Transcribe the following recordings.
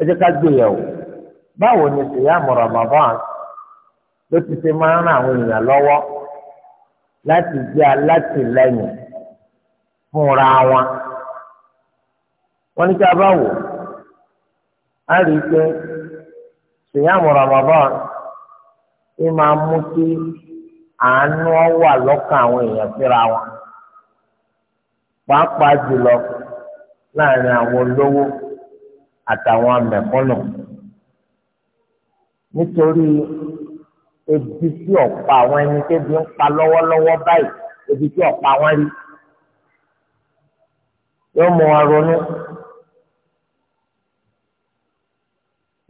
ẹ jẹ́ ká gbéyàwó báwo ni sèyàmù Ramadan ló ti ṣe máa ń àwọn èèyàn lọwọ láti jẹ́ alátìlẹ́yìn fúnra wọn wọ́n ní ká báwo á rí i pé sèyàmù Ramadan ẹ máa mú kí àánú wà àwọn èèyàn síra wọn pàápàá jùlọ láàrin àwọn àtàwọn mẹ̀kúnnù nítorí ebi tí ọ̀pá àwọn ẹni tẹ́bi ń pa lọ́wọ́lọ́wọ́ báyìí ebi tí ọ̀pá wọn rí yóò mú wọn ronú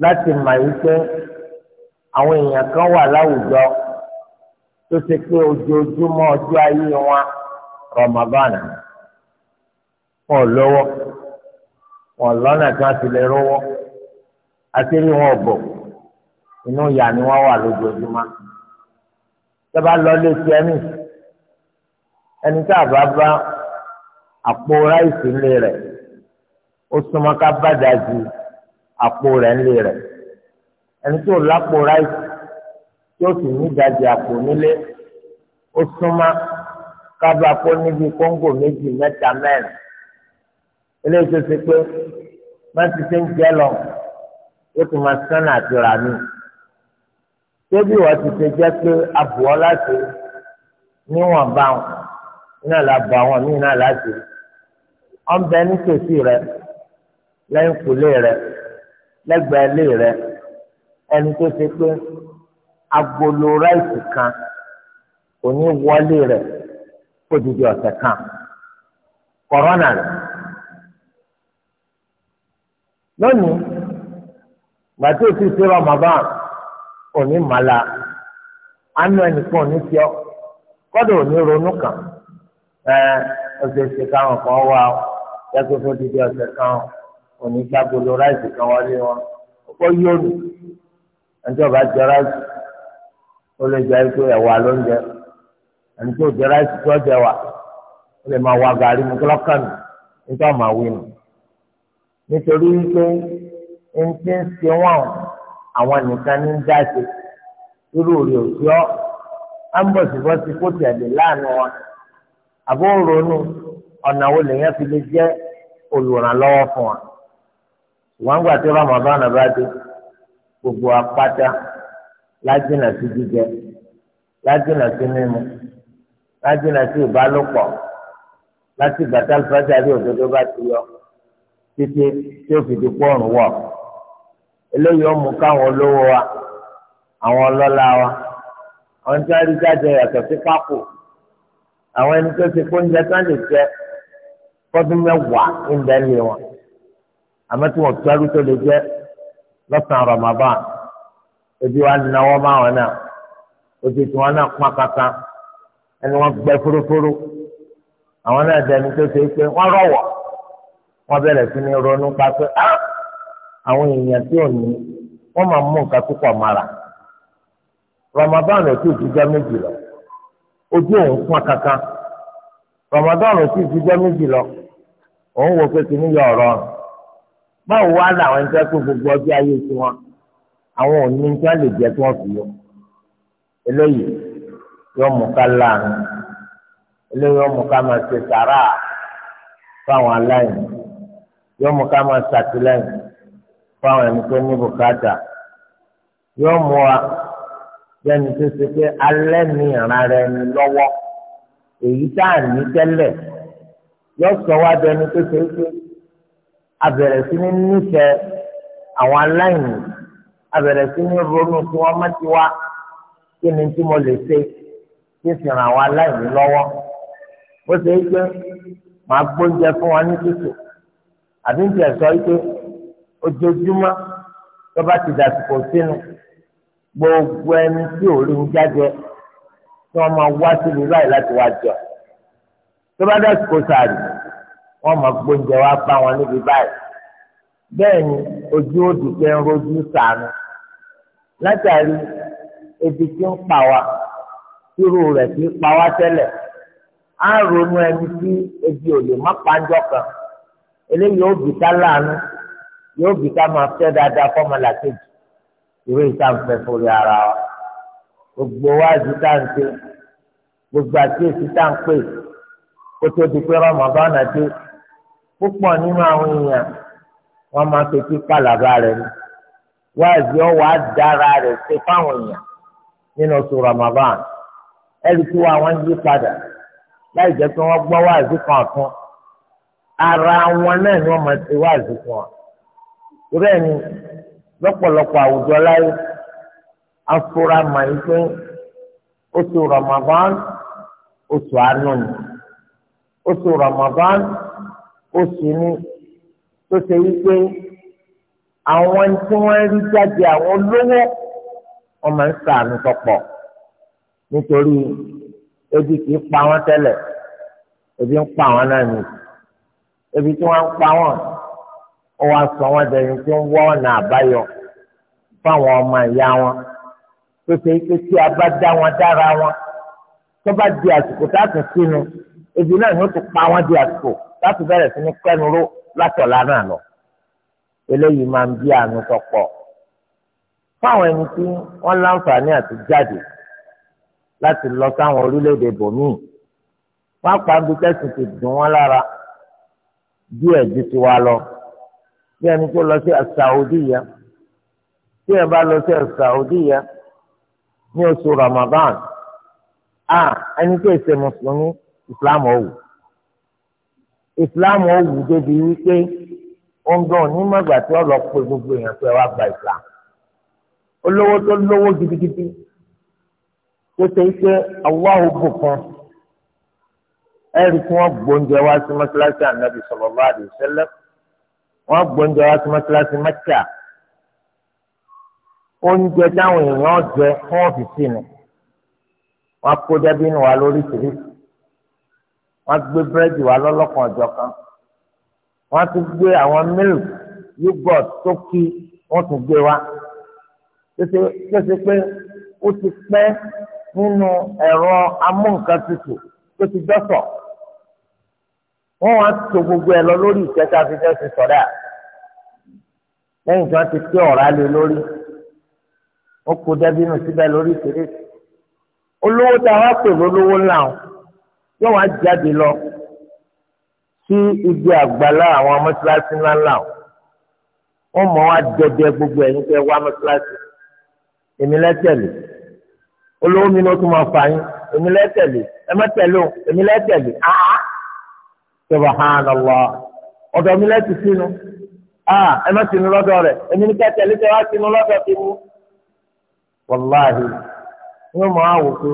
láti mà yí pé àwọn èèyàn kan wà láwùjọ tó ṣe pé ojoojúmọ́ ọjọ́ ayé wọn rọmọbánà wọn ò wọn lọ́nà tí wọ́n ti lè rówó àti rí wọn bọ̀ inú ìyá ni wọ́n wà lójoojúmọ́ tó bá lọ lé tiẹ̀ nì ẹni tí àbá bá àpò ráìsì ńlẹ̀ rẹ̀ ó súnmọ́ ká bàjá ju àpò rẹ̀ ńlẹ̀ rẹ̀ ẹni tí ò lápò ráìsì tí ó sì ní ìdajì àpò nílé ó súnmọ́ ká bá kó níbi kóńgò méjì mẹ́ta mẹ́rin eléyìí tó ṣe pé máa ti ṣe ń jẹ lọ ó ti máa sánà àti rà mí débi wọ́n ti ṣe jẹ́ pé abùọ́ láti níwọ̀n bá wọn náà la bọ̀ àwọn míì náà láti ọ̀nbẹ nítòsí rẹ lẹ́yìn kùlé rẹ lẹ́gbẹ̀ẹ́ lé rẹ ẹni tó ṣe pé agolo ráìsì kan kò ní wọlé rẹ kó didi ọ̀sẹ̀ kan kọ̀rọ́nà rẹ lónìí gbàtí o ti ṣe Ramadan òní màlá anú ẹnìkan òní tí ọ kọ́dọ̀ òní ronú kàn ẹ ọ̀sẹ̀ ṣe káwọn kan wá ọ yàtọ̀ fún dídí ọ̀sẹ̀ kan òní gbàgbọ́lọ́ ráìsì kan wọlé wọn ọkọ yóòlù ẹnjọ́ bá jẹ ráìsì ó lè jẹ́ pé ẹ̀wà ló ń jẹ ẹnjọ́ jẹ ráìsì tó jẹ wà ó lè máa wá gàrí mú kí lọ́kàn mi nítorí àwọn nítorí wípé ẹni tí ń ṣe wọn àwọn nìkan ní ń dá irú rẹ̀ ò sí ọ́ ambọ̀sibọ́sí kó tẹ̀lé láàánú wa àbó ronú ọ̀nà wo lèèyàn fi lè jẹ́ olùrànlọ́wọ́ fún wa wọ́n gbà tí Ramadan bá dé gbogbo apáta lájìnà sí jíjẹ sí mímu sí ìbálòpọ̀ láti gbàtà òdodo bá ti yọ. títí tí ó fi di pọ́ọ̀rùn wọ̀ eléyìí ó mú káwọn olówó wa àwọn ọlọ́lá wa àwọn tí wọ́n rí jáde yàtọ̀ sí pákó àwọn ẹni tó ti kó oúnjẹ tó lè jẹ fọdún mẹ́wàá ń bẹ́ẹ̀ lé wọn àmọ́ tí wọ́n tó ẹrú lè jẹ lọ́sàn-án Ramadan ebi wa náwó máwọn náà ojú tí wọn náà pọn kankan ẹni wọn gbẹ fúrúfúrú àwọn náà dẹni tó ṣe é pé wọn rọwọ. wọ́n bẹ̀rẹ̀ sí ní ronú pa ah! àwọn èèyàn tí ò ní wọ́n máa mú nǹkan tupu mara Ramadan tí méjì lọ ojú òun pọ́n kankan Ramadan tí méjì lọ òun wò pé kìíní yọ ọ̀rọ̀ báwo wá làwọn ẹni tẹ́ ayé àwọn òní tí wọ́n lè fi yọ eléyìí yọ mú ká láàánú eléyìí yọ mú ká máa ṣe sàrà fáwọn aláìní. yóò mú ká máa ṣàtìlẹ́yìn fáwọn ẹni tó ní bùkátà yóò mú wa lẹ́ni tó ṣe pé alẹ́ ní ìran rẹ ni lọ́wọ́ èyí tá à ní tẹ́lẹ̀ yóò sọ wá dẹni tó ṣe pé abẹ̀rẹ̀ sí ní nífẹ̀ẹ́ àwọn aláìní abẹ̀rẹ̀ sí ní ronú tí wọ́n má ti wá kí ni tí mo lè ṣe kí sì ràn àwọn aláìní lọ́wọ́ bó ṣe é pé màá gbóúnjẹ fún wọn ní títù àbí ń tiẹ̀ sọ wípé ojoojúmọ́ tó bá ti dàsìkò sínú gbogbo ẹni tí ò rí ń jáde tí wọ́n máa wá síbi báyìí láti wá jọ tó bá dàsìkò sàrì wọ́n máa gbóúnjẹ wá bá wọn níbi báyìí bẹ́ẹ̀ ni ojú òdì pé ń rojú sànù látàrí ebi tí ń pa wá irú rẹ̀ tí ń pa wá tẹ́lẹ̀ á ronú ẹni tí ebi ò lè má pa ń kan eléyìí yóò bì ká láàánú yóò bì ká máa fẹ́ dáadáa fọ́mọlàkejì ìwé ìtànfẹ́ forí ara wa gbogbo wáàzù tá à ń ṣe gbogbo àkíyèsí tá à ń pè kó tó di pé rọmọbánà dé púpọ̀ nínú àwọn èèyàn wọ́n máa fetí pàlàbà rẹ̀ ni wáàzù ọ̀wà dára rẹ̀ ṣe fáwọn èèyàn nínú oṣù rọmọbánà ẹ̀rí tí wọ́n àwọn yí padà láì jẹ́ pé wọ́n gbọ́ wáàzù kan ọ̀tún ara wọn náà ni wọ́n máa ti wá àzùkù wọn. torí ẹni lọ́pọ̀lọpọ̀ àwùjọ láyé afura màá pé oṣù Ramadan oṣù àánú ni oṣù Ramadan oṣù ni tó ṣe wípé àwọn tí wọ́n rí jáde àwọn olówó wọ́n máa ń sàánú tọpọ̀ nítorí ebi kì í pa wọ́n tẹ́lẹ̀ ebi ń pa wọ́n náà nìyí ebi tí wọ́n ń pa wọ́n ó wá sọ wọ́n dẹni tí ń wọ́ ọ̀nà àbáyọ fáwọn ọmọ ìyá wọn tó ṣe pé tí a bá dá wọn dára wọn tó bá di àsìkò táàtì sínú ebi náà ni ó ti pa wọ́n di àsìkò láti bẹ̀rẹ̀ sí ní kẹ́nuró látọ̀lá náà lọ eléyìí máa ń bí àánú tó pọ̀ fáwọn ẹni tí wọ́n láǹfààní àti jáde láti lọ sáwọn orílẹ̀-èdè bòmíì wọ́n á pa ibi tẹ́sí dùn wọ́n lára díẹ̀ ju tiwa lọ bí ẹni tó lọ sí Saudiya tí ẹ bá lọ sí Saudiya ní oṣù Ramadan a ẹni tó ṣe mùsùlùmí Islam ọ̀wù Islam ọ̀wù débi wípé ó ń gbọ́n onímọ̀gbà tí ọlọ́ pé gbogbo èèyàn pé wá gba Islam olówó tó lówó gidigidi tó ṣe é ṣe Allahu bùkún ẹ̀rí kí wọ́n gbóúnjẹ wá sí mọ́ṣáláṣí ànábì sallallahu alaihi wasallam wọ́n gbóúnjẹ wá sí mọ́ṣáláṣí mẹ́kà oúnjẹ táwọn èèyàn jẹ fún ọ̀fìsì ni wọ́n kó dẹ́bínú wa lóríṣiríṣi wọ́n gbé búrẹ́dì wa lọ́lọ́kan ọ̀jọ̀ kan wọ́n tún gbé àwọn mílìk yúgọ̀t tó kí wọ́n tún gbé wa kése pé ó ti pẹ́ nínú ẹ̀rọ amúnkantutù tó ti dọ́sọ̀ wọ́n wá tó gbogbo ẹ̀ lọ lórí ìkẹta fífẹ́ ti sọ̀dá lẹ́yìn tí wọ́n ti pé ọ̀rá lé lórí ó kó dẹ́bínú síbẹ̀ lórí ìṣeré olówó tá a wá pè lólówó ńlá o yóò wá jáde lọ sí ibi àgbàlá àwọn mọ́ṣáláṣí ńláńlá o wọ́n mọ̀ wá dẹ́dẹ́ gbogbo ẹ̀yin tẹ́ wá mọ́ṣáláṣí èmi lẹ́tẹ̀lé olówó mi ló tún máa fà yín èmi lẹ́tẹ̀lé ẹ mọ́tẹ̀lé o èmi lẹ́tẹ̀lé áá. subhanallah ọdọ mi lẹ́tì sínú ẹ má sínú lọ́dọ̀ rẹ̀ èmi ní kẹ́tẹ́ lẹ́tẹ̀ wá sínú lọ́dọ̀ ti mú wàláhì wọ́n mọ̀ àwò pé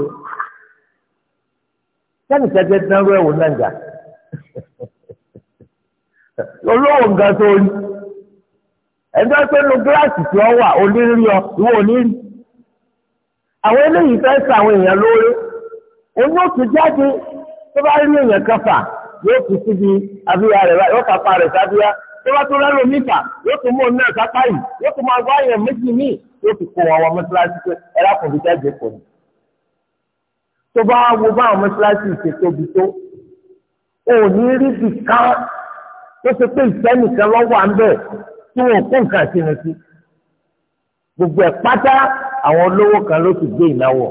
sẹ́ni kẹ́tẹ́ dánrú ẹ̀wò náà olówó nǹkan tó rí ẹjọ́ pé ọ ìwọ àwọn eléyìí sàwọn èèyàn lóore onú jáde tó bá rí yóò fi síbi abíyá rẹ̀ báyìí yóò kápá rẹ̀ sábíyá tó bá tó rẹ́rù mítà yóò tún mú náà sápá yìí yóò tún máa gbọ́ àyàn méjì míì yóò fi kó wọn wọ mọ́tíláṣí pé ẹ̀rá kò fi jáde kò ní. tó bá wo bá àwọn mọ́tíláṣí ṣe tóbi tó o ò ní rí bì kán tó ṣe pé ìfẹ́ nìkan lọ́wọ́ à ń bẹ̀ tí wọn kó nǹkan sínú sí. gbogbo ẹ̀ pátá àwọn olówó kan ló ti gbé ìnáwó.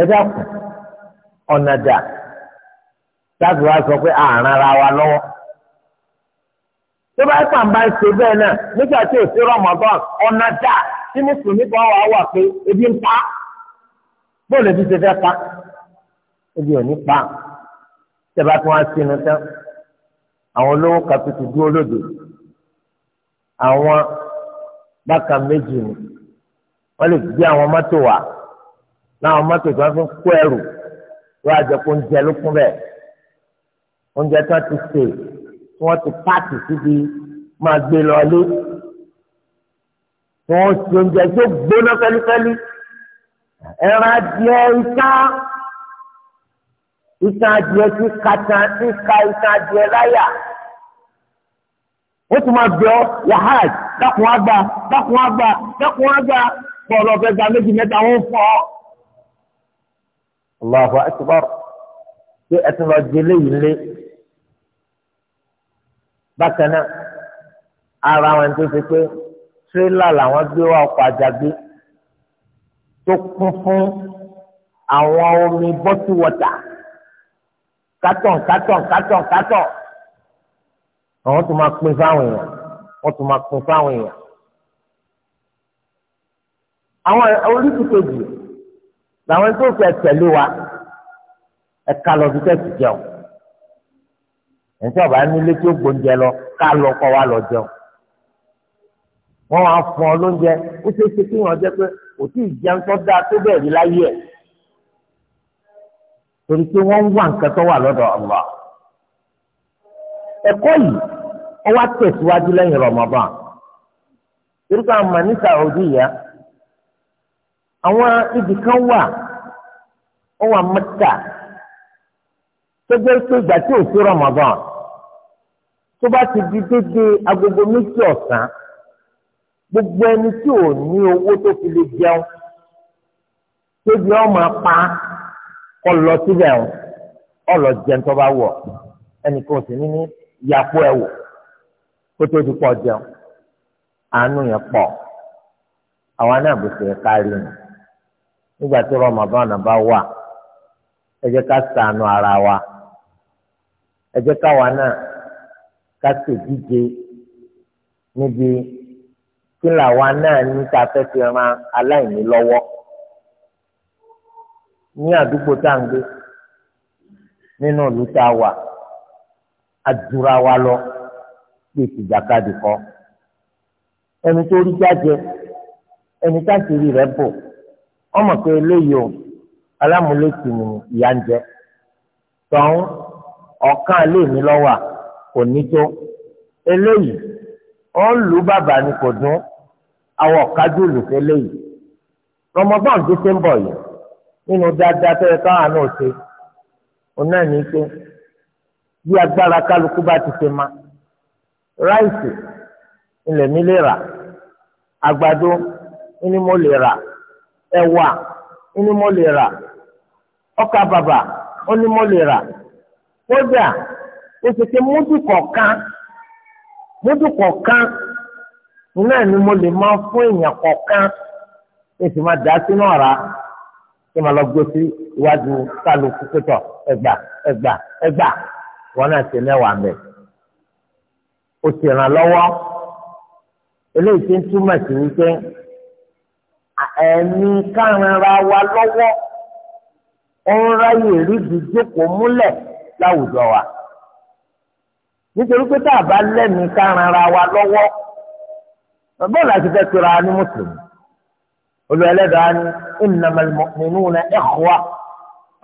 ẹ dákun ọ̀nà táàbù wa sọ pé àrùn ara wa lọ́wọ́ tó bá pàǹbá ń ṣe bẹ́ẹ̀ náà nígbà tí èsì rọmọdán ọ̀nà dà tí mùsùlùmí kan wà wà pé ebi ń pa bóòlù ebi ṣe fẹ́ pa ebi ò ní pa tẹ́bá tí wọ́n á sínú tán àwọn olówó kàtútù dúró lóde àwọn bákan méjì ni wọ́n lè gbé àwọn mọ́tò wá láwọn mọ́tò tí wọ́n fi ń kó ẹrù wọ́n á jẹ kó ń jẹ lókun bẹ́ẹ̀ oúnjẹ tí wọ́n ti sè tí wọ́n ti pààkì síbi máa gbé lọlé tí wọ́n sè oúnjẹ tó gbóná fẹ́lifẹ́li ẹran adìẹ ìka ìka adìẹ ti kàtà ti ka ìka adìẹ láyà ó tún máa bẹ ọ yahaj dákun àgbà dákun àgbà dákun àgbà bọ́ọ̀lù ọ̀fẹ́ gba méjì mẹ́ta wọ́n fọ́ ọ. Allahu akbar ṣé ẹ tún lọ jẹ léyìn lé bákan náà ara wọn tó ṣe pé tírélà làwọn gbé wá ọkọ̀ àjàgbé tó kún fún àwọn omi bọ́tù wọ́tà kátọ̀n kátọ̀n kátọ̀n kátọ̀n àwọn tó máa pín fáwọn èèyàn wọ́n tó máa pín fáwọn èèyàn. àwọn oríṣìí kejì làwọn tó fẹ́ tẹ̀lé wa ẹ̀ka lọ́dún tẹ̀sí jẹun ẹ̀ńtí ọ̀bá nílé tí ó gbóúnjẹ lọ ká lọ kọ́ wa lọ jẹun wọ́n wá fún ọ lóúnjẹ ó ṣeé ṣe kí wọ́n jẹ́ pé kò tí ì jẹun tó dáa tó bẹ́ẹ̀ rí láyé ẹ̀ torí pé wọ́n ń nǹkan tó wà lọ́dọ̀ Allah ẹ̀kọ́ yìí ó wá tẹ̀síwájú lẹ́yìn Ramadan torí pé àwọn màní Saudi yá àwọn ibì kan wà ó wà Mẹ́kà gbogbo ètò ìgbà tí òsì Ramadan tó bá ti di dédé agogo méjì ọ̀sán gbogbo ẹni tí ò ní owó tó fi lè jẹun tóbi ọmọ apá kọ lọ síbẹ̀ o ọlọ jẹun tó bá wọ̀ ẹnìkan sì ní ní yàpọ̀ ẹ̀ wò kó tó di pọ̀ jẹun àánú yẹn pọ̀ àwa náà bó ṣe kárí ni nígbà tí Ramadan bá wà ẹ jẹ́ ká ṣàánú ara wa ẹ jẹ́ káwa náà ká ṣèdíje níbi kí làwa náà ní ta fẹ́ fi ran aláìní lọ́wọ́ ní àdúgbò tá à ń gbé nínú ìlú tá a wà àdúrà wa lọ pé ìjàkadì kọ́ ẹni tó rí jáde ẹni táṣìírí rẹ̀ bò ọmọ pé eléyìí o alámúlétì ni ìyá ń jẹ tọ̀hún ọ̀kan lé mi lọ́wọ́ kò ní tó eléyìí ó ń lù bàbá ni kò dún àwọn ọ̀kájú lùfẹ́ léyìí rọmọgbọ́n tó ṣe ń bọ̀ yìí nínú dáadáa tó yẹ káwọn náà ṣe òun náà ní pé bí agbára kálukú bá ti ṣe ma ráìsì ilẹ̀ mi lè rà àgbàdo ni mo lè rà ẹ̀wà ni mo lè rà ọkà bàbà ni mo lè rà kódà ó ti ṣe múdù kọ̀ọ̀kan múdù kọ̀ọ̀kan náà ni mo lè máa fún èèyàn kọ̀ọ̀kan ní sì máa sínú kí máa lọ gbé sí iwájú kálukú pẹ̀tọ̀ ẹgbà ẹgbà ẹgbà wọn náà ṣe mẹ́wàá mẹ́. o sì ràn lọ́wọ́ eléyìí ti ń láwùjọ wa nítorí pé tá a bá lẹ́mìí ká ran ara wa lọ́wọ́ bọ́ọ̀lù àti fẹ́ tura ní mùsùlùmí olú ẹlẹ́dàá ni innamal mu'minuna ikhwa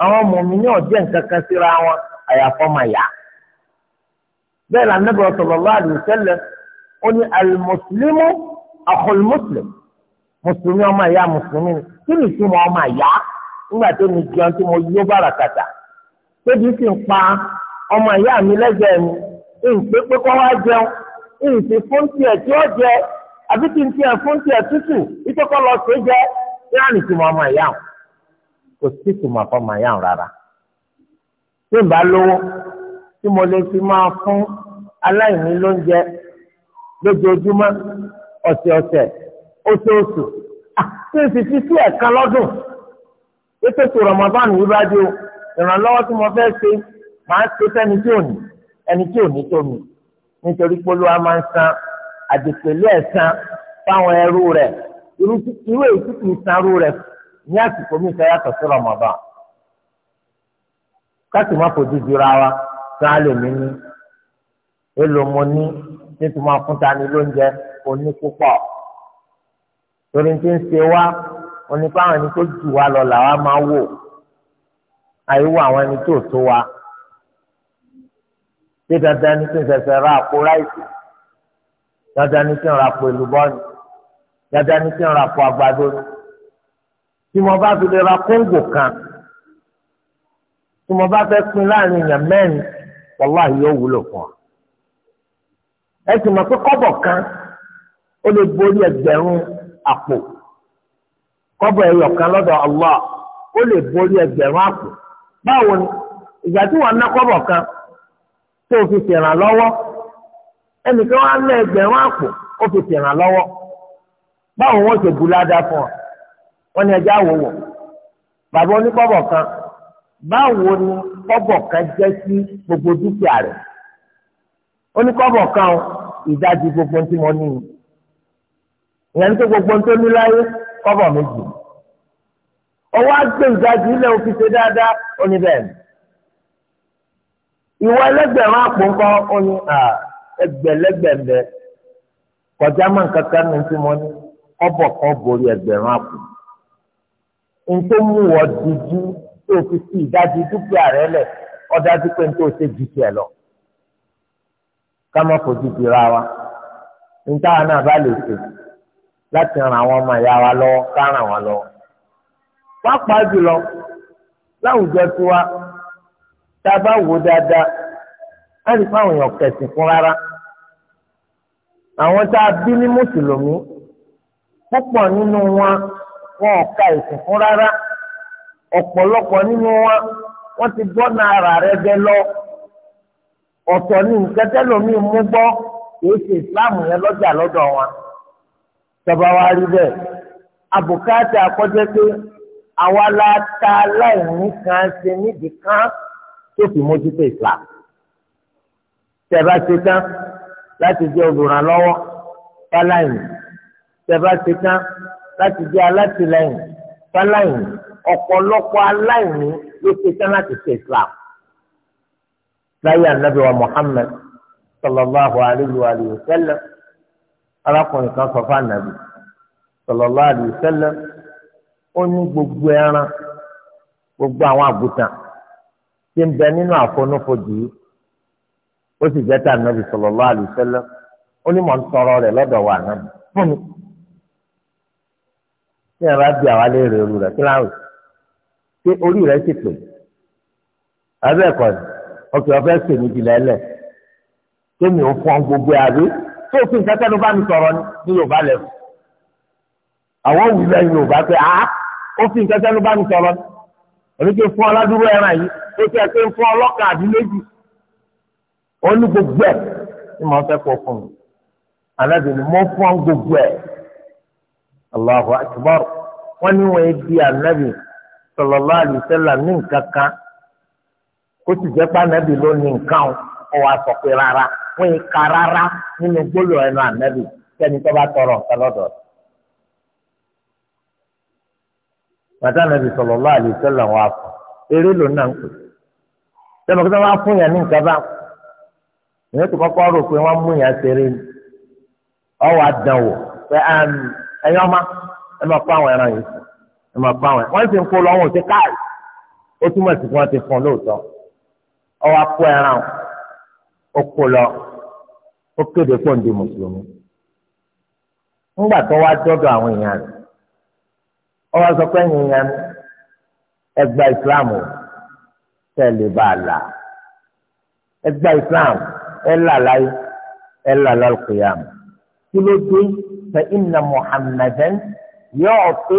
àwọn mùmínì ọ̀jẹ̀ nǹkan kan síra wọn àyàfọ́ máa yá bẹ́ẹ̀ la Ànábì sallallahu alaihi wasallam ó ní al-muslimu akhul muslim mùsùlùmí ọmọ ìyá mùsùlùmí kí ni ìtumọ̀ ọmọ ìyá nígbà tó ní jẹun tí mo yó bàràkàtà. pébi sì ń pa ọmọ ìyá mi lẹ́gbẹ̀ẹ́ mi ìpè kọ́ wá jẹun ìpè fún tiẹ̀ tí ó jẹ àbí kí n tiẹ̀ fún tiẹ̀ tútù ìtọ́kọ́ lọ sí jẹ yóò ní tìmọ̀ ọmọ ìyá wọn kò sí ọmọ ìyá wọn rárá tí n bá lówó tí mo lè fi ah, Ramadan yìí bá ìrànlọ́wọ́ tí mo fẹ́ ṣe màá ṣe fẹ́ni tí ò ní ẹni tí ò ní tó mi nítorí pé Olúwa máa ń san àdìpẹ̀lú ẹ̀san fáwọn ẹrú rẹ̀ irú èyí tí kì í sanrú rẹ̀ ní àsìkò mi fẹ́ yàtọ̀ sí Ramadan káàtì má fojú jura wa sáà lè mí ní èlò mo ní nítorí máa fún tani lóúnjẹ oní púpọ̀ torí ti ń ṣe wá onípàwọn ẹni tó jù wá lọ làwa máa wò àìwọ àwọn ẹni tó tó wa ṣé dandan ní kí n ṣẹ̀ṣẹ̀ ra àpò ráìsì dandan ní kí n ra àpò èlùbọ́ọ̀nì dandan ní kí n ra àpò àgbàdo tí mo bá fi lè ra kóńgò kan tí mo bá fẹ́ pín láàrin èèyàn mẹ́rin wàláhì yóò wúlò fún wa ẹ sì mọ̀ pé kọ́bọ̀ kan ó lè borí ẹgbẹ̀rún àpò kọ́bọ̀ ẹyọ kan lọ́dọ̀ Allah ó lè borí ẹgbẹ̀rún àpò. báwo ni ìgbà tí wọ́n ná kọ́bọ̀ kan tó o fi tìràn lọwọ ẹnìkan wá ná ẹgbẹ̀rún àpò ó fi tìràn lọwọ báwo wọ́n ṣe bu ládàá fún ọ wọ́n ní ẹjẹ́ àwòwọ̀ bàbá kan báwo ni kọbọ kan sí gbogbo dúkìá rẹ oníkọ́bọ̀ kan o gbogbo tí mo ní ìyẹn tó gbogbo tó ní láyé ọwọ́ àgbẹ̀ ìdájú ilẹ̀ òfin ṣe dáadáa ó ní bẹ́ẹ̀ ni. ìwọ ẹlẹgbẹ̀rún àpò ńkọ́ ó ní ẹgbẹ̀lẹ́gbẹ̀ ń bẹ kọjá máa ń kankan ní tí mo ní kọ́bọ̀ kan borí ẹgbẹ̀rún àpò. n tó mú wọ díjú tó fi sí ìdájú dúkìá rẹ lẹ̀ ó pé n tó ṣe jù tiẹ̀ lọ. ká má fojú di ra wa n táwọn náà bá lè ṣe láti ran àwọn ọmọ ìyá wa lọ́wọ́ ká ràn wọ́n lọ́wọ́. pàápàá jùlọ láwùjọ tiwa tá a bá wò dáadáa á rí fáwọn èèyàn kẹsìn fún rárá àwọn tá a bí ní mùsùlùmí púpọ̀ nínú wọn wọn ò ka ìsìn fún rárá ọ̀pọ̀lọpọ̀ nínú wọn wọ́n ti gbọ́ náà ara rẹ bẹ lọ ọ̀tọ̀ ní nǹkan tẹ́lómi mú gbọ́ kìí ṣe ìsìláàmù yẹn lọ́jà lọ́dọ̀ wọn àwa la ta aláìní kan ṣe nídìí kan tó fi mójútó Islam tẹ̀bá ṣe tán láti jẹ́ olùrànlọ́wọ́ fáláyìn tẹ̀bá ṣe tán láti jẹ́ alátìlẹ́yìn fáláyìn ọ̀pọ̀lọpọ̀ aláìní ló ṣe tán láti ṣe Islam láyé anabi wa Muhammad sallallahu alayhi wa sallam arákùnrin kan sọ fún anabi sallallahu alayhi wa sallam ó ní gbogbo ẹran gbogbo àwọn àgùntàn tí ń bẹ nínú àfonúfojì yìí ó sì jẹ́ tà nàbì sallallahu alaihi wasallam ó ní mọ̀ ń tọrọ rẹ̀ lọ́dọ̀ wà nàbì fún mi. tí ẹ bá bí àwa lè rè rẹ̀ kí láwùjọ ṣé orí rẹ̀ sì pè abẹ́ ẹ̀kọ́ ni ọkẹ́ ọ̀fẹ́ sè mí jìlẹ̀ ẹlẹ̀ kémi ò fọ́n gbogbo àbí tó fi nǹkan tẹ́nu bá mi sọ̀rọ̀ ní Yorùbá lẹ́fù àwọn òwú lẹ́yìn yorùbá pé a ó fi nǹkan sẹ́nu bá mi sọ̀rọ̀ èmi ti fún aládùúgbò ẹran yìí ó ti ẹ̀sìn fún ọlọ́kà àbí méjì ó ní gbogbo ẹ̀ ní màá fẹ́ kọ́ fún mi aláàbò ni mo fún gbogbo ẹ̀ Allahu akbar wọ́n ní wọ́n di ànábì sallallahu alaihi wasallam ní nǹkan kan ó sì jẹ́ pé ànábì ló ní nǹkan ó wàá sọ pé rárá wọ́n yìí ka rárá nínú gbólóhùn ẹnu ànábì sẹ́ni tó bá tọrọ nǹkan lọ́dọ̀ màtá nàbì sallallahu alaihi wasallam wà fún eré ló náà ń pè sẹ́nu kí wọ́n fún yẹn ní nǹkan bá ìyẹn tó kọ́kọ́ rò pé wọ́n mú yẹn ṣeré ni ọwọ́ àdánwò pé ẹ̀yin ọmọ ẹ máa kó àwọn ẹran yìí ẹ máa kó àwọn ẹran wọ́n ti ń kó lọ́wọ́ òsè káàì ó túmọ̀ sí kí wọ́n ti fún un lóòótọ́ ọwọ́ akó ẹran ó kó lọ ó kéde pọ̀ ń di mùsùlùmí ńgbà tó wá dọ́dọ̀ àwọn èèyàn rẹ̀ ọwọ́ sọ pé yìnyín ẹgbà islam tẹ̀lé bá a là ẹgbà islam ẹ là láyé ẹ là lálùkìyàmù kí ló dé fẹ iná muhammadan yóò pé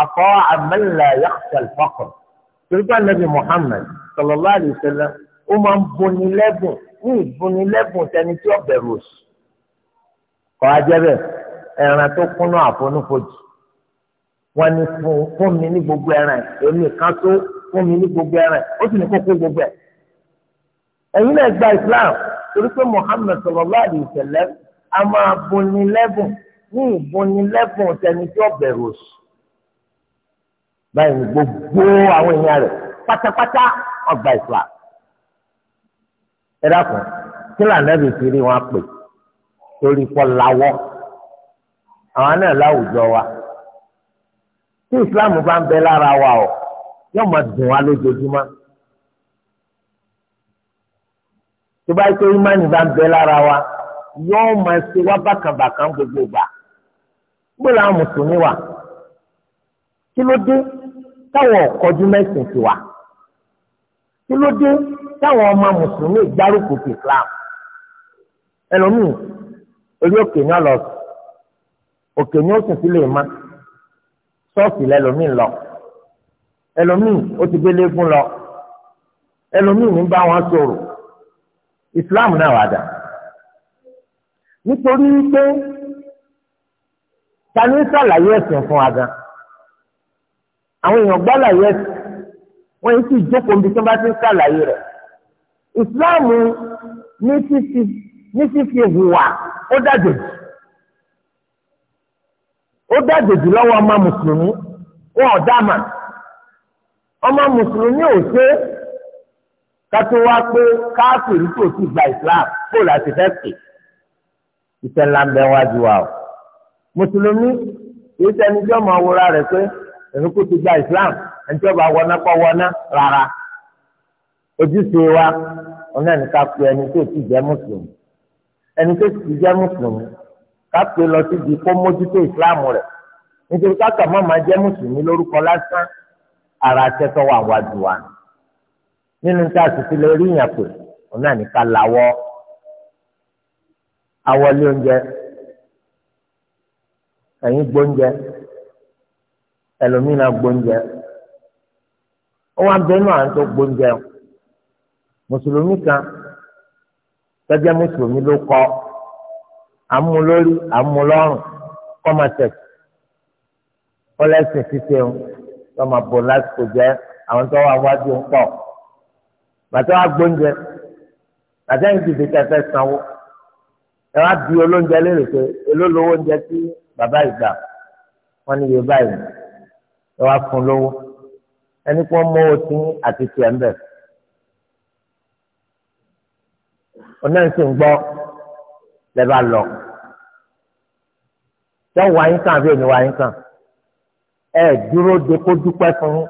àfọ àmàlà yàtọ̀ fọkàn tìrìkà nàbì muhammad sallallahu alaihi wasallam ó máa ń buni lẹ́bùn ní ìbuni lẹ́bùn tẹni tí ó bẹ̀rù òṣì kọ́ ajẹ́ bẹ́ẹ̀ ẹran tó kúnnú àfonúfojì wọn ni fún mi ní gbogbo ẹran èmi kan tó fún mi ní gbogbo ẹran ó sì ní kó gbogbo ẹ ẹ̀yin náà gba islam torí pé muhammed sallallahu alaihi wasallam a máa buni lẹ́bùn ní ìbuni lẹ́bùn tẹni tí ó bẹ̀rù òṣì báyìí gbogbo àwọn èèyàn rẹ̀ pátápátá ọgbà islam ẹ dákun kí lànàbì ti rí wọn pè torí pọ̀ lawọ́ àwọn náà láwùjọ wa tí islam bá ń bẹ lára wa o yóò máa dùn wá lójoojúmọ́ tó bá tó imáni bá ń bẹ lára wa yóò máa ṣe wá bákànbàkàn gbogbo gbà gbọ́dọ̀ làwọn mùsùlùmí wà kí ló dé táwọn ọ̀kọ́jú mẹ́sìn ti wà kí ló dé táwọn ọmọ mùsùlùmí gbárùkù ti islam ẹlòmíì orí òkè ni ọlọ òkè ni ó sùn sílẹ̀ máa ṣọ́ọ̀ṣì lẹ́lòmíì lọ ẹlòmíì ó ti gbélé fún lọ ẹlòmíì ń bá wọn sọ̀rọ̀ ìsìláàmù náà wà dà nítorí pé ta ni sàlàyé ẹ̀sìn fún wa gan àwọn èèyàn gbọ́ àlàyé ẹ̀sìn wọ́n yìí sì jókòó níbi tí wọ́n bá ti ń sàlàyé rẹ̀ ìsìláàmù ní fífi ní fífi hùwà ó dàjò ó dàgbèjì lọ́wọ́ ọmọ mùsùlùmí wọn ò dáàmà ọmọ mùsùlùmí ò ṣe kátó wá pé káàkiri tó ti gba islam kó láti fẹ́ pè iṣẹ́ ńlá ń bẹ wájú wa o mùsùlùmí kìí sẹ́ni tí ọmọ awòrán rẹ̀ pé èmi kò ti gba islam ẹni tí ọba wọná kọ́ wọná rárá ojúṣe wa ọ̀nà ẹni ká pe ẹni tó ti jẹ́ mùsùlùmí ẹni tó ti jẹ́ mùsùlùmí kápẹ́ lọ síbi kó mójútó ìsìláàmù rẹ̀ nítorí káka má máa jẹ́ mùsùlùmí lórúkọ lásán ara tẹ́tọ́ wà wájú wa nínú tá a sì ti lè rí yàn pé òun náà nìkan làwọ́ awọlé oúnjẹ ẹ̀yin gbóúnjẹ ẹlòmínà gbóúnjẹ ó wá ń bẹ tó gbóúnjẹ mùsùlùmí kan tẹ́jẹ́ mùsùlùmí ló kọ́ amúlórí amúlọ́rùn kọ́mọ̀tẹ̀k kọ́lẹ́sìn títẹ̀ ń tọ́mọ bò lásìkò jẹ́ àwọn tó wà wájú ń pọ̀ bàtà wà gbóúnjẹ bàtà yìí ti di kẹfẹ́ sanwó ẹ wá bí olóúnjẹ lérè pé olólówó oúnjẹ tí bàbá ìgbà wọn ní yorùbá yìí ẹ wá fún lówó ẹni kó mọ otí àti tiẹ̀ ń bẹ̀ ọ̀nà ìsìn gbọ́ lẹ́bàá lọ. Ṣé wà yín kàn àbí ènìwà yín kàn? Ẹ dúró de kó dúpẹ́ fún yín.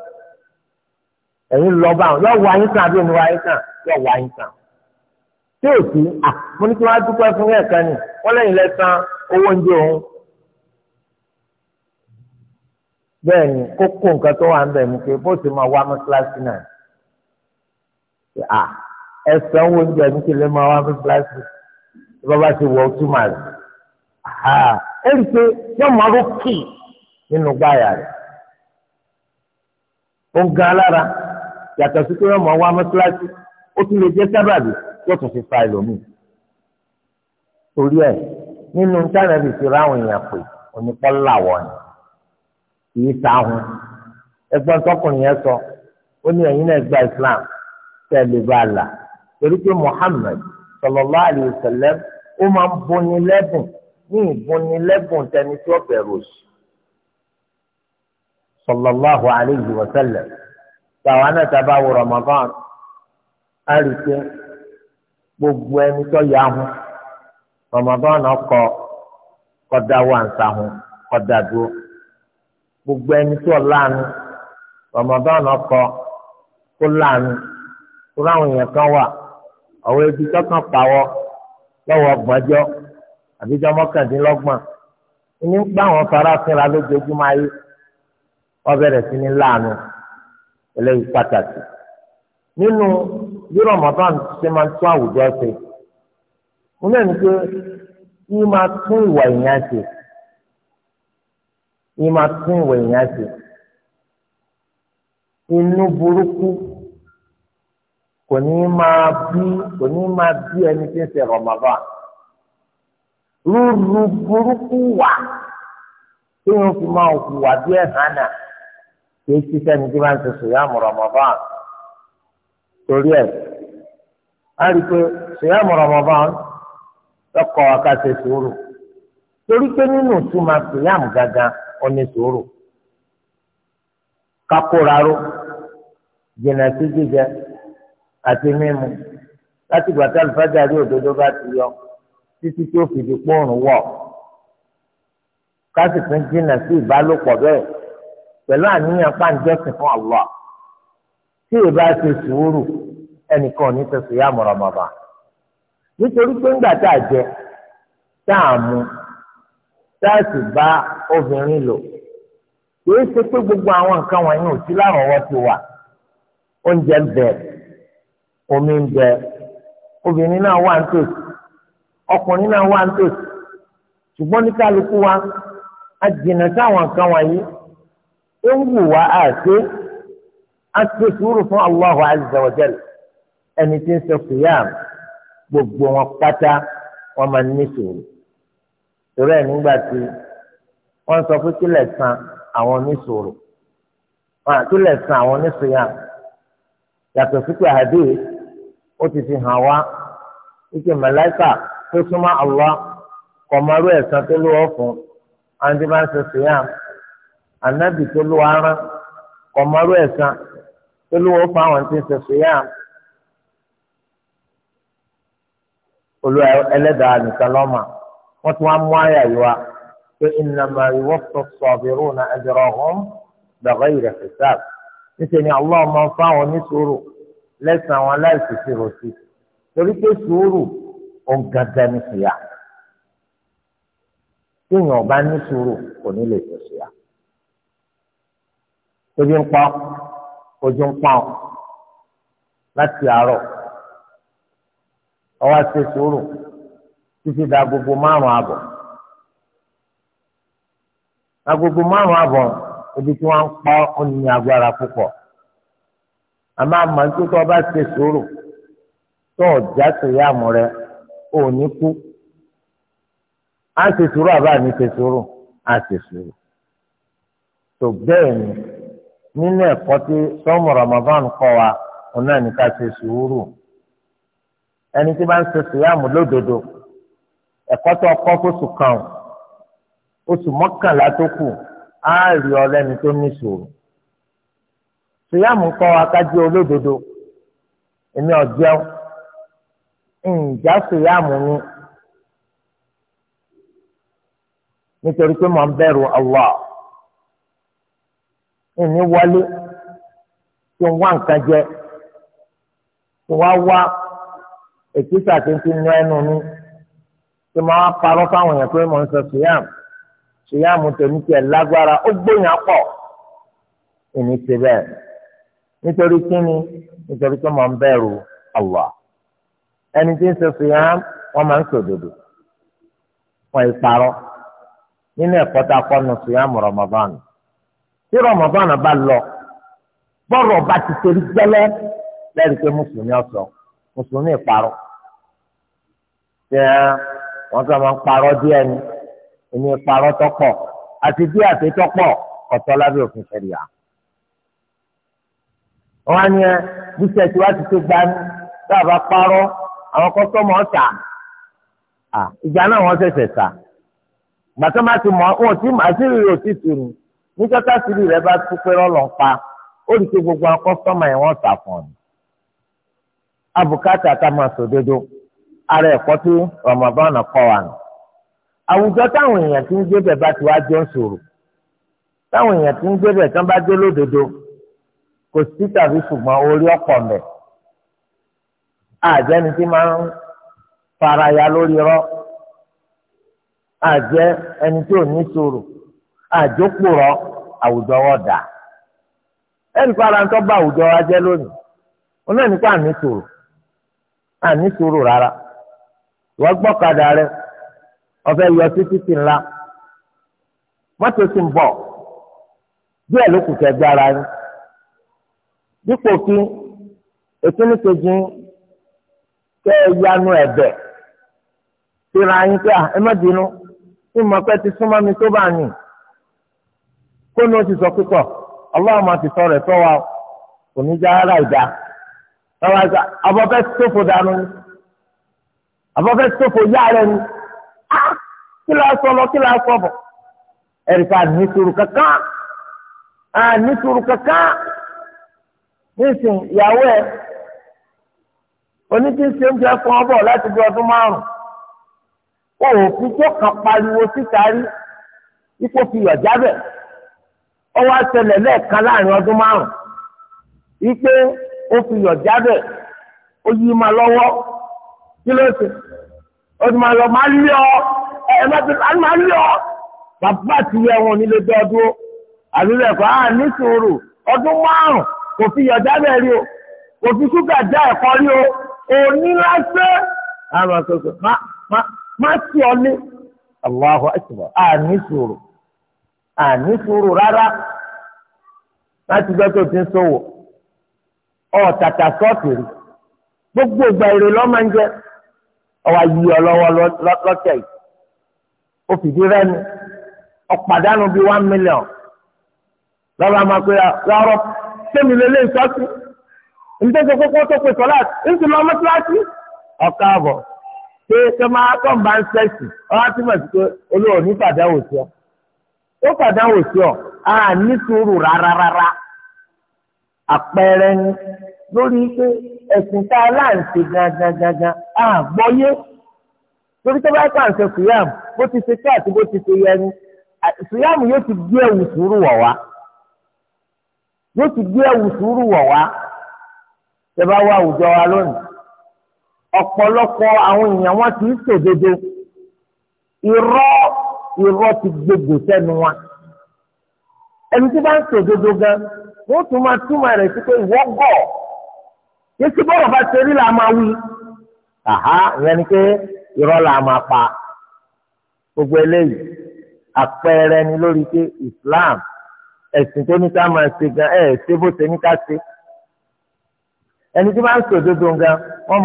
Ẹ̀yin lọ bá wọn. Yọ wà yín kàn àbí ènìwà yín kàn? Yọ wà yín kàn. Ṣé òsì? À mo ní kí wọ́n á dúpẹ́ fún yín ẹ̀kan ni. Wọ́n lẹ́yìn lẹ́sàn owó oúnjẹ òun. Bẹ́ẹ̀ni, kókó nǹkan tó wà ń bẹ̀ ni pé bó ti máa wá mọ́ṣáláṣí náà. Ẹ̀sán owó oúnjẹ mi kì lè máa wá mọ́ṣáláṣí bàbá ti wọ túmọ̀ rẹ̀ ẹ rí i pé yóò máa ró kì nínú gbáyà rẹ̀ ó ń gan alára yàtọ̀ sí pé yóò máa wá mọ́tíláṣí ó tún lè jẹ́ sábàbí yóò tún fi fa ẹlòmíì torí ẹ̀ nínú tánàbì ti ra àwọn èèyàn pè onípọ́nláwọ̀ ni kì í sáhun ẹgbọ́n tọkùnrin yẹn sọ ó ní ẹ̀yin náà gba Islam tẹ́ bá a là torí pé Muhammad sallallahu alaihi ó máa ń bùni lẹ́bùn ní ìbùni lẹ́bùn tẹni tí ó bẹ̀rù òṣì sallallahu alayhi wa sallam tàwọn náà tá a bá wo Ramadan á rí i pé gbogbo ẹni tó yà hún Ramadan ọkọ kọdá wà ń sahun dúró gbogbo ẹni tó láàánú Ramadan ọkọ kó láàánú kó láwọn èèyàn kan wà ọ̀wọ́ ibi tó kàn pawọ́ lọ́wọ́ ọgbọ̀njọ́ àbíjọ́ mọ́kàndínlọ́gbọ̀n ní gbà wọn fara fínra lójoojúmọ́ ayé wọ́n bẹ̀rẹ̀ sí ní láàánú eléyìí pàtàkì nínú bí Ramadan ṣe máa ń tún àwùjọ ṣe wọn náà ní pé yìí máa tún ìwà èèyàn ṣe yìí máa tún ìwà èèyàn ṣe inú burúkú kò ní máa bí kò ní máa bí ẹni tí ń ṣe Ramadan rúru burúkú wà tí wọn fi máa hùwà bí ẹhánà kì í ṣiṣẹ́ ní tí wọ́n ti sùyàmù Ramadan torí ẹ̀ á rí i pé sùyàmù Ramadan lọ́kọ̀ akáṣe sùúrù torí pé nínú ìtumọ̀ sùyàmù gangan ó ní sùúrù kakóraró jìnnà sí jíjẹ àti mímu láti gbà tá àlùfáàjà rí òdodo bá ti yọ títí tí ó fi di pọ́ọ̀rùn wọ̀ káàsì tún jìnnà sí ìbálòpọ̀ bẹ́ẹ̀ pẹ̀lú àníyàn pàǹjọ́sìn fún Allah tí ì bá ṣe sùúrù ẹnìkan ò ní tẹ̀sùn yá mọ̀rọ̀mọ̀bà nítorí pé ńgbà tá a jẹ tá a mu tá a sì bá obìnrin lò kìí ṣe pé gbogbo àwọn nǹkan wọ̀nyí ò sí lárọ̀ọ́wọ́ ti wà oúnjẹ ń omi ń bẹ obìnrin náà wà nítòsí ọkùnrin náà wà nítòsí ṣùgbọ́n ní kálukú wa a jìnnà sáwọn kan wọ̀nyí ó ń wù wá àṣẹ a sùúrù fún Allahu azza wa jalla ẹni tí ń sọ kìyàm gbogbo wọn pátá wọn máa ní sùúrù torí ẹ nígbà tí wọn sọ pé kílẹ̀ san àwọn oníṣòro wọn àtúlẹ̀ san àwọn oníṣòyà yàtọ̀ sí àdéhùn ó ti fi hàn wá ike màláíkà tó súnmọ́ Allah kọ̀mọ́rú ẹ̀sán tó lówó fún àǹtí máa ń ṣe sèyàm ànábì tó lówó arán kọ̀mọ́rú ẹ̀sán tó lówó fún àwọn tí ń ṣe sèyàm olú ẹlẹ́dàá nìkan lọ́mà wọ́n tún wá mú àyà yìí wá pé innama yuwaffa as-sabiruna ajrahum bighayri hisab níṣẹ́ ni Allah máa ń fáwọn oníṣòro lẹ́sàn-án àwọn aláìsèse rọ̀sí torí pé sùúrù ọ̀gàgà ni sùúyà téèyàn bá ní sùúrù kò ní lè sùn sùúyà ebi ń pa ojú ń pa ọ láti àárọ̀ ọwọ́ ṣe sùúrù títí da gbogbo márùn-ún àbọ̀ agogo márùn-ún àbọ̀ ebi tí wọ́n ń pa ó ní agbára púpọ̀ àmọ́ àmọ́ tó tó bá ṣe sòrò tó ọjà tó yá mu rẹ ò ní kú á ṣe sòrò àbá ní ṣe sòrò á ṣe sòrò tó bẹ́ẹ̀ ni nínú ẹ̀kọ́ tí sọ́mu Ramadan kọ́ wa òun náà ní ká ṣe sùúrù ẹni tí bá ń ṣe sùúrù lódodo ẹ̀kọ́ tó kọ́ fóṣù kan oṣù mọ́kànlá tó kù á rí ọ lẹ́ni tó ní sùúrù sùyàmù kọ́ akájú olódodo èmi ọ̀jẹun ǹjà sùyàmù ni nítorí pé mo ń bẹ̀rù Allah ìní wọlé tí ń wá nǹkan jẹ tí wá wá èkìtà tí ń fi nu ẹnu mi tí mo wá parọ́ fáwọn èèyàn pé mo ń sọ sùyàmù sùyàmù tèmi tiẹ̀ lágbára ó gbóyàn pọ̀ ìní ti bẹ́ẹ̀ nítorí kíni nítorí pé mo ń bẹ̀rù Allah ẹni tí ń sọ fìyàm wọn máa ń sòdodo wọn ìparọ́ nínú ẹ̀kọ́ tá a kọ́ nu fìyàm Ramadan tí Ramadan bá lọ bọ́rọ̀ bá ti torí gbẹ́lẹ́ lẹ́rìí pé mùsùlùmí ọ̀sọ̀ mùsùlùmí ìparọ́ tẹ wọn kàn máa ń parọ́ díẹ̀ ni èmi ìparọ́ tọ́pọ̀ àti bí àti tọ́pọ̀ ọ̀tọ̀ lábẹ́ òfin ṣẹlẹ̀ yàrá ọwọ́ ni ẹ bíṣẹ́ tí wàá ti tó gbani tá a bá parọ́ àwọn kọ́sọ́mọ̀ ọ̀tà ìjà náà wọ́n ṣẹ̀ṣẹ̀ tà gbàtọ́ bá ti mọ̀ ọ́n tí màsírì rẹ̀ ò ti tùrù ní tọ́tà sírí rẹ̀ bá tún pé rọ́ọ̀lọ́ pa ó rí i gbogbo àwọn kọ́sọ́mọ̀ yẹn wọ́n tà fún ọ abùkátà tá a máa sòdodo ara ẹ̀kọ́ tí Ramadan kọ́ wa nù àwùjọ táwọn èèyàn ti ń gbé bẹ̀ bá ti wá jọ ń sòrò táwọn èèyàn ti ń gbé bẹ̀ tán bá dé lódodo kò sí tàbí ṣùgbọ́n orí ọ̀pọ̀ mẹ́ àjẹni tí máa ń ya lórí rọ àjẹ ẹni tí ò ní sòrò àjòkùrọ àwùjọ wọn dà ẹnì fara ń tọ́ bá àwùjọ wa jẹ́ lónìí wọn náà nípa àní sòrò àní sòrò rárá wọ́n gbọ́kadà rẹ ọ̀fẹ́ yọ sí títì ńlá mọ́tò sì ń bọ̀ díẹ̀ ló kù kẹgbẹ́ ara yín. dípò kí èkíní kejì kẹ ẹ yanu ẹ̀bẹ̀ síra yín pé ẹ má mo ti súnmọ́ mi tó bá nì kó o ti sọ pípọ̀ ọlọ́run máa ti wa kò ní já ara ìjà lọ́wọ́ ẹ̀ka abọ́fẹ́ sófo dànù ni abọ́fẹ́ sófo yá ni a kí la sọ lọ kí sọ nísìn ìyàwó ẹ oní tí ń ṣe oúnjẹ fún ọ láti bí ọdún márùn ò fi tó kan pariwo síta rí ipò fi yọ̀ jábẹ̀ ó wá ṣẹlẹ̀ lẹ́ẹ̀kan láàrin ọdún márùn ó fi yọ̀ jábẹ̀ ó yí ma ọ ẹ ti lé ọ bàbá kò fi yọ̀dá o kò fi ṣúgà já ẹ̀kọ́ rí o òní lásán àwọn akẹ́kọ̀ọ́ má má má sí ọ ní Allahu akbar àní sùúrù àní sùúrù rárá láti gbọ́ tó ti ń sọ̀wọ́ ọ̀ tàtà sọ́ọ̀tì rí gbogbo ìgbà èrè lọ́ máa ń jẹ ọwọ́ ayé ọ lọ́tẹ̀ yìí ó fìdí rẹ́nu ọ̀pàdánù bíi sẹ́mi lélẹ́ ìsọ́sí ntẹ́sẹ̀ kókó tó pe sọ́lá ntì lọ mọ́tíláṣí ọ̀ka àbọ̀ pé ṣe máa tọ̀ bá ń sẹ́sì ọ̀há tí mo sì pé olóòrùn ní pàdánwò sí ọ ó pàdánwò sí ọ a ní sùúrù rárára àpẹẹrẹ ni lórí pé ẹ̀sìn tá a láǹṣe gangan gangan a gbọ́yé torí tó bá kà ń ṣe fìyàmù bó ti ṣe tẹ́ àti bó ti ṣe yẹ ni yóò ti gbé ẹ̀wù sùúrù wọ̀ wá yóò ti gbé ẹ̀wù sùúrù wọ̀ wá tẹ́ bá wá àwùjọ wa lónìí ọ̀pọ̀lọpọ̀ àwọn èèyàn wọn ti ń ṣòdodo irọ́ irọ́ ti gbogbo sẹ́nu wa ẹni tí bá ń ṣòdodo gan wọ́n tún máa túmọ̀ rẹ̀ sí pé ìwọ gọ̀ yéṣu bọ́rọ̀ bá ṣe rí la máa wí àhá ìyẹn ni pé irọ́ la máa pa gbogbo eléyìí àpẹẹrẹ ni lórí pé Islam. ẹ̀sìn tó ní ká máa ṣe gan ẹ̀ ṣe bó ṣe ní ká ṣe ẹni tí wọ pé gbọ́ gbọ́ wọ́n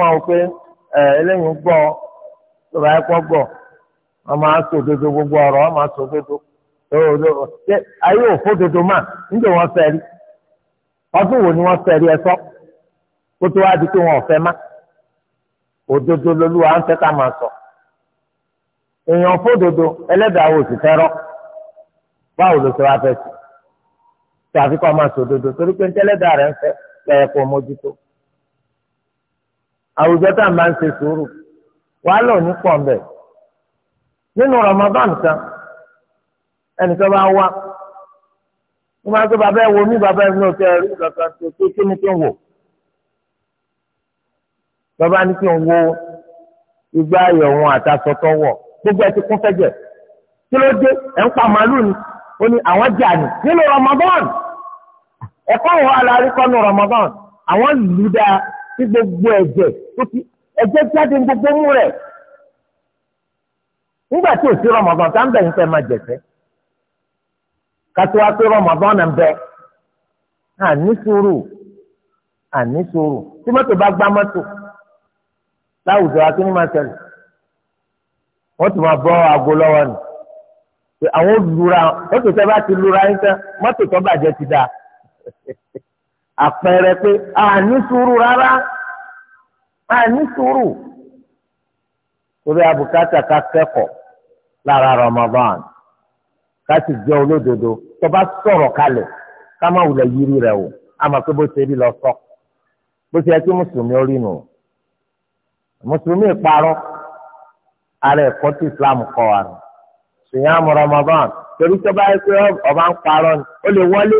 máa gbogbo ọ̀rọ̀ wọ́n máa sòdodo ayé òfódodo mà wọ́n fẹ́ rí ọdún wo ni wọ́n fẹ́ rí ẹ sọ tó wá di pé sọ èèyàn ẹlẹ́dàá wo sì fẹ́ báwo tó àfi kọ́ máa sòdodo torí pé ntẹ́lẹ́dà rẹ̀ ń fẹ́ lẹ́yìn kó mójútó. àwùjọ tá à ń bá ń ṣe sùúrù wàhálà òní pọ̀ mbẹ̀. nínú Ramadan kan ẹnìkan bá wá wọ́n máa tó bàbá ẹ̀ wo mí bàbá ẹ̀ ní oṣù ẹ̀rí kankan tó tó kí ni kí n wò. bàbá ní kí n wo igbá ayọ̀ wọn àtàṣọ tó wọ̀ gbogbo ẹ̀ ti kún fẹ́jẹ̀ kí ló dé ẹ̀ ń pa màálù ni ó ní àwọn jà ní nínú Ramadan ẹ̀kọ́ wọn aláríkọ́nù Ramadan àwọn lù dáa sí gbogbo ẹ̀jẹ̀ tó ti ẹ̀jẹ̀ jáde gbogbo mú rẹ̀ nígbà tí ò sí Ramadan tá ń bẹ̀ ń fẹ́ máa jẹ̀sẹ̀ kátó wá Ramadan náà ń bẹ àní sùúrù àní sùúrù tí mọ́tò bá gbá mọ́tò láwùjọ akíní máa ṣẹlẹ̀ wọ́n ti máa bọ́ aago lọ́wọ́ nù àwọn olùlura mọ́tò tẹ́ bá ti lura yín tán mọ́tò tó bàjẹ́ ti dáa àpẹẹrẹ pé àní sùúrù rárá àní sùúrù torí abùkátà ká kẹ́kọ̀ọ́ lára Ramadan ká sì jẹ́ olódodo tó bá sọ̀rọ̀ kalẹ̀ ká má wulẹ̀ yiri rẹ̀ o àmọ́ pé bó ṣe rí lọ sọ bó ṣe yẹ kí mùsùlùmí ó rí nù mùsùlùmí parọ́ ara ẹ̀kọ́ tí Islam kọ́ wa nù Ramadan torí tó bá yẹ pé ọba ń parọ́ ni ó lè wọlé.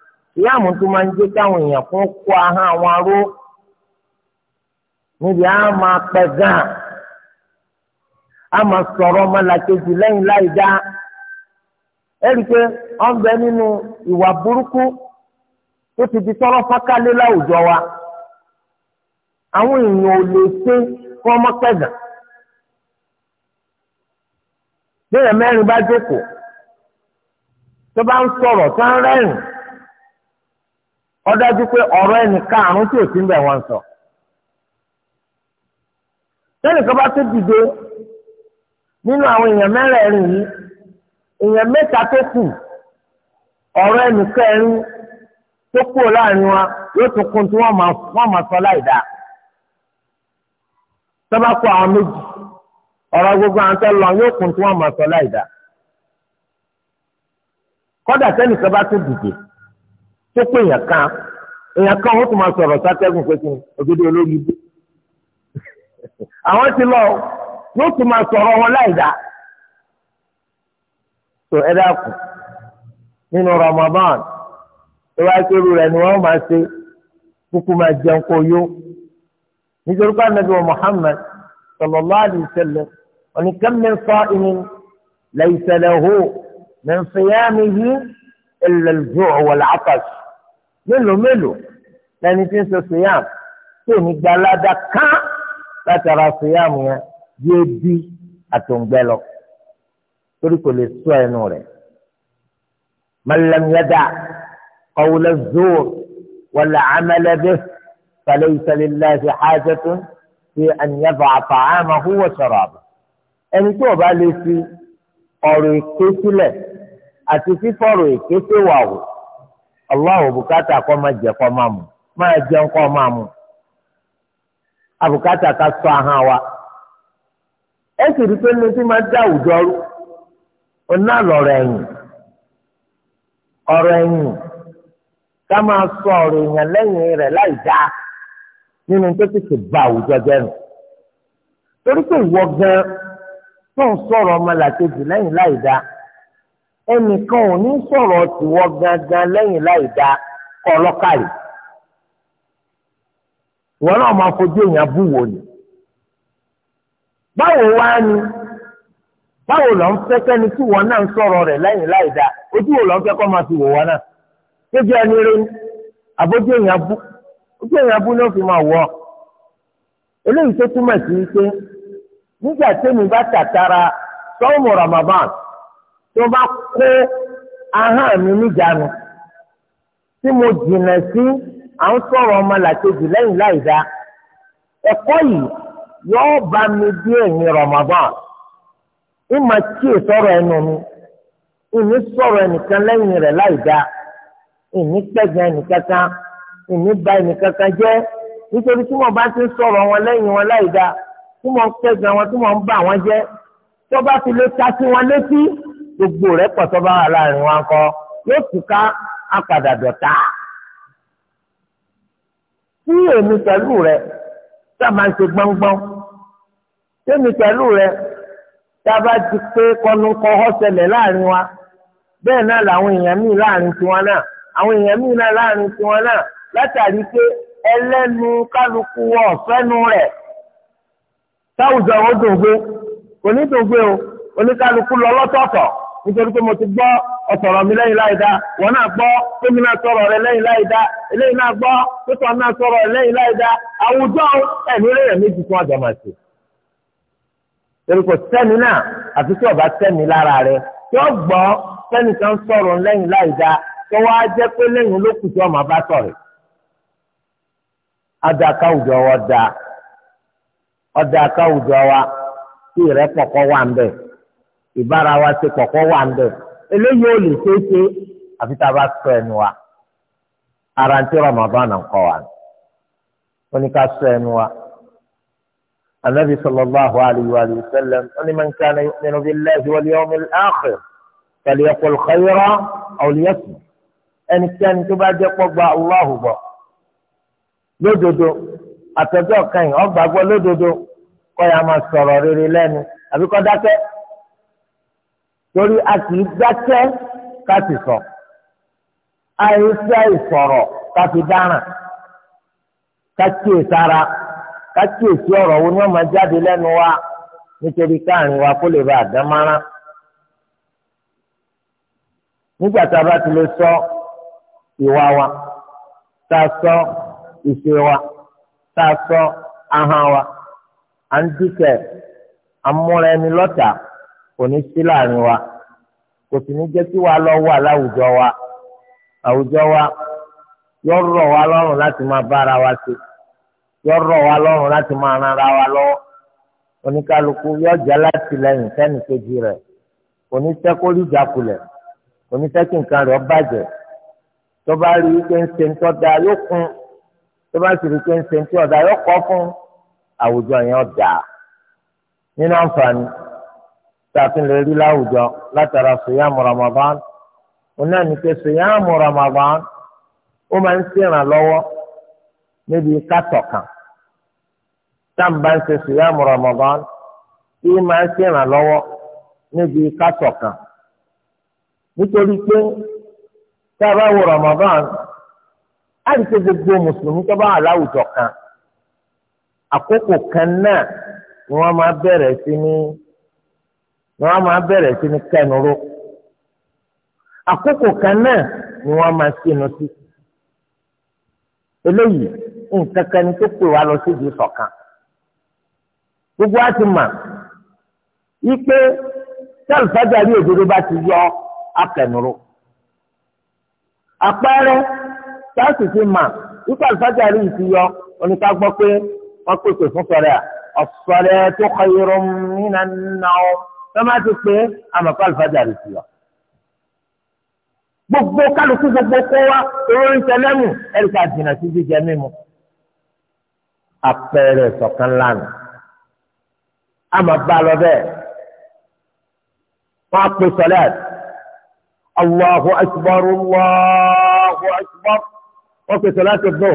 ìyáàmù tó máa ń jẹ́ káwọn èèyàn kún kó ahọ́n àwọn aró níbi á máa pẹ́ gan á máa sọ̀rọ̀ ọmọlàkejì lẹ́yìn láì dá ẹ̀rí pé wọ́n bẹ nínú ìwà burúkú tó ti wa àwọn èèyàn ò lè ṣe kí wọ́n má pẹ́ gan bẹ́ẹ̀ mẹ́rin bá jókòó tó bá ń ó dájú pé ọ̀rọ̀ ẹnì karùn-ún tí ò sí bẹ̀ wọ́n sọ. sẹ́nìkan bá tó dìde nínú àwọn èèyàn mẹ́rẹ̀ẹ̀rin yìí èèyàn mẹ́ta tó kù ọ̀rọ̀ ẹnì kẹrin tó kúrò láàrin wa yóò tún tí wọ́n máa sọ láìda. kó àwọn méjì ọ̀rọ̀ gbogbo tó pé èèyàn kan èèyàn kan wọ́n tún máa sọ̀rọ̀ sátẹ́gùn pé kíni ògidì olórí ibú àwọn ti lọ yóò tún máa sọ̀rọ̀ wọn láì dáa tó ẹ dákun nínú Ramadan tó wáá kéru rẹ ni wọ́n máa ṣe kúkú máa jẹun kó yó nítorí pé anabi wa Muhammad sallallahu alayhi wa sallam wọ́n ní kam min sa'imin laysa lahu min siyamihi illa mélòó mélòó lẹni tí ń ṣe sèyàm tí èmi gba aládá kán láti ara sèyàm yẹn yóò di àtòǹgbẹ lọ torí kò lè sọ ẹnu rẹ̀ malamiada qawla zuur wala amala bih falaysa lillahi hajatun fi an yad'a ta'amahu wa ẹni tí ó lè fi ọ̀rọ̀ èké sílẹ̀ àti fífọ̀rọ̀ èké ṣèwà Allah bùkátà kọ́ máa jẹ kọ́ máa mu ma mu àbùkátà ká sọ ahọ́n wa ẹ sì rí pé ní tí máa dá àwùjọ rú ọ̀nà lọ̀rọ̀ ẹ̀yìn ọ̀rọ̀ ọrụ ká ma sọ ọ̀rọ̀ èèyàn lẹ́yìn rẹ̀ láì dáa nínú tó ti ti ba àwùjọ jẹ́ nù torí pé ìwọ gan tó ń láì ẹnìkan ò ní sọ̀rọ̀ tìwọ gangan lẹ́yìn láì da kọ́ ìwọ náà máa fojú èèyàn bú wò ni báwo wá ni báwo lọ ń fẹ́ kẹ́ni tí ìwọ náà ń sọ̀rọ̀ rẹ̀ lẹ́yìn láì da ojú wo lọ ń fẹ́ kọ́ máa fi wò wá náà ẹni rí àbójú èèyàn bú ojú èèyàn bú fi máa wọ̀ eléyìí tó túmọ̀ sí nígbà bá tàtara sọ́ọ̀mù Ramadan. tó bá kó ahọ́n mi níjànú tí mo jìnnà sí à ń sọ̀rọ̀ ọmọ làkejì lẹ́yìn láì dá ẹ̀kọ́ yìí yóò bá mi bí ẹ̀yìn Ramadan ìmọ̀ tí ì sọ̀rọ̀ ẹnu mi ìní sọ̀rọ̀ ẹnìkan lẹ́yìn rẹ̀ láì dá ìní pẹ̀gàn ẹnìkankan ìní bà ẹnìkankan jẹ́ nítorí tí mo bá ti ń sọ̀rọ̀ wọn lẹ́yìn wọn láì dá tí mo ń pẹ̀gàn wọn tí mo ń bà wọn jẹ́ tó bá ti lè ta sí wọn létí. gbogbo rẹ pọ̀ bá wà láàrin wa kọ́ yóò túká apàdà tí èmi pẹ̀lú rẹ, tá a máa ń ṣe gbọ́ngbọ́n tí èmi pẹ̀lú rẹ, tá a bá ti pé kọ́nùkọ́ ọ̀sẹ̀lẹ̀ láàrin wa bẹ́ẹ̀ náà èèyàn míì láàrin àwọn èèyàn míì náà láàrin tiwọn náà látàrí pé ẹlẹ́nu kálukú ọ̀fẹ́nu rẹ̀ táwùjọ wọn nítorí pé mo ti gbọ́ ọ̀sọ̀rọ̀ mi lẹ́yìn láì dáa wọn náà gbọ́ tómi náà sọ̀rọ̀ rẹ lẹ́yìn láì eléyìí náà gbọ́ tótó náà sọ̀rọ̀ rẹ lẹ́yìn láì àwùjọ ẹ̀mí lẹ́yìn méjì fún ọ̀dọ̀ màá ṣe. sẹ́ni náà àfi tí ọba sẹ́ni lára rẹ tí ó gbọ́ sẹ́ni kan sọ̀rọ̀ lẹ́yìn pé lẹ́yìn ọmọ bá sọ̀rọ̀ wa dáa ọdà wa tí ìrẹ́pọ̀ kọ́ wà ìbára wa ṣe kọ̀kọ́ wà ń bẹ̀ eléyìí ò lè ṣeé ṣe àfi tá a bá sọ ẹnu wa ara ń tí Ramadan náà ń kọ́ wa ó ní ká sọ ẹnu wa anabi sallallahu alayhi wa sallam ó ní man kana yu'minu billahi wal yawmil akhir falyaqul khayran aw liyasmut ẹnikẹ́ni tó bá jẹ́ pọ́ gba Allahu gbọ́ lódodo àtọ́jọ́ kan yìí ó gbàgbọ́ lódodo kó yá máa sọ̀rọ̀ rere lẹ́nu àbí dákẹ́ torí a kì í dákẹ́ ká sì sọ àìsẹ́ ìsọ̀rọ̀ ká fi dáràn ká kíyè sára ká kíyè sí ọ̀rọ̀ wo ni wọ́n máa jáde lẹ́nu wa nítorí káàrin wa kó lè ba àdámárán nígbà tá a bá ti lè sọ ìwà wa tá a sọ ìṣe wa tá a sọ ahọ́n wa à ń dúkẹ́ àmúra ẹni lọ́tàá kò ní sí láàrin wa kò sì ní jẹ́ kí wàá lọ wà láwùjọ wa àwùjọ wa yọ rọ̀ wá lọ́rùn láti máa bára wa ṣe yọ rọ̀ wá lọ́rùn láti máa ran ara wa lọ́wọ́ oníkálukú yọ jẹ́ látìlẹ́yìn sẹ́ni kejì rẹ̀ oníṣẹ́ kó rí ìjákulẹ̀ oníṣẹ́ kí nǹkan rẹ̀ bàjẹ́ tó bá rí i ń ṣe ń tọ́ da yóò kún tó bá sì rí i ń ṣe ń tí yóò kọ́ fún àwùjọ yẹn ọ̀dà nínú àǹfààní. tààtún lè rí láwùjọ látara sèyàmù Ramadan oní àníkè sèyàmù Ramadan ó máa ń ṣèrànlọ́wọ́ níbi kátọ̀kan táǹbà ń ṣe sèyàmù Ramadan ó máa ń ṣèrànlọ́wọ́ níbi kátọ̀kan nítorí pé tá a bá wo Ramadan gbogbo mùsùlùmí tó bá wà láwùjọ kan àkókò kan náà ni wọ́n máa bẹ̀rẹ̀ sí ni wọ́n máa bẹ̀rẹ̀ sí ní kẹnuró àkókò kan náà ni wọ́n máa sínú sí eléyìí nǹkan kan ni tó pè wá lọ síbi ìṣọ̀kan gbogbo á ti mà yí pé sálùfájà rí òdodo bá ti yọ akẹnuró àpẹẹrẹ sáàsì ti mà wípé àlùfáàjà rí ìfi yọ oníkà gbọ́ pé wọ́n pèsè fún sọ̀rẹ́ à ọ̀sọ̀rẹ́ tó kọ irun nínà náà tọ́mà ti pé àmọ̀kọ́ àlùfáàjà rẹ̀ sí wa. gbogbo kálukú gbogbo kó wa orí tẹlẹ́mù ẹ̀ríkà jìnnà sí jíjẹ mímu. àpẹẹrẹ ìṣọ̀kan lánàá àmọ̀ bá lọ bẹ́ẹ̀ wọ́n á pè sọ́lẹ́t Allahu akbar Allahu akbar wọ́n pè sọ́lẹ́t ìbúrò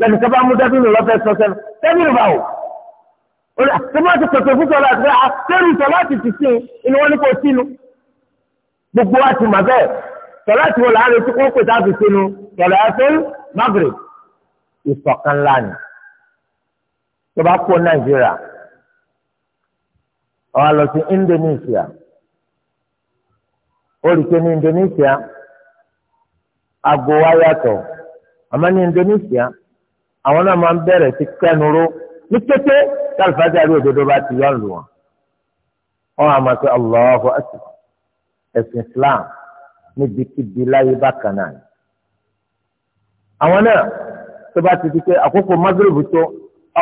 lẹ́nu sábà mú dábìlì lọ́fẹ̀ẹ́ sọ́sẹ́ dábìlì báwò tí wọ́n ti pèsè fún sọlá àti àtẹ́rù sọlá ti ti sìn inú wọn ní kò sínú gbogbo wa ti mà bẹ́ẹ̀ sọlá ti wọ láàrin tí wọ́n pèsè àti sínú sọlá ẹ̀fẹ́ magre ìṣọ̀kan ńlá ni tó bá kó nàìjíríà ó wá lọ sí Indonesia ó rí i pé ní Indonesia aago wa yàtọ̀ àmọ́ ní Indonesia àwọn náà máa ń bẹ̀rẹ̀ sí kẹ́nuró ní kété kálífàtì àbí òdodo bá ti yọ̀ lù wọ́n. wọ́n á máa sọ Allahu akbar ẹ̀sìn Islam níbikíbi láyé bákan náà ni. àwọn náà tó bá ti di pé àkókò magrib tó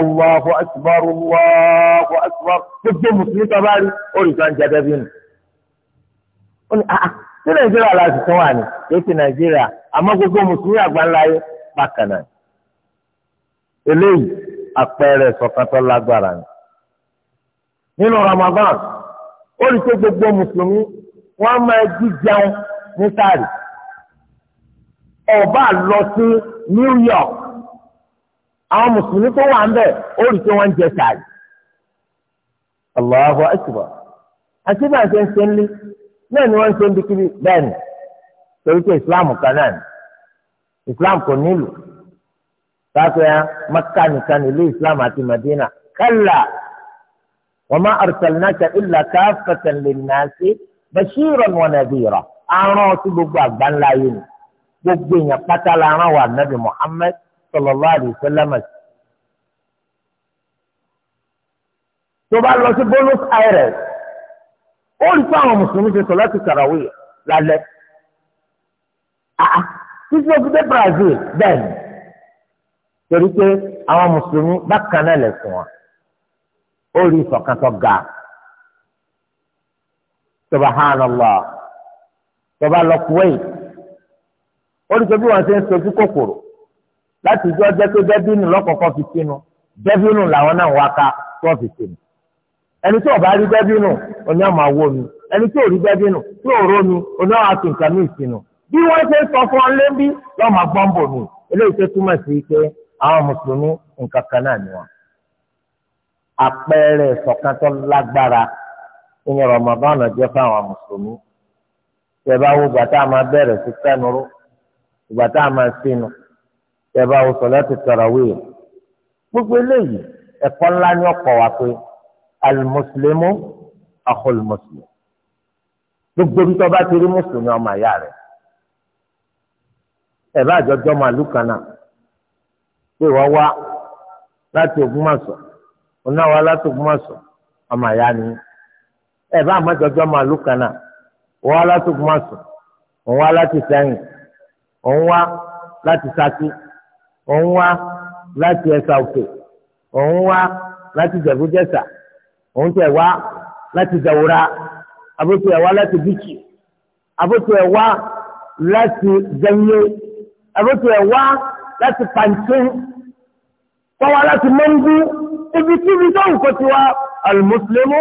Allahu akbar Allahu akbar gbogbo mùsùlùmí tó bá rí olùkọ́ ń jẹ́ dẹ́bí nù. ó ní àá ah, sí ah, Nàìjíríà láti tún wà ní kí sí Nàìjíríà àmọ́ gbogbo mùsùlùmí àgbáńláyé bákan náà. eléyìí. àpẹẹrẹ sọkàtọ lágbára ni nínú Ramadan ó rí gbogbo mùsùlùmí wọn máa jíjẹun ní sáàrì ọba lọ sí New York àwọn mùsùlùmí tó wà ń bẹ ó rí pé jẹ sáàrì ṣe ń ṣe wọ́n ṣe ń Islam kan káfíà maka nìkan ìlú islam àti madina kálá wa ma arsalnaka illa kaffatan linnasi bashiran wa nadhira àrùn ọtí gbogbo àgbáńlá yìí ni gbogbo èèyàn pátá la rán wa nabi muhammad sallallahu alayhi wa sallam. tó bá lọ sí bonus aires ó rí fún àwọn mùsùlùmí ṣe sọ láti tarawih lálẹ́. títí ó fi dé brazil bẹ́ẹ̀ ni torí pé àwọn mùsùlùmí bákan náà lẹ̀sìn wọn ó rí ìṣọ̀kan tó ga subhanallah tó bá lọ Kuwait ó rí tóbi wọn ṣe ń sojú kòkòrò láti ìjọ jẹ́ pé dẹ́bínú lọ́kọ̀ọ̀kan fi sínú dẹ́bínú làwọn náà wá ká tó fi sínú ẹni tí ó bá rí dẹ́bínú oní ọmọ àwo mi ẹni tí ò rí dẹ́bínú tí ò ró mi oní ọmọ àti nǹkan mi sínú bí wọ́n ṣe sọ fún ọ lé bí lọ́mọ gbọ́ǹbò mi eléyìí tó túmọ̀ sí pé àwọn mùsùlùmí nǹkan kan náà ni wọn. àpẹẹrẹ ìṣọ̀kan tó lágbára ìyẹn Ramadan jẹ́ fáwọn mùsùlùmí. tẹ̀bá wo bàtà máa bẹ̀rẹ̀ sí kẹ́nuró bàtà máa sínú tẹ̀bá wo sọ̀lẹ́tì tarawih. gbogbo eléyìí ẹ̀kọ́ ńlá ni ọ̀pọ̀ wá pé alimuslimu akhul muslim gbogbo bí tọ́ bá ti rí mùsùlùmí ọmọ àyà rẹ̀ ẹ̀ bá àjọjọ́ màlúù kan náà pé wọ́n wá láti Ògbómọ̀ṣọ́ ọ̀nà wa láti Ògbómọ̀ṣọ́ ọmọ àyà ni ẹ bá àmọ́jọjọ́ máa lù kànáà wọ́n wá láti Ògbómọ̀ṣọ́ òun wá láti Ṣẹ́yìn òun wá láti Ṣakí òun wá láti Ẹ̀sà Òkè òun wá láti Jẹ̀bújẹ̀ṣà òun tẹ̀ wá láti Jẹ̀wúrà àbótú ẹ̀ wá láti Bíkì àbótú ẹ̀ wá láti Jẹ̀mílẹ̀ àbótú ẹ̀ wá láti pàǹtín tọ́wọ́ láti mọ́ngú ibi tí ibi tó ń kó tiwa alimusulemu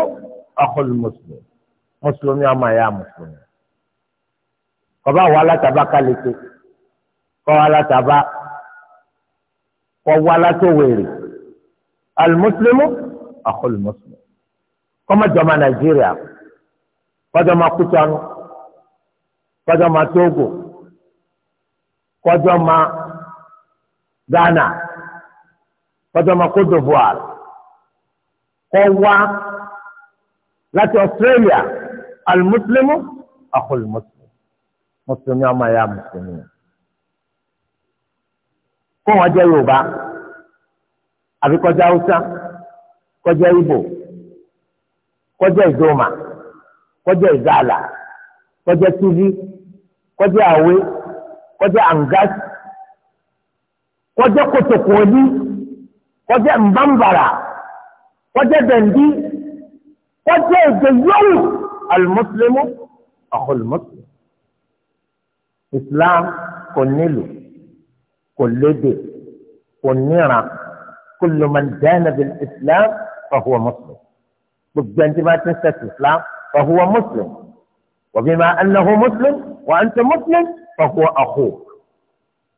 akọlu mùsùlùmí mùsùlùmí ọmọ ẹ̀yà mùsùlùmí kọba wà látàbá kálíkì kọwa látàbá kọwa látòwèrè alimusulemu akọlu mùsùlùmí kọ́mọ̀jọ́mọ nàìjíríà kọ́jọ́mọ kútọ́nù kọ́jọ́mọ tógò kọ́jọ́mọ. Ghana kọjọmọ Cote d'Ivoire kọ wá láti Australia alimuslimu akọlimuslimu mùsùlùmí ọmọ ya mùsùlùmí kó wọn jẹ Yorùbá àbí kọjá Hausa kọjá Igbo kọjá Idoma kọjá Igala kọjá Tivi kọjá Awe kọjá Angassi kọjá kòtòkò ọdí kọjá mbàmbàrà kọjá dàndí kọjá èdè yòówù alimusulemu ọkọlùmọsùlùmù islam kò nílò kò lédè kò níran kullu man dana bil islam fa huwa muslim gbogbo ẹni tí ti ń sẹ́sì islam fa huwa muslim wa bima annahu muslim wa anta muslim fa huwa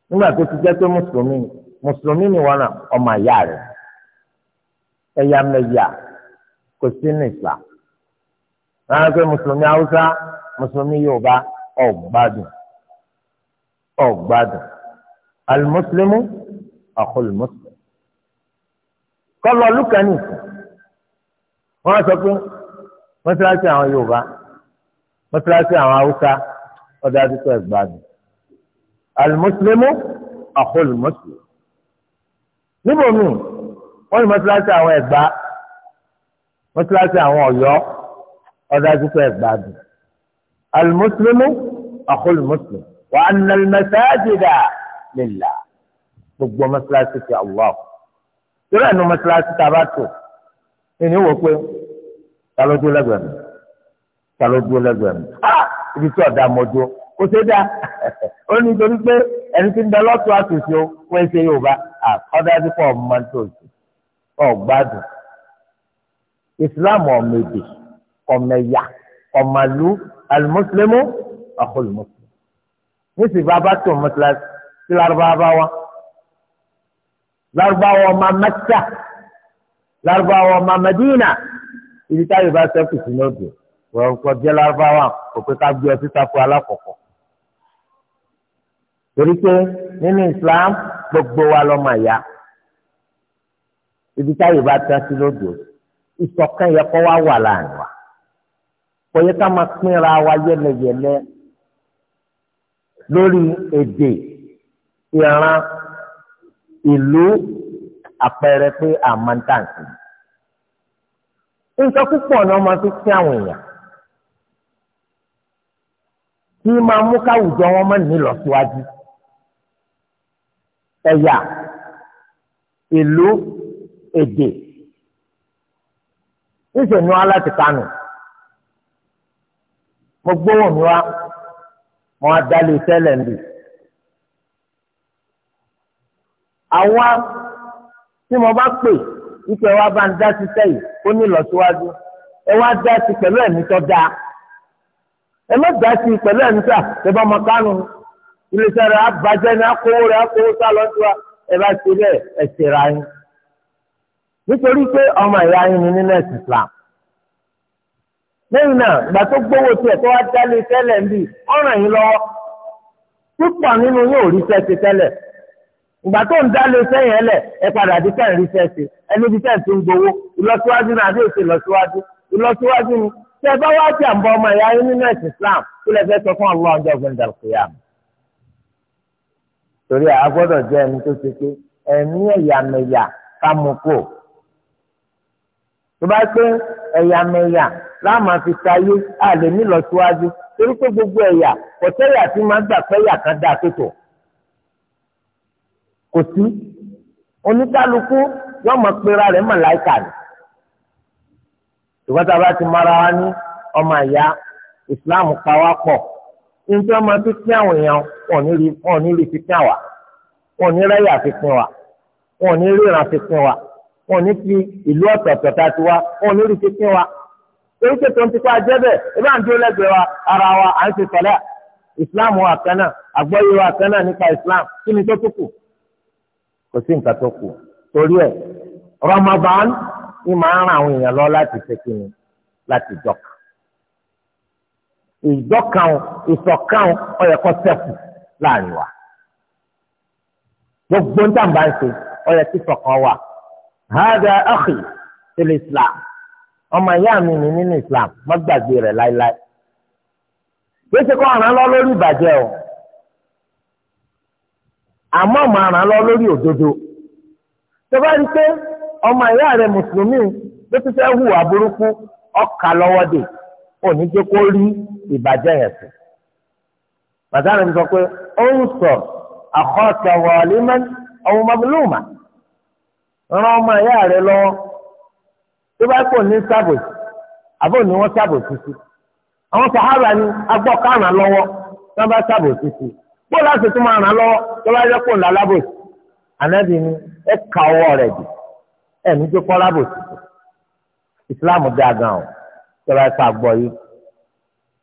nígbà tó ti jẹ́ pé mùsùlùmí mùsùlùmí ni wọn ọmọ àyà rẹ̀ ẹ̀yà mẹ̀yà kò sí ní ìsà láwọn pé mùsùlùmí haúsá mùsùlùmí yorùbá ọ̀gbádùn ọ̀gbádùn alimuslimu akọlùmùsùlùmí kọlọ lukani wọn sọ pé mọ́sálásí àwọn yorùbá mọ́sálásí àwọn haúsá ọ̀dọ́ àdúgbò ẹ̀gbádùn alimuslimu akhul muslim níbo mi wọ́n ní mọ́sálásí àwọn ẹ̀gbá mọ́sálásí àwọn ọ̀yọ́ ọ̀dájú pé ẹ̀gbá dùn alimuslimu akhul muslim wa anal masajida lillah gbogbo mọ́sálásí ti Allah torí ẹnu mọ́sálásí tá a bá tó ẹni wò pé ta ló dúró lẹ́gbẹ̀ẹ́ mi ta ló dúró lẹ́gbẹ̀ẹ́ mi ah ibi tí ọ̀dà mọ́jọ́ kò ṣe dá ó ní torí pé ẹni tí ń bẹ lọ́tún àtòsí o wọ́n ṣe Yorùbá àkọ́dájú pọ̀ ọmọ tó ṣe ọ̀ gbádùn Islam ọ̀mẹ̀dẹ̀ ọ̀mẹ̀yà ọ̀màlú alimusulemu ọ̀kọlùmùsùlùmù níṣì bàbá tó mọ́tíláṣí sí lárúbáwá wa lárúbáwá ọmọ Mẹ́kà lárúbáwá ọmọ Mẹ́dínà ibi táyọ̀ bá ṣẹ́kù sí ní òde wọ́n kọjá lárúbáwá òpè ká gbé ọ torí pé nínú Islam gbogbo wa lọ́mọ àyà ibi táyé bá tẹ́ sí lódò ìṣọ̀kan yẹ kó wá wà láàrin wa kò yẹ ká máa pínra wa yẹlẹyẹlẹ lórí èdè ìran ìlú àpẹẹrẹ pé àmọ́ntàǹtì nǹkan púpọ̀ náà máa fi kí àwọn èèyàn kí máa mú káwùjọ wọn máa nílọ síwájú. Si ẹ̀yà ìlú èdè níṣẹ́ ni wọ́n á láti kánò mo gbóhùn mi wá mo á dálé tẹ́lẹ̀ ń bì. àwa tí mo bá pè wípé wa bá ń dá síṣẹ́ yìí ó ní ìlọsíwájú ẹ wá dá sí pẹ̀lú ẹ̀mí tó dáa ẹ má dá sí pẹ̀lú ẹ̀mí tó à ṣe bá ọmọ kánò iléeṣẹ́ rẹ̀ abajẹ́ ní akówó rẹ̀ akówó sá lọ sí wa ẹ bá ṣe bẹ́ẹ̀ ẹ ṣèrà yín. nítorí pé ọmọ ìyá yín ni nínú ẹ̀sìn Islam. lẹ́yìn náà ìgbà tó gbówó tiẹ̀ tó wá dálé tẹ́lẹ̀ ń bì ọ̀ràn yín lọ́wọ́. púpọ̀ nínú yóò rí sẹ́ẹ̀sì tẹ́lẹ̀. ìgbà tó ń dálé sẹ́yìn ẹlẹ̀ ẹ padà di tẹ́ ń rí sẹ́ẹ̀sì ẹni bí tẹ́ẹ̀ ti ń gbowó ìlọsíwájú ni àbí èsì torí a gbọ́dọ̀ jẹ́ ẹni tó ṣe pé ẹ̀mí ẹ̀yàmẹ̀yà ká mú kó tó bá pé ẹ̀yàmẹ̀yà láàmú àti sáyé a lè ní lọ́síwájú torí pé gbogbo ẹ̀yà kọ̀tẹ́yà tí máa gbà pẹ́yà kan dáa tó tọ̀ kò sí oníkálukú yóò mọ pera rẹ̀ màláìkà ni ìwọ́n bá ti mara wa ní ọmọ ìyá ìsìláàmù pa wá pọ̀ nítorí wọn máa fi pín àwọn èèyàn wọn ò ní rí fi pín àwa wọn ò ní ráyà fi pín wa wọn ò ní ríran fi pín wa wọn ní fi ìlú ọ̀tọ̀ọ̀tọ̀ ta ti wa wọn ò ní rí fi wa torí pé tòun ti kọ́ ajẹ́ bẹ́ẹ̀ ebí à dúró lẹ́gbẹ̀ẹ́ wa ara wa à ń ṣe sọ́lá ìsìláàmù wa kan náà wa kan nípa ìsìláàmù kí ni tó tó kù kò sí nǹkan tó kù torí ẹ̀ Ramadan ni màá ràn àwọn èèyàn lọ láti ṣe kí ni láti jọkàn ìjọkan ìṣọ̀kan ọ̀yẹ̀kọ́ sẹ́kù láàrin wa gbogbo ń tàǹbà ń ṣe ọ̀yẹ̀ tí ṣọ̀kan wà hada akhi fil islam ọmọ ìyá mi ní nínú islam má gbàgbé rẹ̀ láéláé kí ṣe kọ́ ọ̀ràn lọ lórí ìbàjẹ́ o àmọ́ ọmọ ọ̀ràn lọ lórí òdodo tó rí pé ọmọ ìyá rẹ̀ mùsùlùmí ló ti fẹ́ hùwà burúkú ọkà lọ́wọ́ dè òní jẹ́ kó rí ìbàjẹ́ yẹn sí. bàtà rẹ̀ sọ pé ó ń sọ àkọ́sọ wọ̀ọ́límọ́ ọ̀hún mọ́bìlúùmà ràn ọmọ ìyá rẹ̀ lọ́wọ́ tó bá kò ní sábòsì àbò ní wọ́n sábòsì sí. àwọn sàhábà ni agbọ́ káràn lọ́wọ́ tó bá sábòsì sí. bó láti tún máa ràn lọ́wọ́ tó bá yẹ kó ń lalábòsì. ànábì ni ẹ ka ọwọ́ rẹ̀ dì ẹ̀ tó kọ́ lábòsì ìsìláàmù dáa gan-an tó bá sá yìí.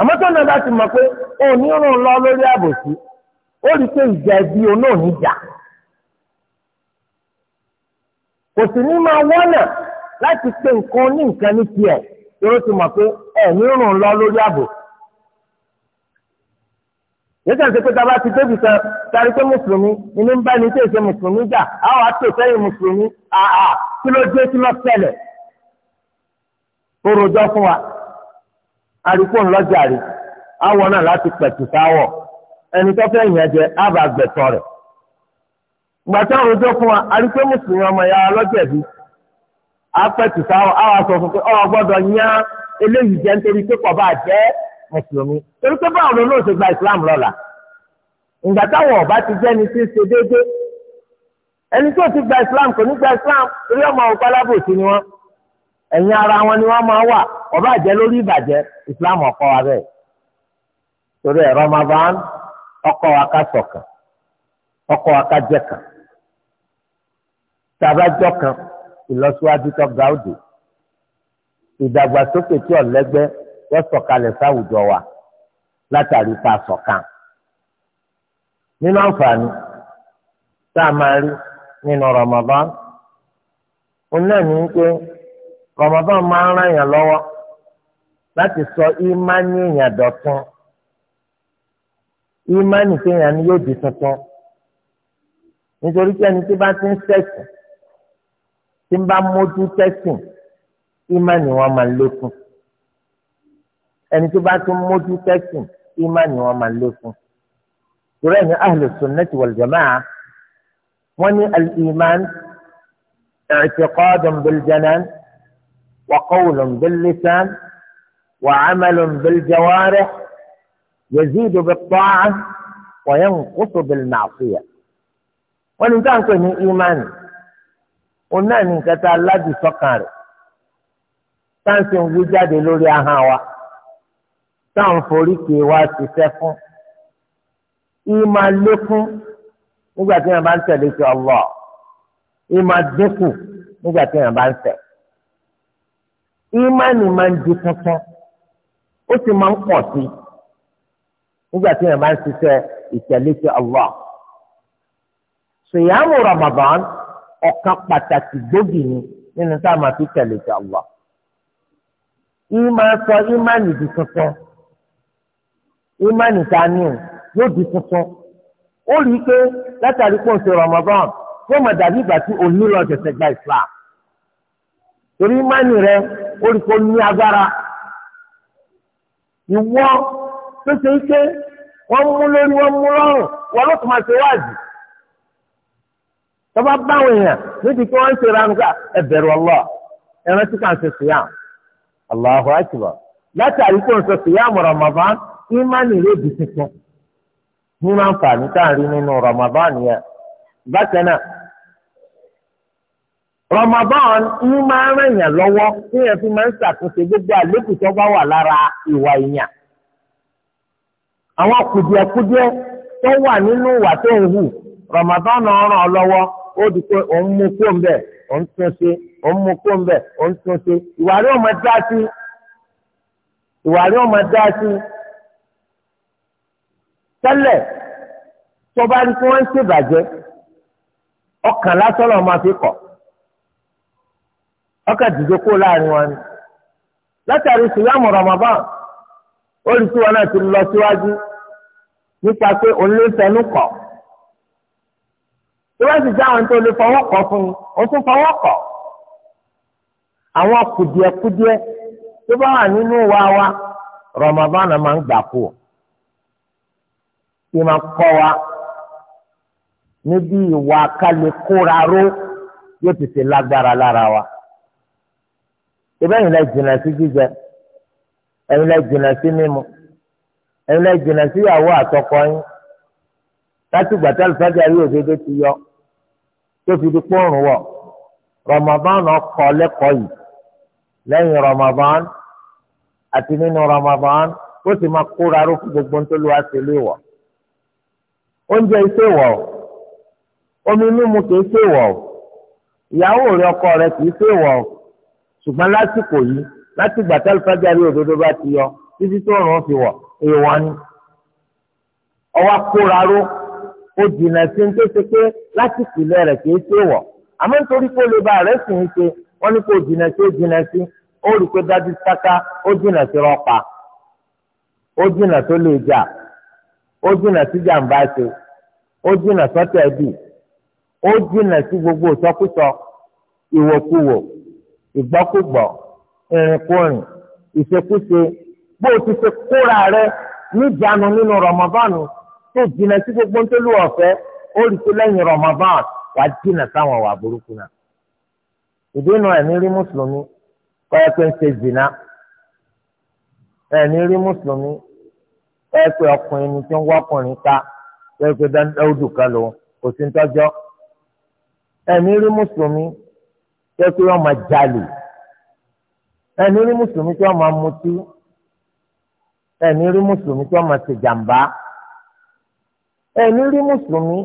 àmọ́ tó náà bá ti mọ̀ pé òní rún lọ lórí àbòsí ó rí i pé ìjà ẹbí olóòní jà kò sì ní máa wọ́nà láti pe nǹkan ní nǹkan ní tiẹ̀ yóò ti mọ̀ pé ẹ̀mí rún lọ lórí àbòsí yíṣẹ́ ń ṣe pé tábà ti débi kan sáré pé mùsùlùmí inú ń bá ní tí èso mùsùlùmí jà àwọn àtò sẹ́yìn mùsùlùmí àà kí ló dé kí ló ṣẹlẹ̀ ó rojọ́ fún wa arúgbó ńlọ́jà rí awọ náà láti pẹ̀tù sáwọ̀ ẹni tó fẹ́ yẹn jẹ ábà gbẹ̀tọ̀ rẹ̀ gbàtà òròjọ́ fún wa arúgbó mùsùlùmí ọmọ ya ọlọ́jà bí apẹ̀tù sáwọ̀ àwọn aṣọ fún pé ọ gbọ́dọ̀ yán eléyìí jẹ́ nítorí pé kọ̀ bá jẹ́ mùsùlùmí torí pé báwo ló lóòótọ́ gba ìsìlámù lọ́la ìgbà táwọn ọba ti jẹ́ni tí ń ṣe déédéé ẹni tó ti gba ìsìlámù kò ní gba ìsìlámù torí ọmọ òkú alábòsí ni wọ́n. ẹ̀yìn ara wọn ni wọ́n máa wà ọba àjẹ́ lórí ìbàjẹ́ islam ọkọ wa bẹ́ẹ̀ torí ẹ̀ ramadan ọkọ wa ká ṣọ̀kan ọkọ wa ká jẹ́kan tàbájọ́ kan ìlọsíwájú tó ga òde ìdàgbàsókè tí ọ̀lẹ́gbẹ́ yọ sọ̀kalẹ̀ sáwùjọ wa látàrí pa sọ̀kan. nínú àǹfààní tá a máa rí nínú ramadan òun náà ní pé. Ramadan máa ń ràn yàn lọ́wọ́ láti sọ ìmánì èèyàn dọ̀tun ìmánì kéèyàn ni yóò di tuntun nítorí pé ẹni tí bá ti ń ṣẹ̀sìn tí ń bá mójú tẹ́sìn ìmánì wọn máa lékún ẹni tí bá ti ń mójú tẹ́sìn ìmánì wọn máa lékún ìrẹ́ ní ahlus sunnati wal jamaa wọ́n ní al-iman i'tiqadun bil janan. وقول باللسان وعمل بالجوارح يزيد بالطاعة وينقص بالمعصية وإن كان كن إيمان قلنا إن كتالات سكر كان سنوجد لوري أهاوى كان فوريكي واسسفون ìmọ̀ lékún nígbà tí èèyàn bá ń tẹ̀lé sí Allah ìmọ̀ dínkù nígbà tí èèyàn bá ìmánì máa ń di kankan ó sì máa ń pọ̀ sí nígbà tí èèyàn bá ń ṣiṣẹ́ ìtẹ̀lé ti Ramadan ọ̀kan pàtàkì gbòógì ni nínú tá a máa fi tẹ̀lé ti Allah ìmọ̀ sọ ìmánì di kankan ìmánì tá a ní yóò di kankan ó Ramadan yóò mọ̀ dàbí ìgbà tí orúkọ ní agbára ìwọ tó ṣe ń ṣe wọ́n mú lórí wọ́n mú lọ́rùn wọ́n ló tún máa ṣe wáàzì tọ́ba báwọn èèyàn níbi tí wọ́n ń ṣe ẹran tí ṣe Allahu akbar látàrí kó ń ṣe siyam Ramadan ìmánì rẹ̀ bìtìtì ní máa ń fà ní káàrin nínú yẹn Ramadan ń máa ń rẹ̀yàn lọ́wọ́ tí yẹn fi máa ń gbogbo àlékù tó bá wà lára ìwà èèyàn. àwọn kùdìẹ̀kudiẹ tó wà nínú ìwà tó ń hù Ramadan ọ̀ràn lọ́wọ́ ó di pé òun mú kó ń bẹ̀ òun tún ṣe ọkà dìde kó láàrin wọn ni látàrí sùyàmù Ramadan olùsí wọn náà ti lọ síwájú nípa pé òun ló fẹnu kọ tí wọn sì jáwọn tó lè fọwọ́ kọ fún un ó tún fọwọ́ kọ àwọn kùdìẹ̀kùdìẹ̀ tó bá wà nínú wa wa Ramadan máa ń gbà kú kí máa kọ́ wa níbi ìwà kálẹ̀ kóra ró yóò ti ṣe lágbára lára wa ìbẹ́yìn la jìnnà sí jíjẹ ẹ̀yin la jìnnà sí mímu ẹ̀yin la jìnnà sí ìyàwó àtọkọ yín láti gbàtà lùfàjà yóò dédé ti yọ tó fi di pọ́ọ̀rùn wọ̀ Ramadan ọkọ lẹ́kọ̀ọ́ yìí lẹ́yìn Ramadan àti nínú Ramadan ó sì máa kóra ró fún gbogbo nítorí wàá ṣe léwọ̀ oúnjẹ iṣẹ́ wọ̀ omi mímu kì í ṣe wọ̀ ìyàwó rẹ ọkọ rẹ kì í ṣe wọ̀ ṣùgbọ́n lásìkò yìí láti gbà tá alifájárì òdodo bá ti yọ títí tó rùn fi wọ̀ èèwọ̀ ni. ọwọ́ akóraró ó jìnnà sí ń pèsè pé láti pìlẹ̀ rẹ̀ kì í ṣe wọ̀ àmọ́ nítorí pé olè bá rẹ̀ sì ń ṣe wọ́n ní kó jìnnà sí ó jìnnà sí ó rí pé dájú sáká ó jìnnà sí rọ́pa ó jìnnà tó lè jà ó jìnnà sí jàǹbá ṣe ó jìnnà sọ́tẹ̀ bì ó sí gbogbo ìsọkúsọ ìwòkuwò ìgbọ́kúgbọ̀ ìrìnkúrìn ìṣekúṣe bó o ti ṣe kóra rẹ níjànú nínú rọmọbánu tó jìnnà sí gbogbo nítorí ọ̀fẹ́ ó rí pé lẹ́yìn rọmọbánu wà á jìnnà sáwọn wà burúkú náà. ìdínà ẹ̀mí rí mùsùlùmí kọ́yẹ́ pé ń ṣe zìnà ẹ̀mí rí mùsùlùmí kọ́yẹ́ pé ọkùnrin ni tí ń wọ́kùnrin ta kọ́yẹ́ pé dáúdù kan lòun kò sí ń tọ́jọ́ ẹ̀mí rí mùsùlùmí jẹ́ pé wọ́n máa jalè ẹni rí mùsùlùmí tí wọ́n máa mutí ẹni rí mùsùlùmí tí wọ́n máa ṣe jàǹbá ẹni rí mùsùlùmí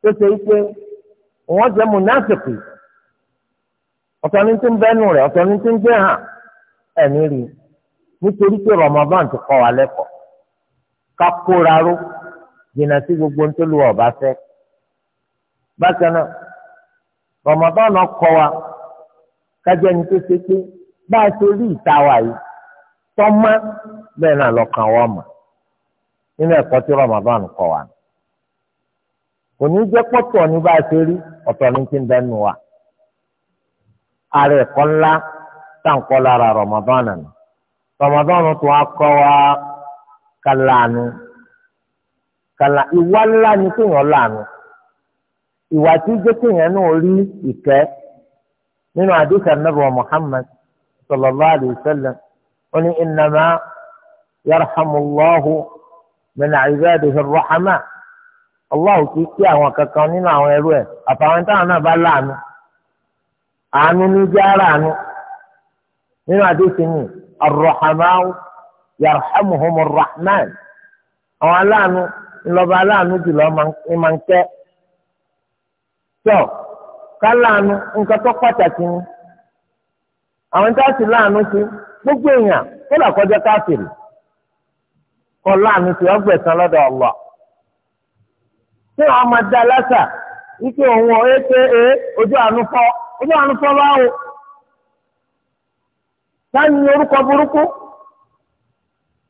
tó ṣe pé wọ́n jẹ́ mùnáfìkì ọ̀tọ̀ ní tí ń bẹ́nu rẹ̀ ọ̀tọ̀ ní tí ń gbé hàn ẹni rí nítorí pé Ramadan ti kọ́ wa lẹ́kọ̀ọ́ ká kóra ró jìnnà sí gbogbo ń tó lu bákan náà. Ramadan kọ wa kájẹ́ni tó ṣe pé bá a ṣe rí ìta wa yìí tọ́mọ́ bẹ́ẹ̀ náà lọ́kàn wọ́n mọ̀ nínú ẹ̀kọ́ tí Ramadan kọ wa. Òní jẹ́ pọ́tọ̀ ní bá a ṣe rí ọ̀tọ̀ ní ti ń bẹ́nu wa. Ààrẹ ẹ̀kọ́ ńlá táǹkọ́ lára Ramadan nù. Ramadan tó wá kọ́ wa kálánù. Kálá ìwá ńlá ni kéèyàn lánàá ìwà tí jẹ́kẹ̀yàn náà rí ìkẹ́ nínú àdìsá nàbọ̀ Muhammad sallallahu alayhi wa sallam wọn ni innama yarhamullahu min ibadihi ar-rahama Allahu kì í kí àwọn kankan nínú àwọn ẹrú ẹ̀ àfàwọn táwọn náà bá láàánú àánú ní jẹ́ ara àánú nínú àdìsí ni ar-rahamaw yarhamuhumur rahman àwọn aláàánú ńlọba aláàánú jùlọ ń máa tọ ka nǹkan tó pàtàkì ni àwọn tá a sì láàánú sí gbogbo èèyàn kọ láàánú sí ọgbẹ̀sán lọ́dọ̀ ọ̀lọ́ tí wọn máa dá lásà wípé òun ọ̀ aka e, ojú àánú fọ́ ojú àánú fọ́ báwo orúkọ burúkú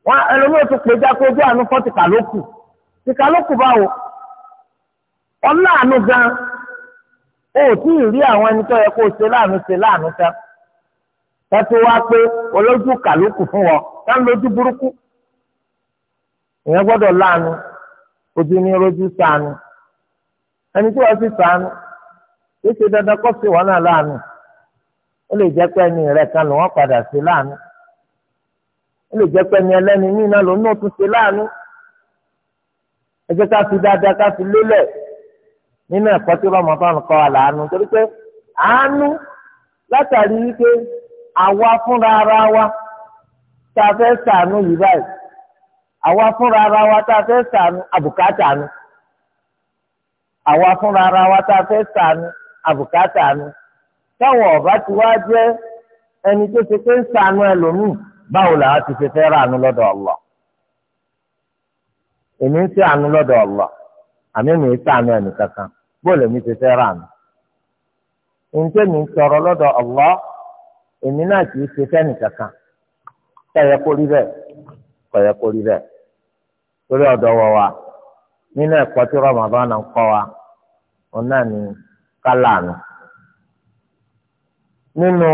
wọn ẹlòmíràn tó pè já pé ojú àánú fọ́ tìkà lókù tìkà lókù o ò tí ì rí àwọn ẹni tó yẹ kó ṣe láàánú ṣe láàánú tán tẹ́tí wá pé olójú kàlùkù fún wọn buruku. lójú burúkú ìyẹn gbọ́dọ̀ láàánú ojú ní rojú sànù ẹni tí wọ́n sì ṣe dandan kó sì wọ́n náà láàánú ó lè jẹ́ pé ẹni rẹ̀ kan ló wọ́n padà sí láàánú ó lè pé ẹni ní fi dáadáa ká fi nínú ẹ̀kọ́ tí Ramadan kọ́ àlàánú torí pé àánú látàrí wípé àwa fúnra ara wa tá a fẹ́ ṣàánú yìí báyìí àwa fúnra ara wa tá a fẹ́ ṣàánú àbùkátà nu àwa fúnra ara wa tá a fẹ́ ṣàánú àbùkátà nu táwọn ọba wá jẹ́ ẹni tó ṣe pé ti ṣe bọ́ọ̀lù mi ti fẹ́ rà ǹjẹ́ mi ń tọrọ lọ́dọ̀ Allah èmi náà kì í ṣe fẹ́ni kankan kọ̀yẹ́ kó rí bẹ́ẹ̀ kọ̀yẹ́ kó rí bẹ́ẹ̀ torí ọ̀dọ̀ wọ̀ wa nínú ẹ̀kọ́ tí Ramadan ń kọ́ wa òun náà ní kálánù nínú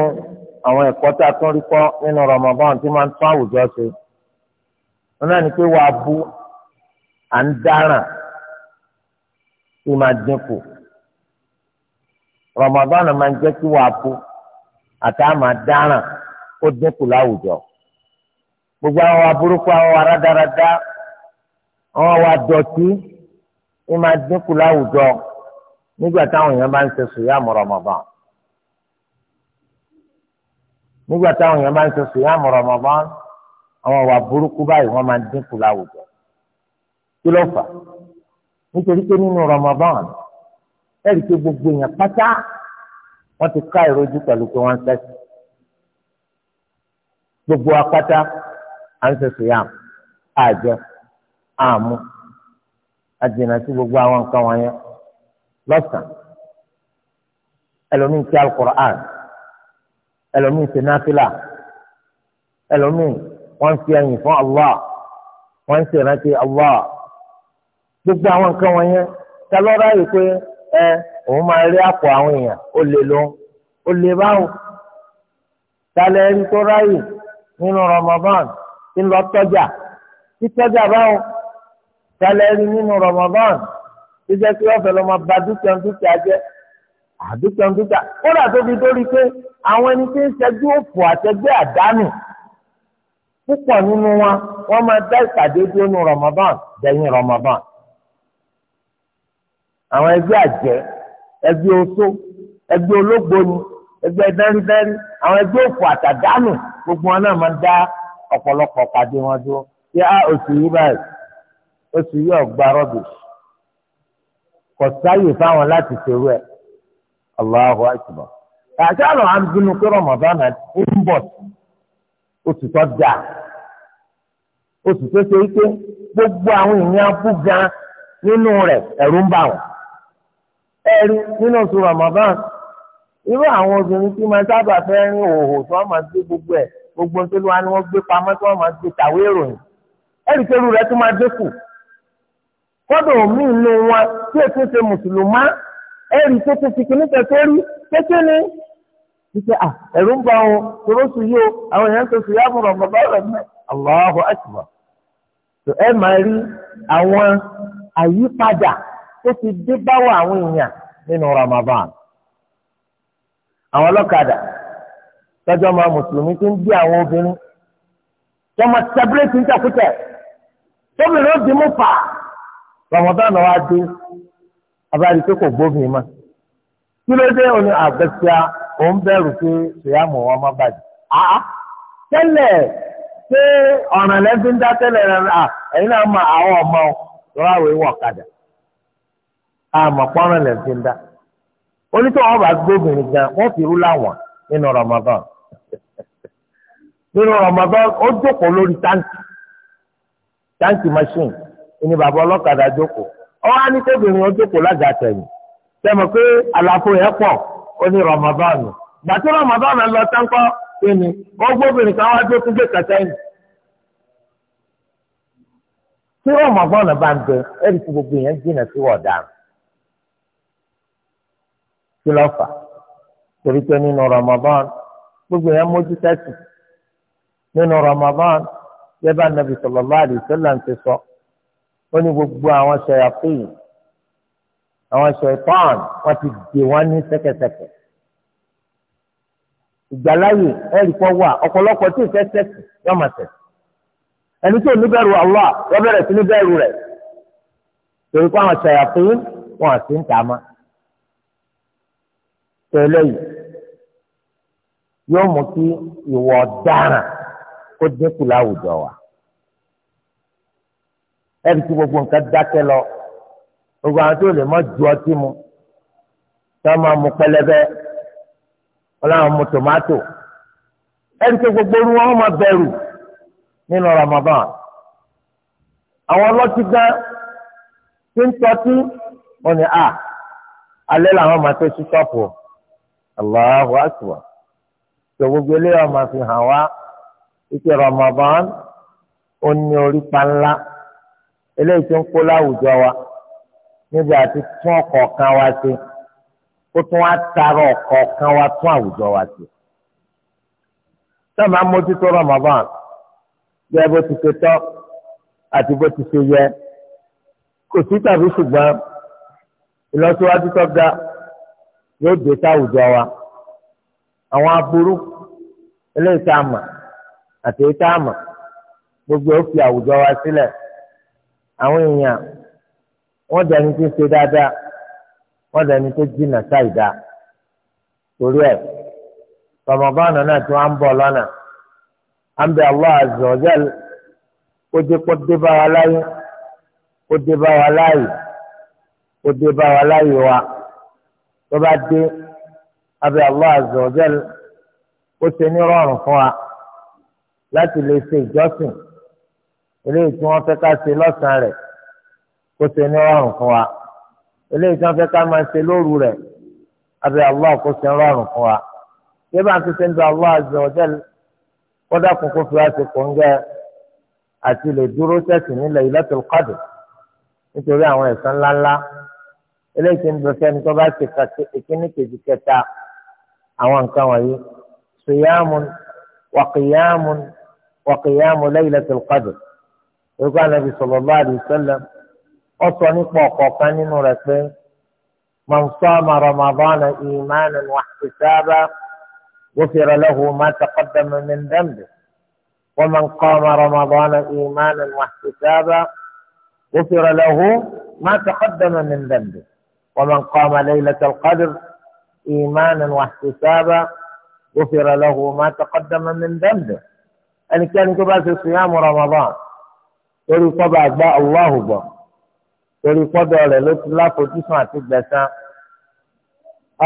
àwọn ẹ̀kọ́ tá a tún rí kọ́ nínú Ramadan tí máa ń tún àwùjọ ṣe òun náà ní pé wàá bú à ń dáràn kí máa dínkù Ramadan máa ń jẹ́ kí wàá kú àti àmà dáràn ó dínkù láwùjọ gbogbo àwọn aburúkú àwọn aradarada àwọn wa dọ̀tí ó máa dínkù láwùjọ nígbà táwọn èèyàn bá ń ṣe sùyàmù Ramadan nígbà táwọn èèyàn bá ń ṣe sùyàmù Ramadan àwọn wa burúkú báyìí wọ́n máa dínkù láwùjọ kí ló fà nítorí pé nínú Ramadan ẹ̀rí pé gbogbo èèyàn pátá wọ́n ti ká ìrojú pẹ̀lú pé wọ́n ń gbogbo apáta à ń sẹ́sì yá àjẹ àmú àjìnà sí gbogbo àwọn nǹkan wọ̀nyẹn lọ́sàn-án ti alukur'an ẹlòmíì ti náfìlà ẹlòmíì wọ́n ń fi ẹ̀yìn fún Allah wọ́n ń ṣèrántí Allah gbogbo àwọn nǹkan wọ̀nyẹn ta ló ráyè pé ẹ òun máa rí àpò àwọn èèyàn ó lè lọ ó lè báwò ta lẹ ẹni tó ráyè nínú Ramadan tí ń lọ tọ́jà tí tọ́jà báwò ta lẹ ẹni nínú Ramadan tí jẹ́ kí wọ́n fẹ́ lọ́ máa ba dúkìá dúkìá jẹ́ àdúkìá dúkìá kódà tó fi dórí pé àwọn ẹni tí ń ṣẹ́jú òfò àtẹgbẹ́ àdánù púpọ̀ nínú wọn wọ́n máa dá ìpàdé dúró nínú Ramadan dẹ̀yìn Ramadan. àwọn ẹgbẹ́ àjẹ́ ẹgbẹ́ oṣó ẹgbẹ́ ológbòni ẹgbẹ́ dáridári àwọn ẹgbẹ́ òfò àtàdánù gbogbo wọn náà máa ń dá ọ̀pọ̀lọpọ̀ pàdé wọn dúró kí á ah, oṣù yìí báyìí oṣù yìí ọ̀gbà rọ́bìṣ kò sáyè fáwọn láti ṣerú ẹ̀ àti àlọ́ à ń gbogbo àwọn gan nínú rẹ̀ ń bà ẹ̀rí nínú oṣù Ramadan irú àwọn obìnrin tí máa sábà fẹ́ rin òhò tí wọ́n máa gbé gbogbo ẹ̀ gbogbo tó ló wá ni wọ́n gbé pamọ́ tí wọ́n máa gbé tàwé ìròyìn ẹ̀rí pẹ̀lú rẹ̀ tó máa dínkù kọ́dọ̀ mí inú wọn tí ètò ṣe mùsùlùmá ẹ̀rí tó ti fi kíní kẹsẹ́rí kéṣe ni ṣíṣe à ẹ̀rú ń bá wọn tòró sùn yìí o àwọn èèyàn tó sùn yá fún Ramadan rẹ̀ mẹ́ Allahu Akbar ẹ máa rí àwọn àyípadà o ti dé báwọ̀ àwọn èèyàn nínú Ramadan àwọn ọlọ́kadà tọ́jọ́ máa mùsùlùmí tó ń bí àwọn obìnrin wọ́n máa sẹ́bírẹ́tì nítakùtẹ̀ tóbìnrin ó di mú fà Ramadan wa dé abáyé tó kò gbóbìnrin mọ́ kí ló dé òní àgbẹ̀síà òun bẹ̀rù pé ṣèyàmù wọn má bàjẹ́ àá tẹ́lẹ̀ ṣé ọ̀ràn lẹ́bí ń dá àmọ̀pọ̀ràn lẹ̀ fi ń dá onítọ̀ wọn bá gbóbìnrin gan wọn fi rú láwọn nínú Ramadan nínú Ramadan ó jókòó lórí táǹkì táǹkì machine ìní bàbá ọlọ́kadà jókòó ọwọ́ á ní kóbìnrin ó jókòó lága tẹ̀yìn sẹ́mi pé àlàfo yẹn pọ̀ ó ní Ramadan gbàtí Ramadan lọ táǹkọ́ ìní wọ́n gbóbìnrin kan wá dé kúndé kẹtẹ́yìn tí Ramadan bá ń bẹ ẹ̀rí tí gbogbo yẹn jìnnà sí wọ̀ dáhùn kí ló fà torí pé nínú Ramadan gbogbo yẹn mójú tẹ́sì nínú Ramadan yẹ́bà nàbì sallallahu alaihi wasallam ti sọ ó ní gbogbo àwọn ṣẹ̀yàpéyì àwọn ṣẹ̀tàn wọ́n ti dè wọ́n ní sẹ́kẹsẹ̀kẹ̀ ìgbàláyè ẹ̀rí kan wà ọ̀pọ̀lọpọ̀ tí ìfẹ́ sẹ́sì yọ̀ọ́ mà sẹ́sì ẹni tí ní bẹ̀rù Allah yọ bẹ̀rẹ̀ sí ní bẹ̀rù rẹ̀ torí pé àwọn ṣẹ̀yàpéyì wọn àti ń tà máa tẹ́lẹ̀ yìí yóò mú kí ìwà ọ̀daràn kó dínkù láwùjọ wa ẹbí tí gbogbo nǹkan dákẹ́ lọ gbogbo àwọn tó lè mọ ju ọtí mu tí wọn máa mu pẹlẹbẹ wọn làwọn mu tòmátò ẹbí tí gbogbo orú wọn máa bẹ̀rù nínú Ramadan àwọn ọlọ́tí gan tí ń tọ́tí wọn ni a alẹ́ làwọn máa tó sí ṣọ́ọ̀pù o. Allahu akbar tó gbogbo eléyà ọmọ fi hàn wá ike Ramadan ó ní orí panlá eléyìí tó ń kó láwùjọ wa níbi àti tún ọ̀kọ̀ọ̀kan wa ṣe ó tún wá tara ọ̀kọ̀ọ̀kan wa tún àwùjọ wa ṣe sábà mójútó Ramadan yẹ bó ti ṣe tọ́ àti bó ti ṣe yẹ kò sí tàbí ṣùgbọ́n ìlọsíwájú tó ga yóò dé sáwùjọ wa àwọn aburú eléyìí tá a mọ̀ àti èyí tá a mọ̀ gbogbo ó fi àwùjọ wa sílẹ̀ àwọn èèyàn wọ́n dẹni tó ṣe dáadáa wọ́n dẹni tó jìnnà sáìdá torí ẹ̀ rọmọbọ́nà náà tí wọ́n ń bọ̀ lọ́nà à ń bẹ Allah azza kó dé kó dé bá wa láyé kó dé bá wa láyé kó dé bá wa láyé wa tó bá dé abẹ Allah azza wa jal ó ṣe ní rọrùn fún wa láti lè ṣe ìjọsìn eléyìí tí wọ́n fẹ́ ká ṣe lọ́sàn-án rẹ̀ kó ṣe ní rọrùn fún wa eléyìí tí wọ́n fẹ́ ká máa ṣe lóru rẹ̀ abẹ Allah kó ṣe rọrùn fún wa bí bá ń ti ṣe ń bẹ Allah azza kódà kún kó fi wá ṣe kò ń gẹ àti lè dúró sẹ́sìn nílẹ̀ Lailatul Qadr nítorí àwọn ẹ̀san ńláńlá. eléyìí ti ń dùn sẹ́ni tó bá ti ka ìkíní kejì kẹta àwọn nǹkan wọ̀nyí sùyàmù wàkìyàmù wàkìyàmù laylatul qadr orúkọ anabi bá alaihi wasallam ó sọ nípa kan nínú rẹ̀ pé mọ̀nsá ìmánu sábà wófìrẹ lẹ́hu ma man sama ramadana imanan wahtisaba غفر له ما تقدم من ذنبه ومن قام رمضان ايمانا واحتسابا غفر له ما تقدم من ذنبه ومن قام ليلة القدر إيمانا واحتسابا غفر له ما تقدم من ذنبه أن كان تبعث صيام رمضان torí kọ́ba àgbá Allahu bọ̀ torí kọ́dọ̀ rẹ̀ ló ti láfojúsùn àti gbẹ̀sán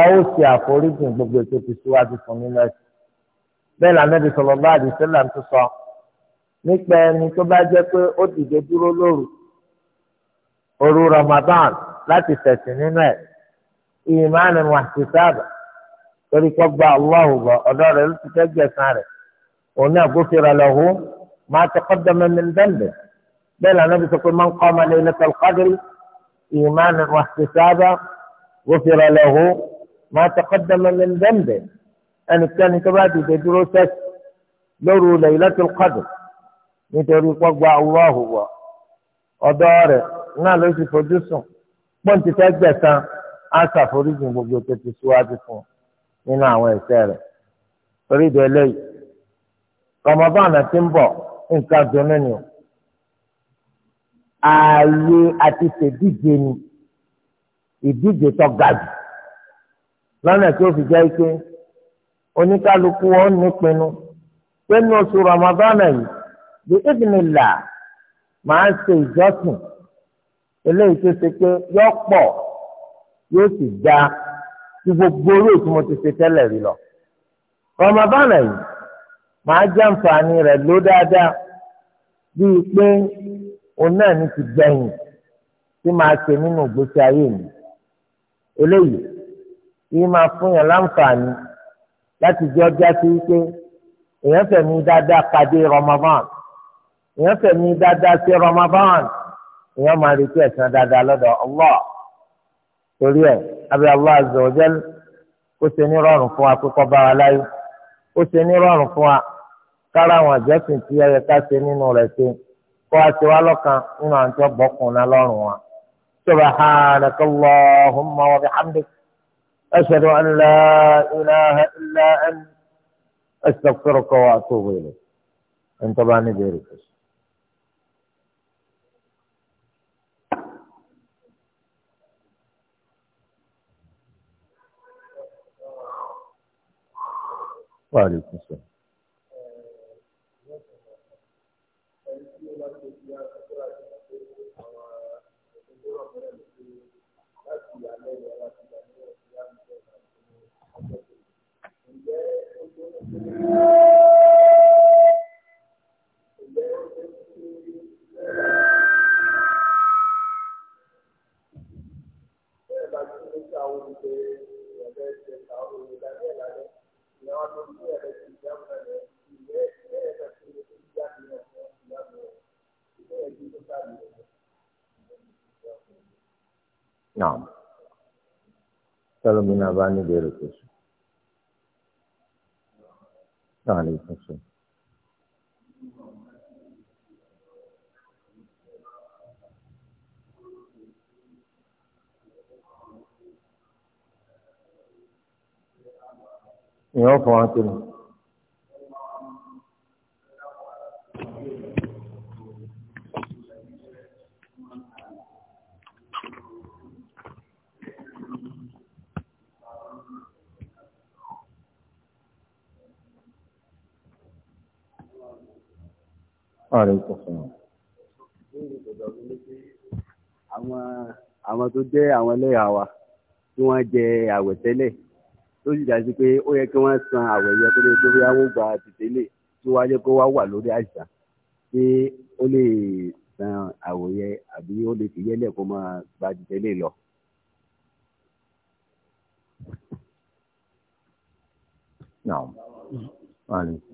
a ó ṣe àforíjìn gbogbo ètò ti síwájú fún nínú ẹ̀sìn bẹ́ẹ̀ lànàbí sallallahu alaihi wasallam tó sọ nípa ẹni tó bá jẹ́ pé ó dìde dúró lóru òru Ramadan láti tẹ̀sìn nínú ẹ̀ ìmáàni wà sí sábà torí kọ́ gba Allahu gbọ́ ọ̀dọ́ rẹ̀ ló ti fẹ́ gbẹ̀sán rẹ̀ òun náà gufira lahu ma taqaddama min dhanbi bẹ́ẹ̀ lànà bí sọ́kùn man qama laylatal qadri ìmáàni wà sí sábà gufira lahu ma taqaddama min dhanbi ẹnikẹ́ni tó bá dìde dúró sẹ́sì lóru laylatul qadri nítorí kọ́ gba Allahu gbọ́ ọ̀dọ́ rẹ̀ náà ló ti fojú sùn. pọ́ǹtì fẹ́ gbẹ̀san á ṣàforíjì gbogbo tó ti síwájú fún nínú àwọn ẹ̀ṣẹ̀ rẹ̀ torí ìdè eléyìí Ramadan ti ń bọ̀ nǹkan dunu ni o ààyè àti ṣèdíje ni ìdíje tó ga jù lọ́nà tí ó fi jẹ́ pé oníkálukú wọn nípinnu pé ní oṣù Ramadan yìí bí ìdìnnìlà máa ń ṣe ìjọsìn eléyìí tó ṣe pé yọ pọ̀ yóò sì ga tí gbogbo orí òtún mo ti ṣe tẹ́lẹ̀ rí lọ. rọmọbánà yìí màá jẹ́ àǹfààní rẹ̀ ló dáadáa bíi pé òun náà ní ti gbẹ̀yìn tí màá ṣe nínú ìgbésí ayé mi. eléyìí yìí máa fún yàn láǹfààní láti jẹ́ ọjà sí wípé èèyàn fẹ̀mí dáadáa pàdé rọmọbánà èèyàn fẹ̀mí dáadáa sí rọmọbánà èèyàn máa retí ẹ̀san dáadáa lọ́dọ̀ Allah torí ẹ̀ abẹ́ Allah azza wa jal ó ṣe ní rọrùn fún wa pípọ́ bá wa láyé ó ṣe ní rọrùn fún wa kára àwọn àjọsìn tí ẹ yẹ ká ṣe nínú rẹ̀ ṣe kó a ṣe wá lọ́kàn nínú àwọn tó bọ́kùn náà lọ́rùn wa. subhanaka Allahumma wa bihamdik ashhadu an la ilaha illa anta astaghfiruka wa atubu ilayk ẹ̀ńtọ́ bá ní bẹ̀rẹ̀ kọ́sí. wà lè Thank you. Naam. Kalau minabani dia rukus. Nah, ini èèyàn fọ wọn kiri. Àrẹ̀kọ̀ fún wọn. Àwọn tó jẹ́ àwọn ẹlẹ́yà wa tí wọ́n jẹ àwẹ̀tẹ́lẹ̀ tó sì dájú pé ó yẹ kí wọ́n san àwẹ̀yẹ tó lè tó bí wọ́n gba tìtẹ́lẹ̀ tó wáyé kó wá wà lórí àìsàn pé ó lè san àwẹ̀yẹ àbí ó lè fi yẹ́lẹ̀ kó máa gba tìtẹ́lẹ̀ lọ. Naam. Alaykum.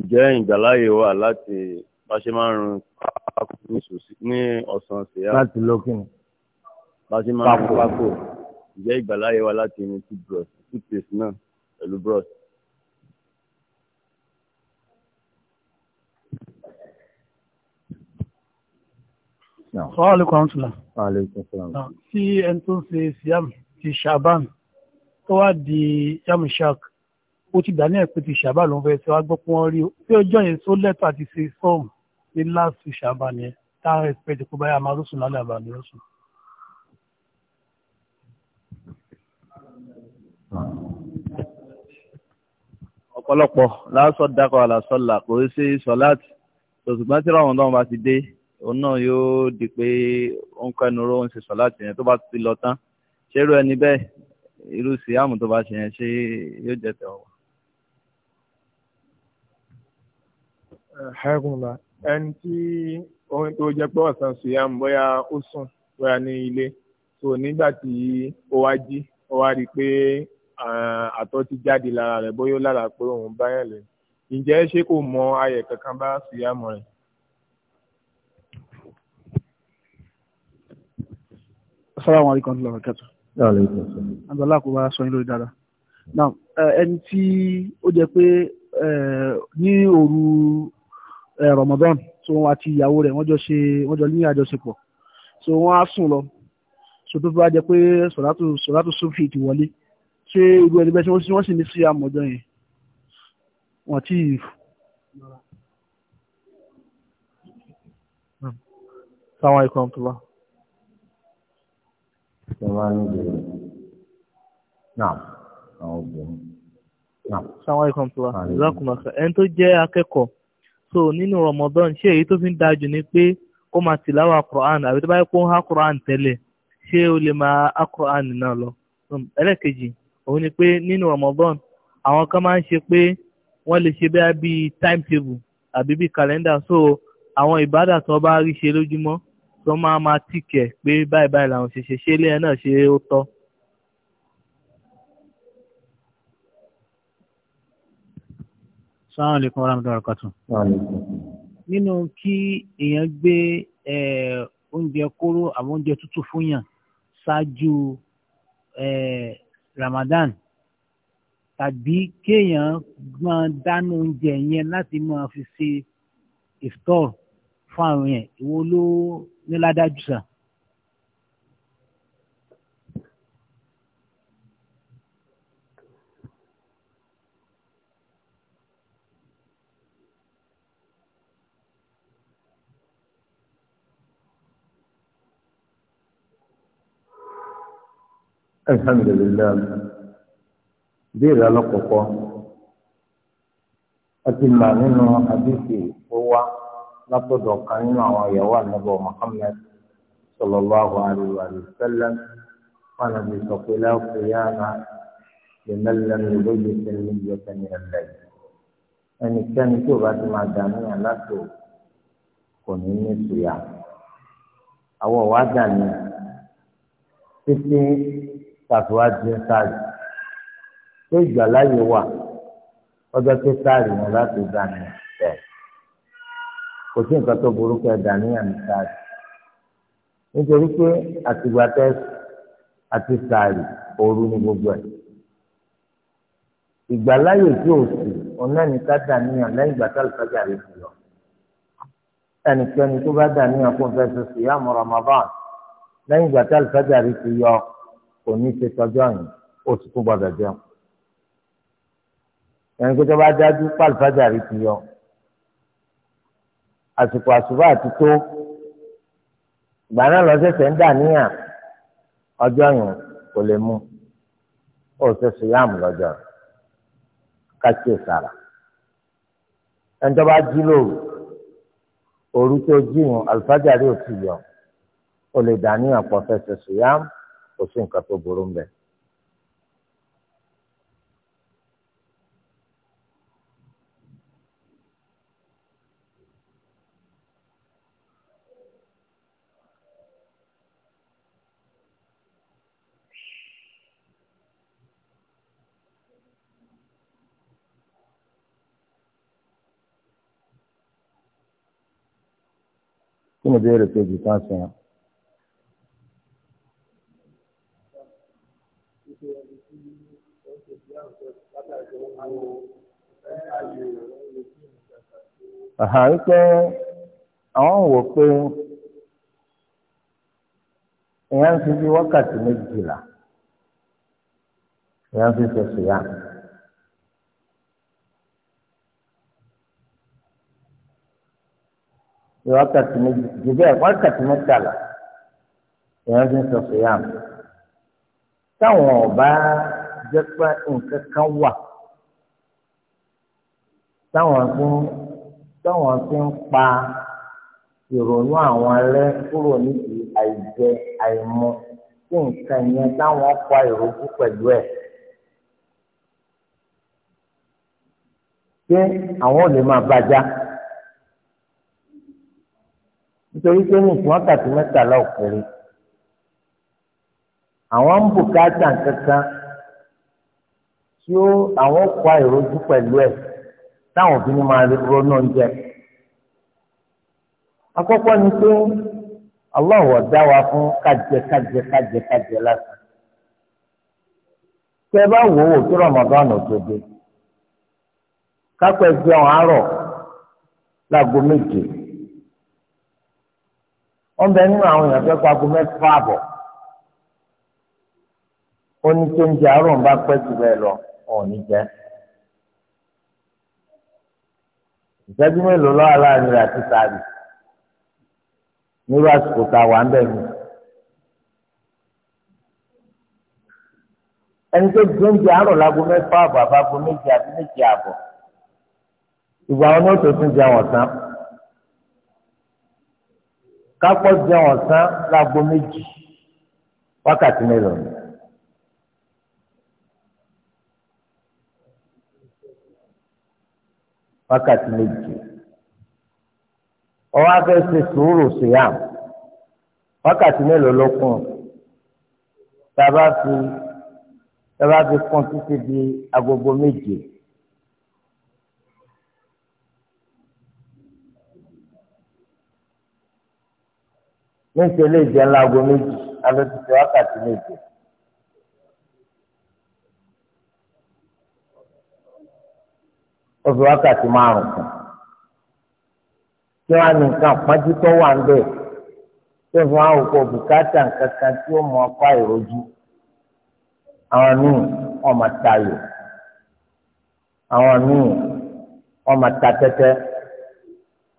Ǹjẹ́ ìgbàláyè wà láti bá ṣe máa ń rún ní ọ̀sán ṣìyá? Láti lókè ni láti máa ń pákó ǹjẹ́ ìgbàláyé wa láti inú toothbrush toothpaste náà pẹ̀lú brush. Sọ́ọ́lù kọ́ńtùlà. Tí ẹni tó ń ṣe Siam ti Shaban tó wá di Yamshak, ó ti dà ní ẹ̀pẹ́ ti Shaban ló ń fẹ́ tí wàá gbọ́ pé wọ́n rí o. Tí ọjọ́ yẹn tó lẹ́tọ̀ àti ṣe sọ́ọ̀mù ní láti Shaban yẹn, táwọn ẹ̀pẹ́ ti kó báyà máa rúṣùn lálẹ́ àbàlẹ́ rúṣùn. ọ̀pọ̀lọpọ̀ lásọ̀ dákọ̀ àlàsọ̀là kò ṣe sọ̀láàtì ṣùgbọ́n tí ráwọn náà bá ti dé òun náà yóò di pé ó ń kọ́ ẹnu ró ń ṣe sọ̀láàtì yẹn tó bá ti lọ tán ṣé irú ẹni bẹ́ẹ̀ irú síyáàmù tó bá ṣe yẹn ṣé yóò jẹ tẹ̀ ọ̀wọ̀. ẹ̀ẹ́dùnmá ẹni tí ohun tó jẹ́ pé ọ̀sán síyáàmù bóyá ó sùn bóyá ní ilé tó nígbà tí ó wá jí ó wá rí i pé Eh, àtọ̀ ti jáde lára rẹ̀ bóyá ó lára pé òun báyàn lẹ̀ ǹjẹ́ ṣé kò mọ ayẹ̀ kankan bá síyàmọ̀ rẹ̀. Assalamu alaikum wa rahmatullahi wa barakatuh. Àgbàlá kò bá sọ yín lórí dáadáa. Now eh, ẹni tí ó jẹ́ pé eh, ní òru Ramadan tó wọn àti ìyàwó rẹ̀ wọ́n jọ ṣe wọ́n jọ ní àjọṣepọ̀ so wọ́n á sùn lọ so tó fi wá jẹ́ pé sọ̀rátù sọ̀rátù ti wọlé ṣé irú ẹni bẹ́ẹ̀ tí wọ́n sì ní sí àmọ̀dọ́ yẹn wọ́n ti sáwọn ikọ̀ tó bá. ṣé wàá ní ìbéèrè náà àwọn sáwọn ikọ̀ tó bá ìlọ́kùnmọ̀sán ẹni tó jẹ́ akẹ́kọ̀ọ́ so nínú Ramadan ṣé èyí tó fi ń dájú ni pé kó máa tìláwà Quran àbí tó bá yẹ kó ń há Quran tẹ́lẹ̀ ṣé o lè máa há náà lọ. Hmm. ẹlẹ́kejì. So, òun ni pé nínú Ramadan àwọn kan máa ń ṣe pé wọ́n lè ṣe bẹ́ẹ̀ bíi timetable àbí bíi calendar so àwọn ìbádà tó bá rí ṣe lójúmọ́ tó máa máa tìkẹ̀ pé báyìí báyìí làwọn ṣe ṣe ṣé ilé ẹ náà ṣe ó tọ́. Assalamu alaikum warahmatullahi wabarakatuh. nínú kí èèyàn gbé oúnjẹ kóró àwọn oúnjẹ tútù fún yàn ṣáájú Ramadan tàbí kéèyàn máa dáná oúnjẹ yẹn láti máa fi ṣe ìftọ́r fún àwọn yẹn ìwo ló ní ládájú sàn. alhamdulilayi ìbéèrè alákọ̀ọ́kọ́ a ti mà nínú àdìsí tó wá látọ̀dọ̀ kan nínú àwọn ìyàwó ànábọ̀ Muhammad sallallahu alayhi wa sallam wọn àbí sọ pé láwùjọ yára lèmẹ́lẹ́ ní lóye sẹ́ni yọ̀tẹ̀ ní ẹ̀lẹ́ ẹnikẹ́ni tí o bá ti máa dàníyàn látò kò ní ní sùúyà àwọn ọ̀wá dàníyàn títí tàfíwájú sáàrì pé ìgbàláyè wà ọjọ́ pé sáàrì wọn láti dànù ẹ̀ kò sí nǹkan tó burú pé dàníyàn ní sáàrì nítorí pé àtìgbà tẹ àti sáàrì ooru ní gbogbo ẹ̀ ìgbàláyè tí ò sí ọ̀nàní ká dàníyàn lẹ́yìn ìgbà tá àlùfáàjà rẹ̀ ti lọ ẹnikẹ́ni tó bá dàníyàn kó fẹ́ sọ sí yàmù Ramadan lẹ́yìn ìgbà tá àlùfáàjà rẹ̀ ti yọ kò ní ṣe tọjọ́ àyìn ó ti tún gbọdọ̀ jẹun ẹni pé tó bá dájú pàlùfájàrí ti yọ àsìkò àsùbá àti tó ìgbà náà lọ́sẹ̀sẹ̀ ń dà níyàn ọjọ́ yẹn kò lè mú ó ṣe sùyàmù lọ́jọ́ káṣí ìsàrà ẹni tó bá jí lóru òru tó jí yẹn àlùfájàrí ò ti yọ ó lè dà níyàn pọ̀ fẹsẹ̀ sùyàmù kò sí nǹkan tó burú ń bẹ. kí ni ìbéèrè kejì kan sí wọn. àhàn wípé àwọn wò pé èèyàn ń fi bí wákàtí méjìlá èèyàn fi fèsì yá. wákàtí méjì jùbẹ́ wákàtí mẹ́tàlá èèyàn fi fèsì yá. táwọn ọba jẹ́ pé nǹkan kan wà táwọn fún táwọn fi ń pa ìrònú àwọn rẹ kúrò níbi àìjẹ àìmu tí nǹkan yẹn táwọn pa ìròkú pẹ̀lú ẹ̀. ṣé àwọn ò lè máa bàjá nítorí pé ní ìsìn wákàtí mẹ́tàlá òkèrè àwọn ń bùkátà kankan tí ó àwọn pa ìròjú pẹ̀lú ẹ̀. táwọn òfin máa ronú oúnjẹ. akọ́kọ́ ni pé Allahu dá wa fún kájẹ kájẹ kájẹ kájẹ lásán. tẹ bá wò ó kí Ramadan tó kápẹ́ jẹun àárọ̀ láago méje wọ́n bẹ nínú àwọn èèyàn fẹ́ kó aago mẹ́fà ó ní tó ń jẹ àárọ̀ ń bá pẹ́ jù bẹ́ẹ̀ lọ ọ̀ ní ìṣẹ́jú mélòó lọ́wọ́ aláàánú rẹ̀ àti sáré nírú àsìkò tá a wà ń bẹ̀ mí. ẹni tó dùn jẹ àárọ̀ lágbo mẹ́fà àbọ̀ àbábo méje àbí méje àbọ̀ ìgbà wọn ni ó tó tún jẹun ọ̀sán kápọ̀ jẹun ọ̀sán lágbo méjì wákàtí mélòó ni. wákàtí méje ọwọ́ afẹ́ ṣe sùúrù sùyàm wákàtí mélòó ló kún tàbá fi tàbá fi kún títí di agogo méje. níṣẹ́ lè jẹ́ ńlá ago méjì ti ṣe wákàtí méje. ó fi wákàtí márùn kù kí wọn ní nǹkan àpọ́njú tó wà ń bẹ̀ tó fi wọn kó bùkátà kankan tí ó mọ ọkọ àìrójú àwọn míì wọn máa tayò àwọn míì wọn máa ta tẹ́tẹ́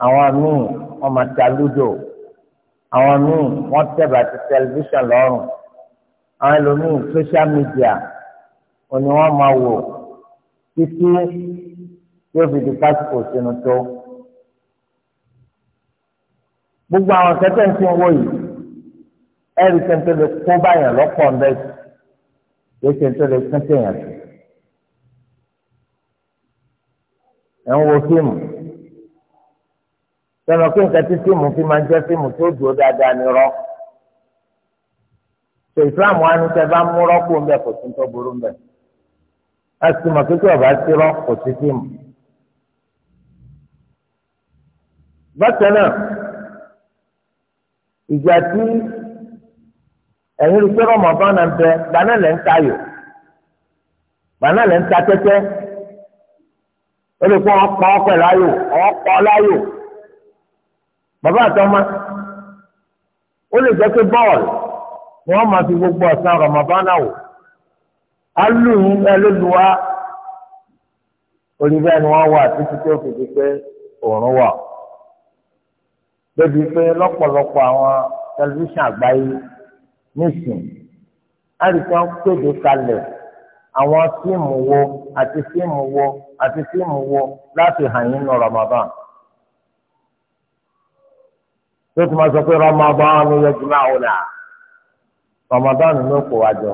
àwọn míì wọn máa ta lúdò àwọn míì wọn tẹ̀bà ti tẹlifíṣàn lọ́rùn àwọn ẹlòmíì sóṣá mídíà òní wọn máa wò títí yóò fi di pásítọ̀ sínú tó. gbogbo àwọn kẹtẹ ń sìn wọ yìí ẹrù kẹntẹ lè kó báyàn lọ́pọ̀ ńbẹ yìí kẹntẹ lè kẹntẹ yàn sí. ẹ ń wo fíìmù sọ̀nà pé nǹkan tí fíìmù fi máa ń jẹ́ fíìmù tó dùn ó dáadáa ní rọ́ tó ìsìláàmù wa ní sẹ́ẹ̀ mú rọ́pò ńbẹ kò sí tó burú ńbẹ. a sì mọ̀ pé kí ọba sí rọ́ kò sí fíìmù. bákan náà ìgbà tí ẹ̀yin rí pé rọmọbọ́n náà ń bẹ gbaná lẹ́ ń tayò gbaná lẹ́ ń ta tẹ́tẹ́ ó lè kó wọn pa ọkọ láyò wọn pa ọ láyò bàbá àtọmọ ó lè jẹ́ pé bọ́ọ̀lù ni wọ́n máa fi gbogbo ọ̀sán rọmọbọ́n náà wò á lù yín ẹ ló lu wa orí bẹ́ẹ̀ ni wọ́n wà títí tó fi di pé òórùn wà débi pé lọ́pọ̀lọpọ̀ àwọn tẹlifíṣàn àgbáyé nísìn àríkà kéde kalẹ̀ àwọn fíìmù wo àti fíìmù wo àti fíìmù wo láti hàn yín nù Ramadan tó tún máa sọ pé Ramadan ló yẹ jùlọ àwọn ọ̀la Ramadan ló kó wa jọ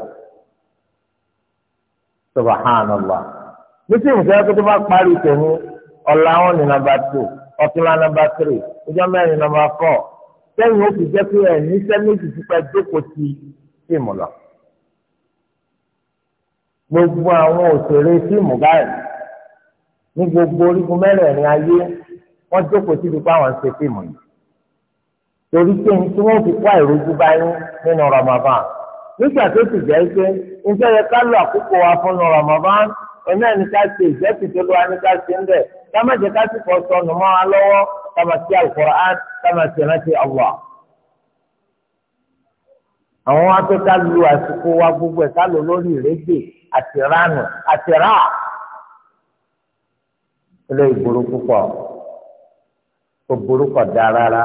subahánàlá ní fíìmù sẹ́yìn tó bá parí tèmi ọ̀la wọn ní nàmbà tó ọ̀túnla nọmba tírì ọjọ́ mẹ́rin nọmba fọ́ sẹ́yìn ó ti jẹ́ pé ẹ̀ níṣẹ́ méjì sípẹ́ jókòó ti fíìmù lọ. gbogbo àwọn òṣèré fíìmù báyìí ní gbogbo orígun mẹ́rẹ̀ẹ̀rin ayé wọ́n jókòó síbi pé àwọn ń ṣe fíìmù yìí. torí pé ní tí wọ́n fi kó àìrójú báyìí nínú Ramadan nígbà tó ti jẹ́ pé ǹjẹ́ yẹ ká lo àkókò wa fún Ramadan ẹ̀mí ẹ̀ ní ká ṣe ìjẹ́sìn tó lọ́wọ́ ní ká ṣe ń bẹ̀ kama jẹ kasi kọ sọnù mọ alọwọ kama ti alukur'an kama ti ẹnati allah àwọn atọ́ka lu àsìkò wa gbogbo ẹ̀ ká lò lórí ìrégbè àti ránù àti rà ilé ìgboro púpọ̀ kò burúkọ dá rárá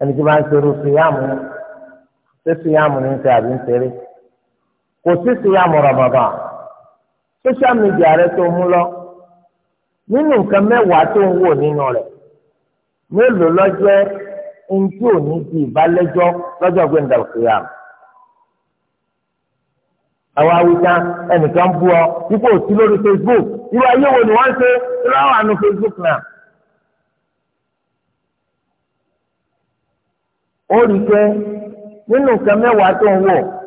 ẹni tí wọ́n ń ṣerú síyàmù ṣé síyàmù ní ṣe àbí ṣeré kò sí síyàmù Ramadan social media rẹ tó mú lọ nínú nǹkan mẹ́wàá tó ń wò nínú rẹ̀ mélòó lọ́jọ́ ntí ò ní di ìbálẹ́jọ́ lọ́jọ́ gbẹ̀ndà òkèèyà àwọn awùjá ẹnìkan bú ọ dípò tí lórí Facebook irú ayé wo ni wọ́n ń ṣe irú àwọn àánú Facebook náà. ó rí i pé nínú nǹkan mẹ́wàá tó ń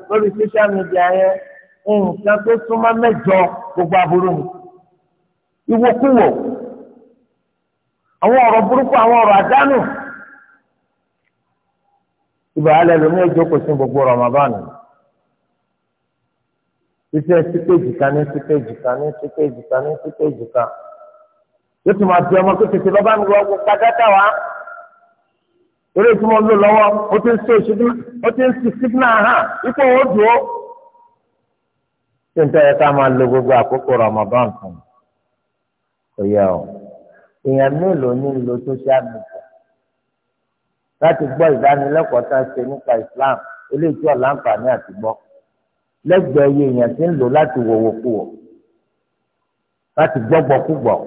wò lórí social media yẹn nǹkan tó súnmọ́ mẹ́jọ gbogbo aburú ni. ìwòkuwò àwọn ọ̀rọ̀ burúkú àwọn ọ̀rọ̀ àdánù ìbàlẹ̀ lómi ìjókòó sí gbogbo Ramadan iṣẹ́ síkéjì kan ní síkéjì kan ní síkéjì kan ní síkéjì kan yóò tún máa bí ọmọ tó tètè lọ́ba mi otu wá eré tí lò ó ti ń sọ ìṣúná kò yẹ ọ èèyàn mélòó ní lo social media láti gbọ́ ìdánilẹ́kọ̀ọ́ tá a ṣe nípa Islam eléyìí tí ọ̀la ń fà ní àtìgbọ́ lẹ́gbẹ̀ẹ́ iye èèyàn ti ń lò láti wòwò kú wọ̀ láti gbọ́gbọ́kúgbọ̀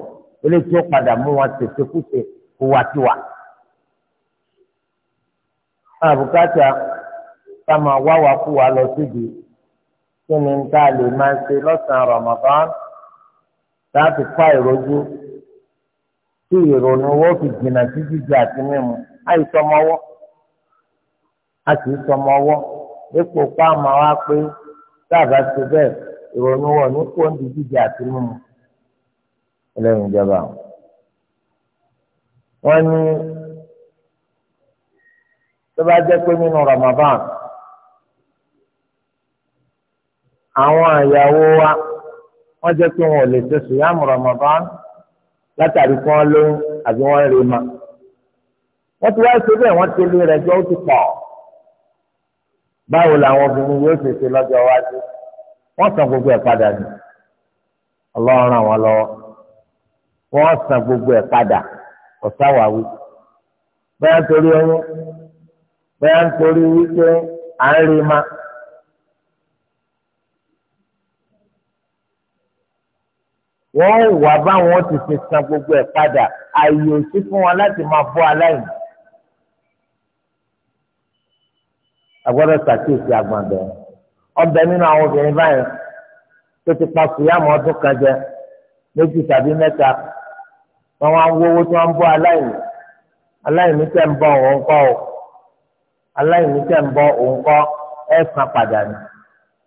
eléyìí tí ó padà mú wọn tètèkútè kúwàtíwà. àbùkátà ká máa wá wa kú wa lọ síbi kí ni tá a lè máa ṣe lọ́sàn-án Ramadan. láti pa ìrojú tí ìrònú owó fi jìnnà sí jíjẹ àti mímu a kì í sọmọwọ́ dípò páàmà wa pé sáàbà ṣe bẹ́ẹ̀ ìrònú wọn ní kó ń di jíjẹ àti mímu ẹlẹ́yìn ìjọba wọn ní tó bá jẹ́ pé nínú Ramadan àwọn wọ́n jẹ́ pé wọn ò lè ṣe sùyàmù Ramadan látàrí kí wọ́n lóyún àbí wọ́n ma wọ́n ti wá ṣe bẹ́ẹ̀ wọ́n ti lé rẹ̀ jọ ó ti pọ̀ báwo làwọn obìnrin yóò ṣe ṣe lọ́jọ́ iwájú wọ́n gbogbo ẹ̀ ni ọlọ́run ràn wọ́n lọ́wọ́ wọ́n san gbogbo ẹ̀ padà bẹ́ẹ̀ wọ́n wà báwọn ti fi san gbogbo ẹ̀ padà ààyè ò sí fún wọn láti máa bọ́ aláìní. àgbọ́dọ̀ ṣàkíyèsí àgbọ̀ndẹ̀ ọbẹ̀ nínú àwọn obìnrin báyìí tó ti pa sùyàmù ọdún kan jẹ méjì tàbí mẹ́ta wọn wá ń wówó tí wọ́n ń bọ́ aláìní aláìní tẹ̀ ń bọ́ òun kọ́ o aláìní tẹ̀ ń bọ́ òun kọ́ ẹ̀ san padà ní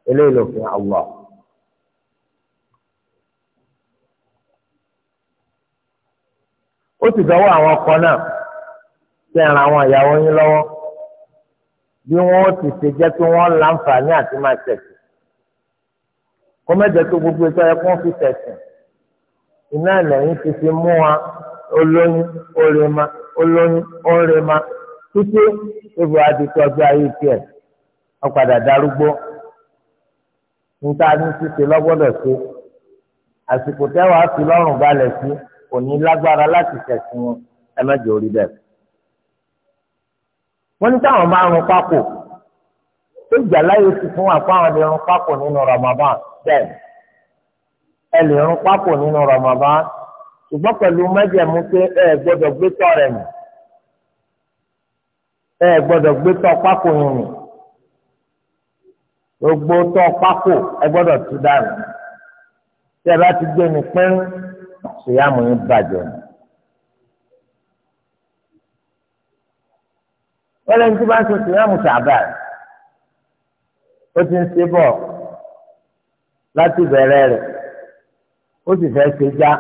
eléyìí lòfin àwọ̀. ó sì dọ́wọ́ àwọn ọkọ náà ṣe ń ran àwọn ìyàwó yín lọ́wọ́ bí wọ́n ti ṣe jẹ́ pé wọ́n láǹfààní àti máa ṣẹ̀sìn kó mẹ́jọ tó gbogbo ẹ̀ṣọ́ yẹ kó wọ́n fi ṣẹ̀sìn iná ẹ̀lẹ́yìn ti fi mú wa olóyún orema olóyún orema títí ebi wa di ayé tiẹ̀ wọ́n darúgbó níta ní ṣíṣe lọ́gbọ́dọ̀ ṣe àsìkò tẹ́wàá fi lọ́rùn balẹ̀ sí kò ní lágbára láti ṣẹ̀sìn wọn ẹ má jẹ́ orí bẹ́ẹ̀. wọ́n ní táwọn bá rún pákó tó ìjà láyé ti fún wa fáwọn lè rún pákó nínú Ramadan bẹ́ẹ̀ ẹ lè rún pákó nínú Ramadan ṣùgbọ́n pẹ̀lú májẹ̀mú pé ẹ gbọ́dọ̀ gbé tọ́ rẹ̀ nù ẹ gbọ́dọ̀ gbé tọ́ pákó yẹn nù gbogbo tọ́ pákó ẹ gbọ́dọ̀ tú dànù tí ẹ bá ti gbé ní pẹ́rín ṣèyàmù yín bàjẹ́ ni. wọ́n lẹ́yìn tí bá ń ṣe ṣèyàmù ṣàbà ó ti ń ṣe bọ̀ láti bẹ̀rẹ̀ rẹ̀ ó sì fẹ́ ṣe já.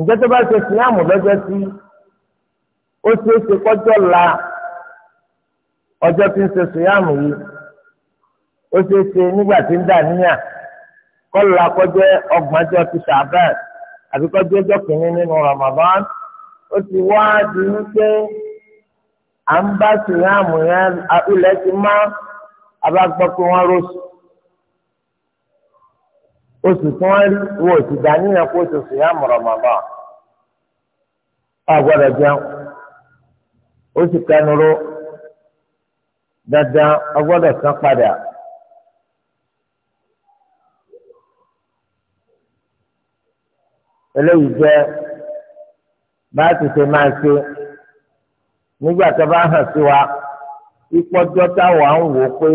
ǹjẹ́ tó bá ṣe ṣèyàmù lọ́jọ́ sí ó ṣeé ṣe kọjọ́ la ọjọ́ tí ń ṣe ṣèyàmù yìí ó ṣeé ṣe nígbà tí ń dà níyà kọ́lá kọjá ọgbọ̀njọ́ ti ṣàbẹ́ẹ̀ àbí kọjá ọjọ́ kìíní nínú Ramadan ó ti wá di wípé à ń bá sùnyàmù yẹn ilẹ̀ ti má abágbọ́ pé wọ́n rọ́ọ̀sù oṣù tí wọ́n rí wọ́n ò dá níyàn kó oṣù sùnyàmù Ramadan ọ̀ gbọ́dọ̀ jẹun ó sì kẹnu ró dandan ọgbọ́dọ̀ padà. eléyìí jẹ́ bá a ti ṣe máa ṣe nígbà tó bá hàn sí wa ìpọ́jọ́ táwa ń wò pé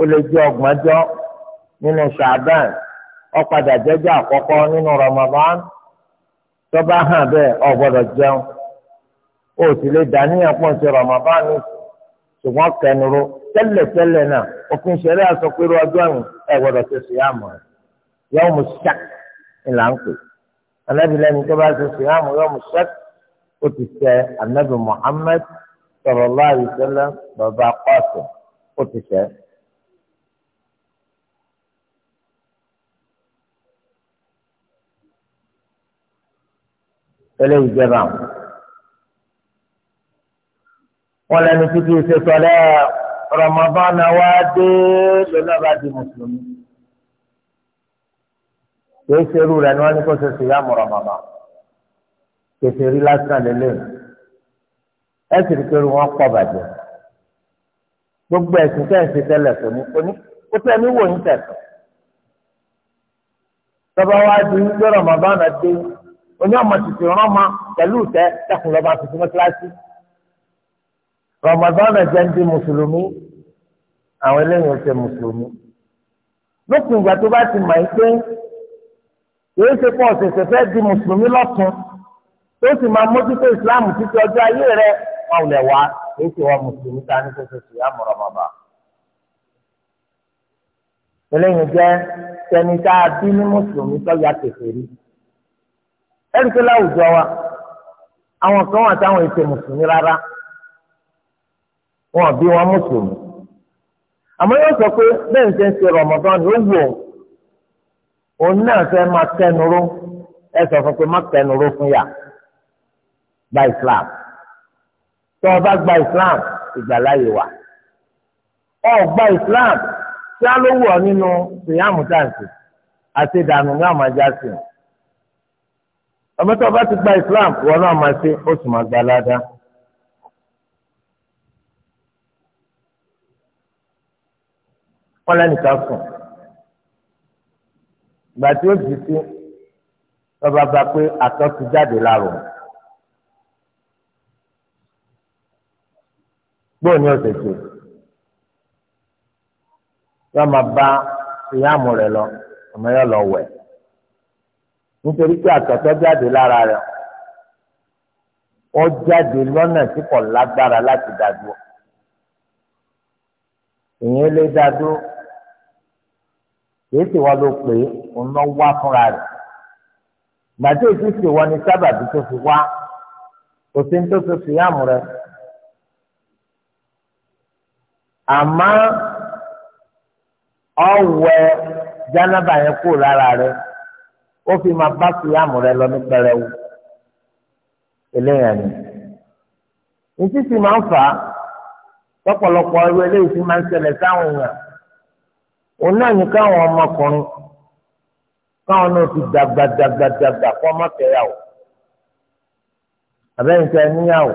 ó lè jẹ́ ọgbọ̀njọ́ nínú ṣàbán ó padà jẹ́jọ́ àkọ́kọ́ nínú Ramadan tó bá hàn bẹ́ẹ̀ ó gbọ́dọ̀ jẹun ó sì lè dàníyàn pọ̀ sí Ramadan ṣùgbọ́n kẹnuru tẹ́lẹ̀tẹ́lẹ̀ náà òfin ṣẹlẹ̀ àsọpẹ́rù ọjọ́ ẹ̀ gbọ́dọ̀ ṣe sùn yá mọ́ ẹ̀ mo ṣàk ńlá pè é. النبي لا ينتبه الصيام ويوم الشك قتل النبي محمد صلى الله عليه وسلم بابا قاسم قتل فليه جرام ولا نسيتي في صلاة رمضان وادي لنبات المسلمين kìí ṣe irú rẹ̀ ni wọ́n ní kó ṣe sì yá mọ̀rọ̀ màmá kìí ṣe rí lásán lélẹ̀ ẹ sì rí pẹ̀lú wọn pọ̀ bàjẹ́ gbogbo ẹ̀sìn tẹ̀ ń ṣe tẹ́lẹ̀ kò ní kò ní kó tẹ̀ ní wò ní tẹ̀sán tọ́ba wa di wípé rọ̀mọ̀bá náà dé oní ọmọ tètè rọ́mọ pẹ̀lú tẹ ẹkùn lọ́ba tuntun mọ́tíláṣí rọ̀mọ̀bá náà jẹ́ ń di mùsùlùmí àwọn eléyìí ń ṣe mùsùlùmí lókùn ìgbà tó bá ti mọ̀ ẹ́ pé kìí ṣe pọ̀ ṣẹ̀ṣẹ̀ fẹ́ di mùsùlùmí lọ́tún tó sì máa mójútó islam títí ọjọ́ ayé rẹ wọn ò lẹ̀ wá kìí ṣe wọn mùsùlùmí ta ní kókó sí àmọ̀ràn bàbà. eléyìí jẹ́ tẹni tá a bí ní mùsùlùmí tó ya kèfèrí. ẹ̀rí pé láwùjọ wa àwọn kan wà táwọn ètò mùsùlùmí rárá wọn bí wọn mùsùlùmí. àmọ́ yóò sọ pé bẹ́ẹ̀ ń ṣe ń ṣe rọ̀mọ́dán ni ó wù ọ́ òun náà fẹ́ máa kẹnuró ẹ sọ fún pé má kẹnuró fún yà gba islam tó o bá gba islam ìgbàláyè wà ọ gba islam tí a ló wù ọ nínú sèyáàmù táǹsì àti ìdààmú ní àmàjá ọmọ tó o bá ti gba islam wọn náà máa ṣe ó sì máa gba ládàá. wọ́n lẹ́nu ká sùn ìgbà tí ó jì sí lọ́ba gba pé àtọ̀ ti jáde láàrùn. gbóò ní ọ̀sẹ̀ tó yọ máa bá ìyáàmù rẹ lọ ọmọ yọ lọ wẹ̀ nítorí pé àtọ̀ tó jáde lára rẹ ó jáde lọ́nà tí kò lágbára láti dá dúró èyí lè dá dúró kìí ṣe wọn ló pé òun lọ wá fúnra rẹ̀ gbàtí èsì ṣe wọn ni sábàbí tó fi wá kò sí ní tó fi fi yàmù rẹ̀ àmọ́ ọwẹ jánábà yẹn kú lára rẹ̀ ó fi máa bá fi rẹ̀ lọ ní pẹrẹwu eléyàn ni ìtìsí máa ń fà á lọ́pọ̀lọpọ̀ ẹrú eléyìí ti máa ń ṣẹlẹ̀ sáwọn èèyàn òun náà ní káwọn ọmọkùnrin káwọn náà ti dàgbà dàgbà dàgbà kọ́ ọmọkẹ́yàwó àbẹ́yìn tẹ níyàwó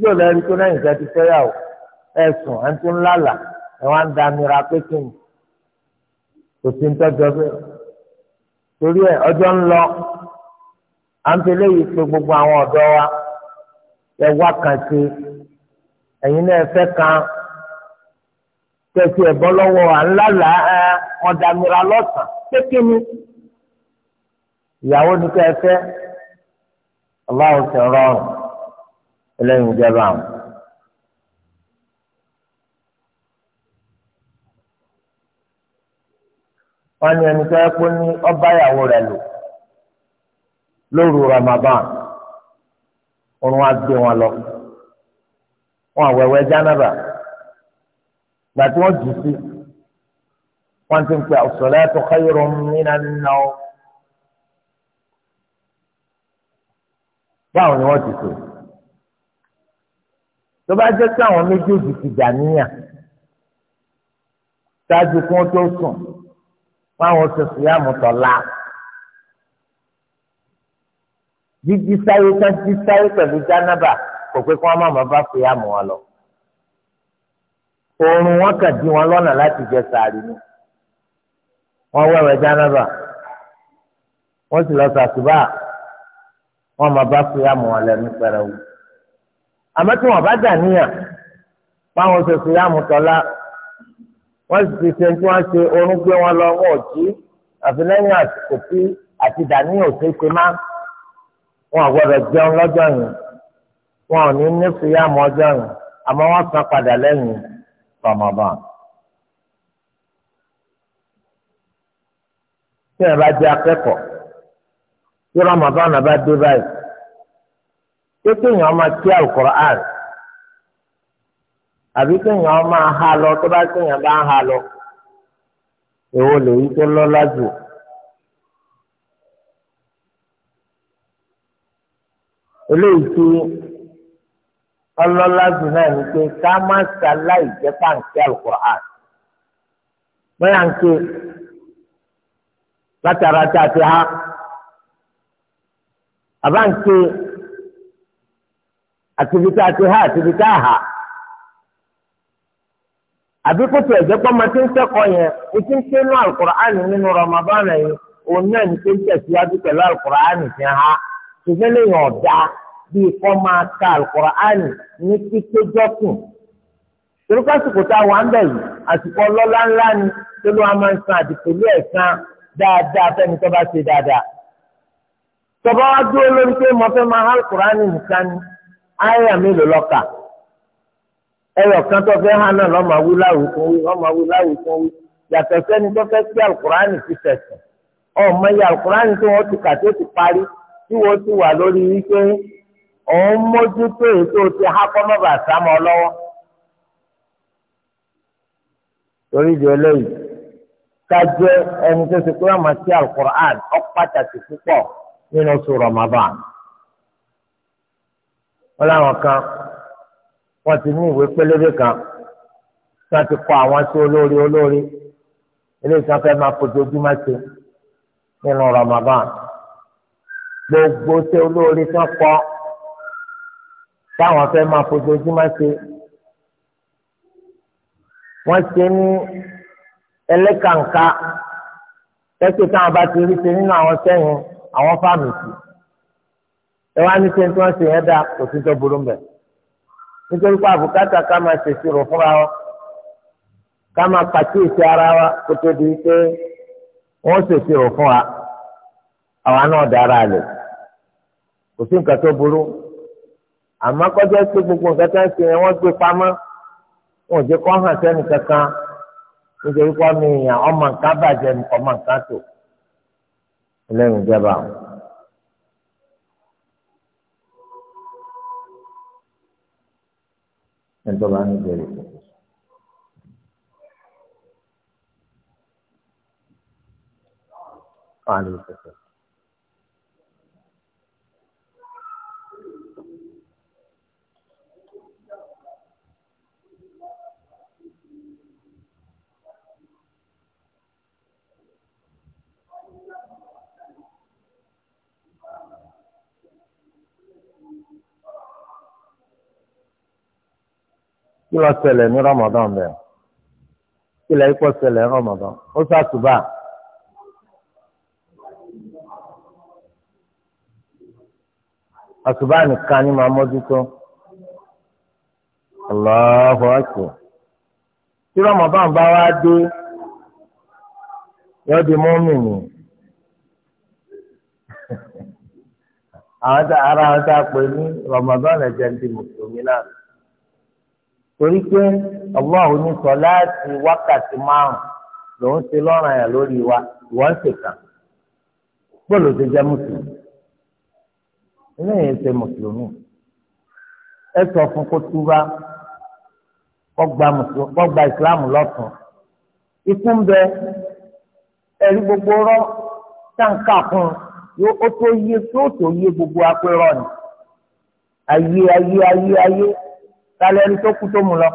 yóò lọ rí tó lẹ́yìn tẹ ti fẹ́yàwó ẹ̀sùn àti ńlálà ẹ̀ wá ń da mìíràn pékin kò sí ń tọ́jọ́ bẹ́ẹ̀ torí ẹ̀ ọjọ́ ń lọ à ń tẹ́lẹ̀ yìí pé gbogbo àwọn ọ̀dọ́ wa ẹ wá kàn sí ẹ̀yin náà ẹ fẹ́ kan tẹ̀sí ẹ̀bọ́ lọ́wọ́ àńlálà ọ̀dàmìrà lọ́sàn kékeré ìyàwó ní ká ẹ fẹ́ ọlọ́run ti rọrùn ẹlẹ́yin ìjọba àwọn. wọ́n ní ẹni tó yẹ kó ní ọba ìyàwó rẹ̀ lò lóru Ramadan òun wá gbé wọn lọ wọn àwẹ̀wẹ̀ jánàbà gbà tí wọ́n jù sí wọ́n ti ń pè as-salatu khayrun minan nawm. báwo ni wọ́n ti sè tó bá jẹ́ pé àwọn méjèèjì ti dà níyà ṣáájú kí wọ́n tó sùn fáwọn oṣooṣù yá mọ̀tọ́lá jíjí sáyé sáyé pẹ̀lú jánábà kò pé kí wọ́n má má bá fi yá mọ̀ wọn lọ oorun wọn kàn dín wọn lọ́nà láti jẹ sàárì ni wọ́n wẹ̀wẹ̀ jánábà wọ́n sì lọ sàtúbà wọ́n máa bá fúyàmù wọn lẹ́nu pẹ̀rẹ̀wò àmọ́ tí wọ́n bá dà níyà báwọn ṣe fúyàmù tọ́lá wọ́n sì ti ṣe tí wọ́n ṣe oorun gbé wọn lọ wọn ò jí àfi lẹ́yìn àsìkò tí àti dàníyàn ò ṣe má wọn ò jẹun lọ́jọ́ yìí wọn ò ní ní fúyàmù ọjọ́ yìí àmọ́ wọ́n san padà lẹ́yìn yìí. Ramadan. tí ẹ bá jẹ akẹ́kọ̀ọ́ tí Ramadan bá dé báyìí pé kéèyàn máa kí Al-Qur'an àbí kéèyàn máa ha lọ tó bá kéèyàn bá ń ha lọ èwo lèyí tó lọ jù. eléyìí tí ọlọ́lá jù náà ni pé ká má ṣaláì jẹ́ pàǹkì alukur'an bóyá ń ké a ti àbá ń ké àtibí tá a ti há àbí ọmọ ń kẹ́kọ̀ọ́ yẹn o ti ń ké nú alukur'an nínú Ramadan yìí òun náà ní pé ń tẹ̀síwájú pẹ̀lú alukur'an ti ṣùgbọ́n lè yàn bíi kọ́ máa ka alukur'ani ní kíkéjọ́kùn. torí kásìkò tá a wà ń bẹ̀ yìí àsìkò ọlọ́lá ńlá ni tó ló wá máa ń san àdìpẹ̀lú ẹ̀san dáadáa fẹ́ni tó bá ṣe dáadáa. tọ́ba wá dúró lórí pé mo fẹ́ máa alukur'ani nìkan ni àyà mélòó lọ́kà. ẹyọ kan tó fẹ́ hàn náà lọ́mọ awí láwùí fún wí lọ́mọ awí láwùí fún wí yàtọ̀ sẹ́ni tó fẹ́ kí alukur'ani ti ti òun mójútó ètò ti hákọ́mọ́bà sámọ́ lọ́wọ́ torí di eléyìí kájẹ ẹni tó ti pé ọmọ sí alukur'an ó pàtàkì púpọ̀ nínú oṣù Ramadan wọn làwọn kan wọn ti ní ìwé pélébé kan tí wọn ti kọ àwọn sí olórí olórí eléyìí kan máa fojoojúmọ́ sí nínú Ramadan gbogbo sí olórí kan kwa. táwọn fẹ́ máa fojoojúmọ́ ṣe wọ́n ṣe ní ẹlẹ́kàǹkà tẹ́tí táwọn bá ti rí ṣe nínú àwọn sẹ́yìn àwọn fáàmì sí ẹ wá ní ṣe tí wọ́n ṣe yẹn dá kò sí tó burú mbẹ̀ nítorí pé àbùkátà ká máa ṣèṣirò fúnra wa ká máa pàkíyèsí ara wa kó tó di pé wọ́n ṣèṣirò fún wa àwa náà dára lè kò sí nǹkan tó burú àmọ́ kọjá pé gbogbo nǹkan tó ń ṣe yẹn wọ́n gbé pamọ́ wọn ò jẹ́ kó hàn sẹ́ni kankan nítorí kó mi yàn ọmọ nǹkan bàjẹ́ ọmọ nǹkan tó lẹ́yìn ìjọba. ẹ̀ńtọ́ bá ní ìbéèrè fún mi. Aleyhisselam. kí lọ ṣẹlẹ̀ ní Ramadan bẹ́ẹ̀ kí lọ ikọ̀ ṣẹlẹ̀ ní Ramadan ó ṣàtúbà. àtúbà nìkan ni màá mójútó Allahu akbar tí Ramadan bá wá dé yóò di mọ́mìnì. àwọn ará wọn tá a ní Ramadan ẹ̀jẹ̀ ń di mùsùlùmí náà torí pé Allah ní sọ̀láàtì wákàtí márùn lòún ṣe lọ́ràn yà lórí wa ìwọ ń ṣèkàn bọ́ọ̀lù ti jẹ́ mùsùlùmí eléyìí ṣe mùsùlùmí ẹ sọ fún kó túbá kó gba ìsìláàmù lọ́tún ikú ń bẹ ẹ̀rí gbogbo rọ táǹkà fún un tó yé tó tó yé gbogbo apẹ̀rọ ni ayé ayé ayé ayé talẹ̀ ẹni tó kú tó mu lọ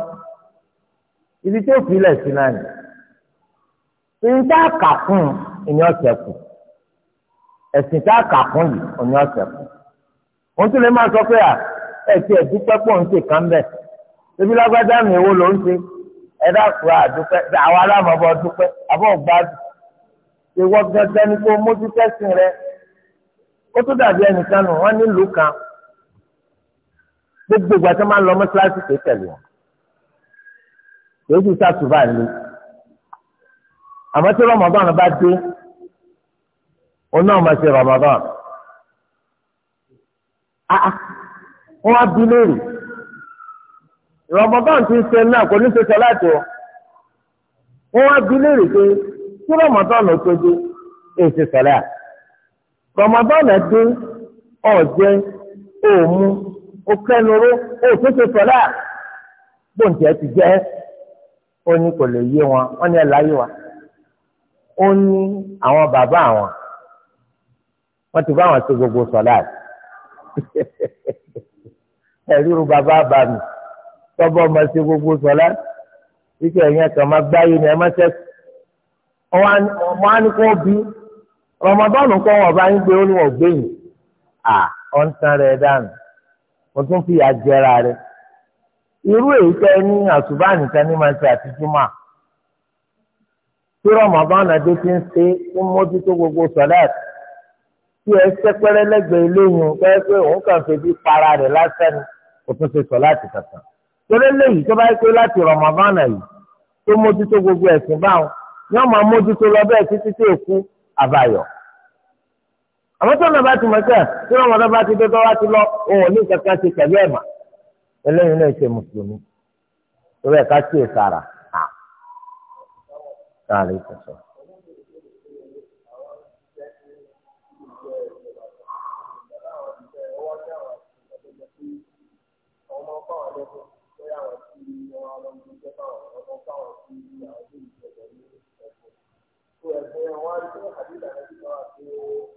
ibi tó fi lẹ̀ sí náà ni nta kà fún ìní ọ̀sẹ̀ kù ẹ̀sìn tá kà fún yìí ìní ọ̀sẹ̀ kù òun tún lè máa sọ pé à ẹ̀ tí ẹ̀ dúpẹ́ pọ̀ ń ṣe kán bẹ̀ ebi lágbájá mi èwo ló ń ṣe ẹ dákun àdúpẹ́ àwọn alámọ̀bọ dúpẹ́ àbọ̀ gbádùn ìwọ gangan ni kó mójútẹ́sìn rẹ ó tún dàbí ẹnìkan nù wọ́n nílùú kan gbogbo ìgbà tó máa ń lọ mọ́ṣáláṣí pé tẹ̀lé wọn lójú sàtúbà ni àmọ́ tí rọmọdán bá dé òun náà máa ṣe rọmọdán wọn á bí lórí rọmọdán ti ń ṣe náà kò ní ṣe sọ láti ọ wọn á bí lórí pé tí rọmọdán ló tó dé èsì sọlá rọmọdán dé ọjẹ òmu. O kẹnuró o tètè sọlá gbòǹtì ẹ ti jẹ ó ní kò lè yé wọn wọn ni ẹ láyé wa ó ní àwọn bàbá àwọn wọn ti bá àwọn ṣe gbogbo sọlá ẹrú bàbá bá tọ́bọ̀ ọmọ ṣe gbogbo sọlá ike ẹ̀yìn ẹ̀kan máa gbáyé ni ẹ má ṣẹ́kù ọmọ anìkọ́ bí Ramadan kọ́ wọn bá ń gbé ó ní wọn gbé yìí à ọ̀ ń tan rẹ̀ dànù o tún fi ìyà jẹra rẹ irú èyí tẹ ní àṣùbà nìkan ní máa ṣe àtijúmọ́ tí rọmọbọ́nà dé ti ń ṣe ń mójútó gbogbo sọ̀dáàt tí ẹ sẹ́pẹ́rẹ́ lẹ́gbẹ̀ẹ́ iléyìn pẹ́ẹ́ pé òun kàn fi bí para rẹ̀ lásán ni o tún ṣe sọ̀láàtì kankan torí léyìí tó bá yẹ pé láti rọmọbọ́nà yìí tó mójútó gbogbo ẹ̀sìn báwọn yóò máa mójútó lọ bẹ́ẹ̀ títí tí èkú àbáyọ̀ àmọ́ tí ọ̀nà bá ti mọ̀ sẹ́ẹ̀ tí wọ́n mọ̀nà bá ti dé tó wá ti lọ òun ò ní kankan ṣe pẹ̀lú ẹ̀mà eléyìí náà ṣe mùsùlùmí torí ẹ̀ ká tíye sára láàrin ìtọ́sọ. Thank you.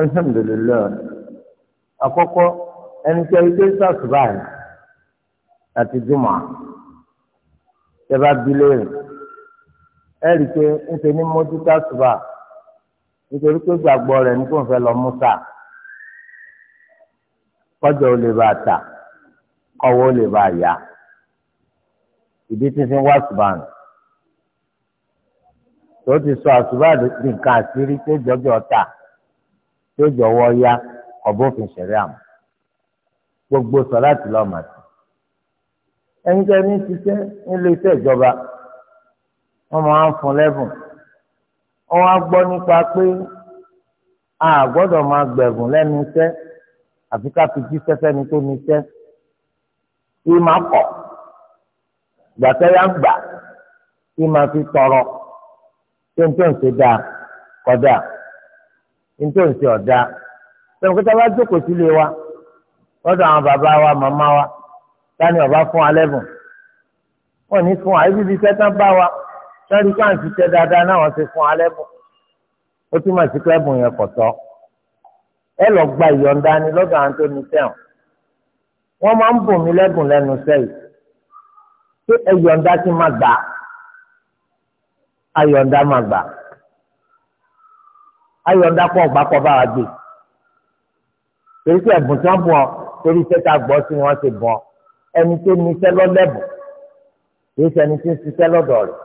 alhamdulilayi àkọ́kọ́ ẹni tí a yi kéésà subayi àti juma tẹ́bá bilé rẹ̀ ẹ rí i pé ń ṣe ní mójútà suba nítorí pé gbàgbọ́ rẹ̀ ní kò ń fẹ́ lọ mùsà kọjọ ò lè bá a ta kọwọ́ ò lè bá a yá ìdí tí ń fi wá suba nù tó ti sọ àṣùbà di nǹkan àṣírí tó jọjọ ta tó jọwọ ya ọbọfin ṣẹlẹ àmọ gbogbo sọ láti lọ mà sí. ẹnikẹ́ni ṣiṣẹ́ nílé iṣẹ́ ìjọba wọ́n máa ń fún lẹ́bùn wọ́n á gbọ́ nípa pé a gbọ́dọ̀ máa gbẹ̀bùn lẹ́nu iṣẹ́ àfi ká fi jíṣẹ́ fẹ́ni tó ní iṣẹ́ kí máa kọ̀ gbàtẹ́ yá ń gbà kí máa fi tọrọ ṣé n tó ń ṣe dáa kódà n tó ń ṣe ọ̀dà sọ̀rọ̀ kí táwa jókòó sílé wa lọ́dọ̀ àwọn bàbá wa màmá wa tani ọba fún alẹ́bùn wọn ní fún àyè bíbí sẹ́tàn bá wa sọ́ọ́rí ká ń ṣiṣẹ́ dáadáa náà wọ́n ti fún alẹ́bùn ó túmọ̀ sí pé ẹ̀bùn yẹn kò tọ́ ẹ lọ gba ìyọ̀ǹda ni lọ́dọ̀ àwọn tó ní sẹ́wọ̀n wọ́n máa ń bùn mí lẹ́bùn lẹ́nu sẹ́yìn pé ẹ ti máa gbà á ayọ̀ǹda máa gbà ayọ̀ǹda pọ̀ gbà pọ̀ bá wa gbé torí pé ẹ̀bùn tí wọ́n bù ọ́ torí iṣẹ́ tá a gbọ́ sí wọn ti bọ̀ ẹni tó ní iṣẹ́ lọ́lẹ́bùn kì í ṣe ẹni tí ń ṣiṣẹ́ lọ́dọ̀ rẹ̀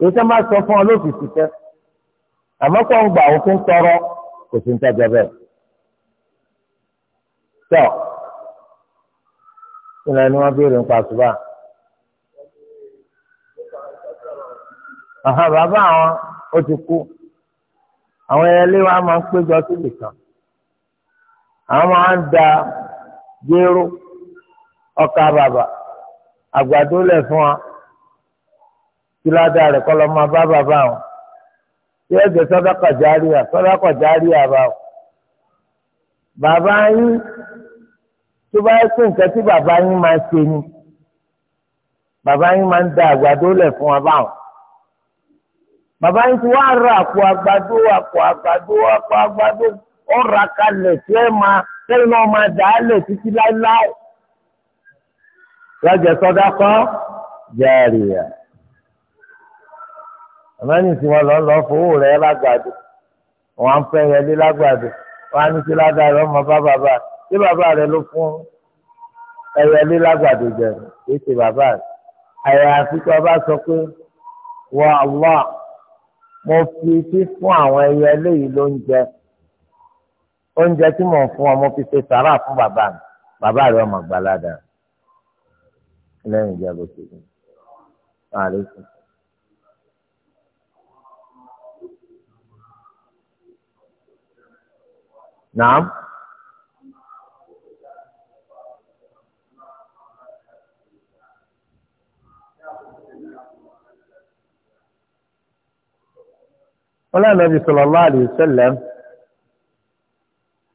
èyí tó máa sọ fún ọ ló fi ṣiṣẹ́ àmọ́ kó ń gbà ó fi ń tọrọ kò sí ń tẹ́jọ bẹ́ẹ̀ tọ́ ìlànà wọn bí èrè ń pa ṣùgbọ́n. àhàn bàbá àwọn ó ti kú àwọn ẹyẹlé wa máa ń péjọ síbì kan àwọn máa ń da jéró ọkà bàbà àgbàdo lẹ̀ fún wa kí ládà rẹ̀ kọ́ lọ́ máa bá bàbá àwọn tí ẹ̀jẹ̀ sọ́dọ̀kọ̀ járíà sọ́dọ̀kọ̀ járíà bá wọn. bàbá yín tó bá yẹ kó nǹkan tí bàbá yín máa ṣe ni bàbá yín máa ń da àgbàdo lẹ̀ fún wa báwọn bàbá yín ti wá ra àpò àgbàdo àpò àgbàdo àpò àgbàdo ọ̀rà kalẹ̀ tí ẹ máa tẹ́lẹ̀ náà máa dà á lẹ̀ títí láéláé. lọ́jọ́ sọ́dá kan jẹ́rì ẹ̀. àmọ́ni tí wọ́n lọ lọ fowó rẹ̀ lágbàdo wọ́n á ń fẹ́ yẹlé lágbàdo wọ́n á ní sí ládàá ọmọ bá bàbá tí bàbá rẹ̀ ló fún ẹyẹlé lágbàdo jẹ̀rì kì ṣe bàbá rẹ̀. àyàfi tí wọ́n sọ pé wọ́n àlọ́ mo fi fífún àwọn ẹyẹ eléyìí lóúnjẹ oúnjẹ tí mò ń fún ọ mo fi ṣe sàrà fún bàbá mi bàbá rẹ ọmọ gbalada lẹ́yìn ìjọba òṣèlú ààrẹ sọ. Naam. ọlọ́ọ̀nàbí sallallahu alaihi wasallam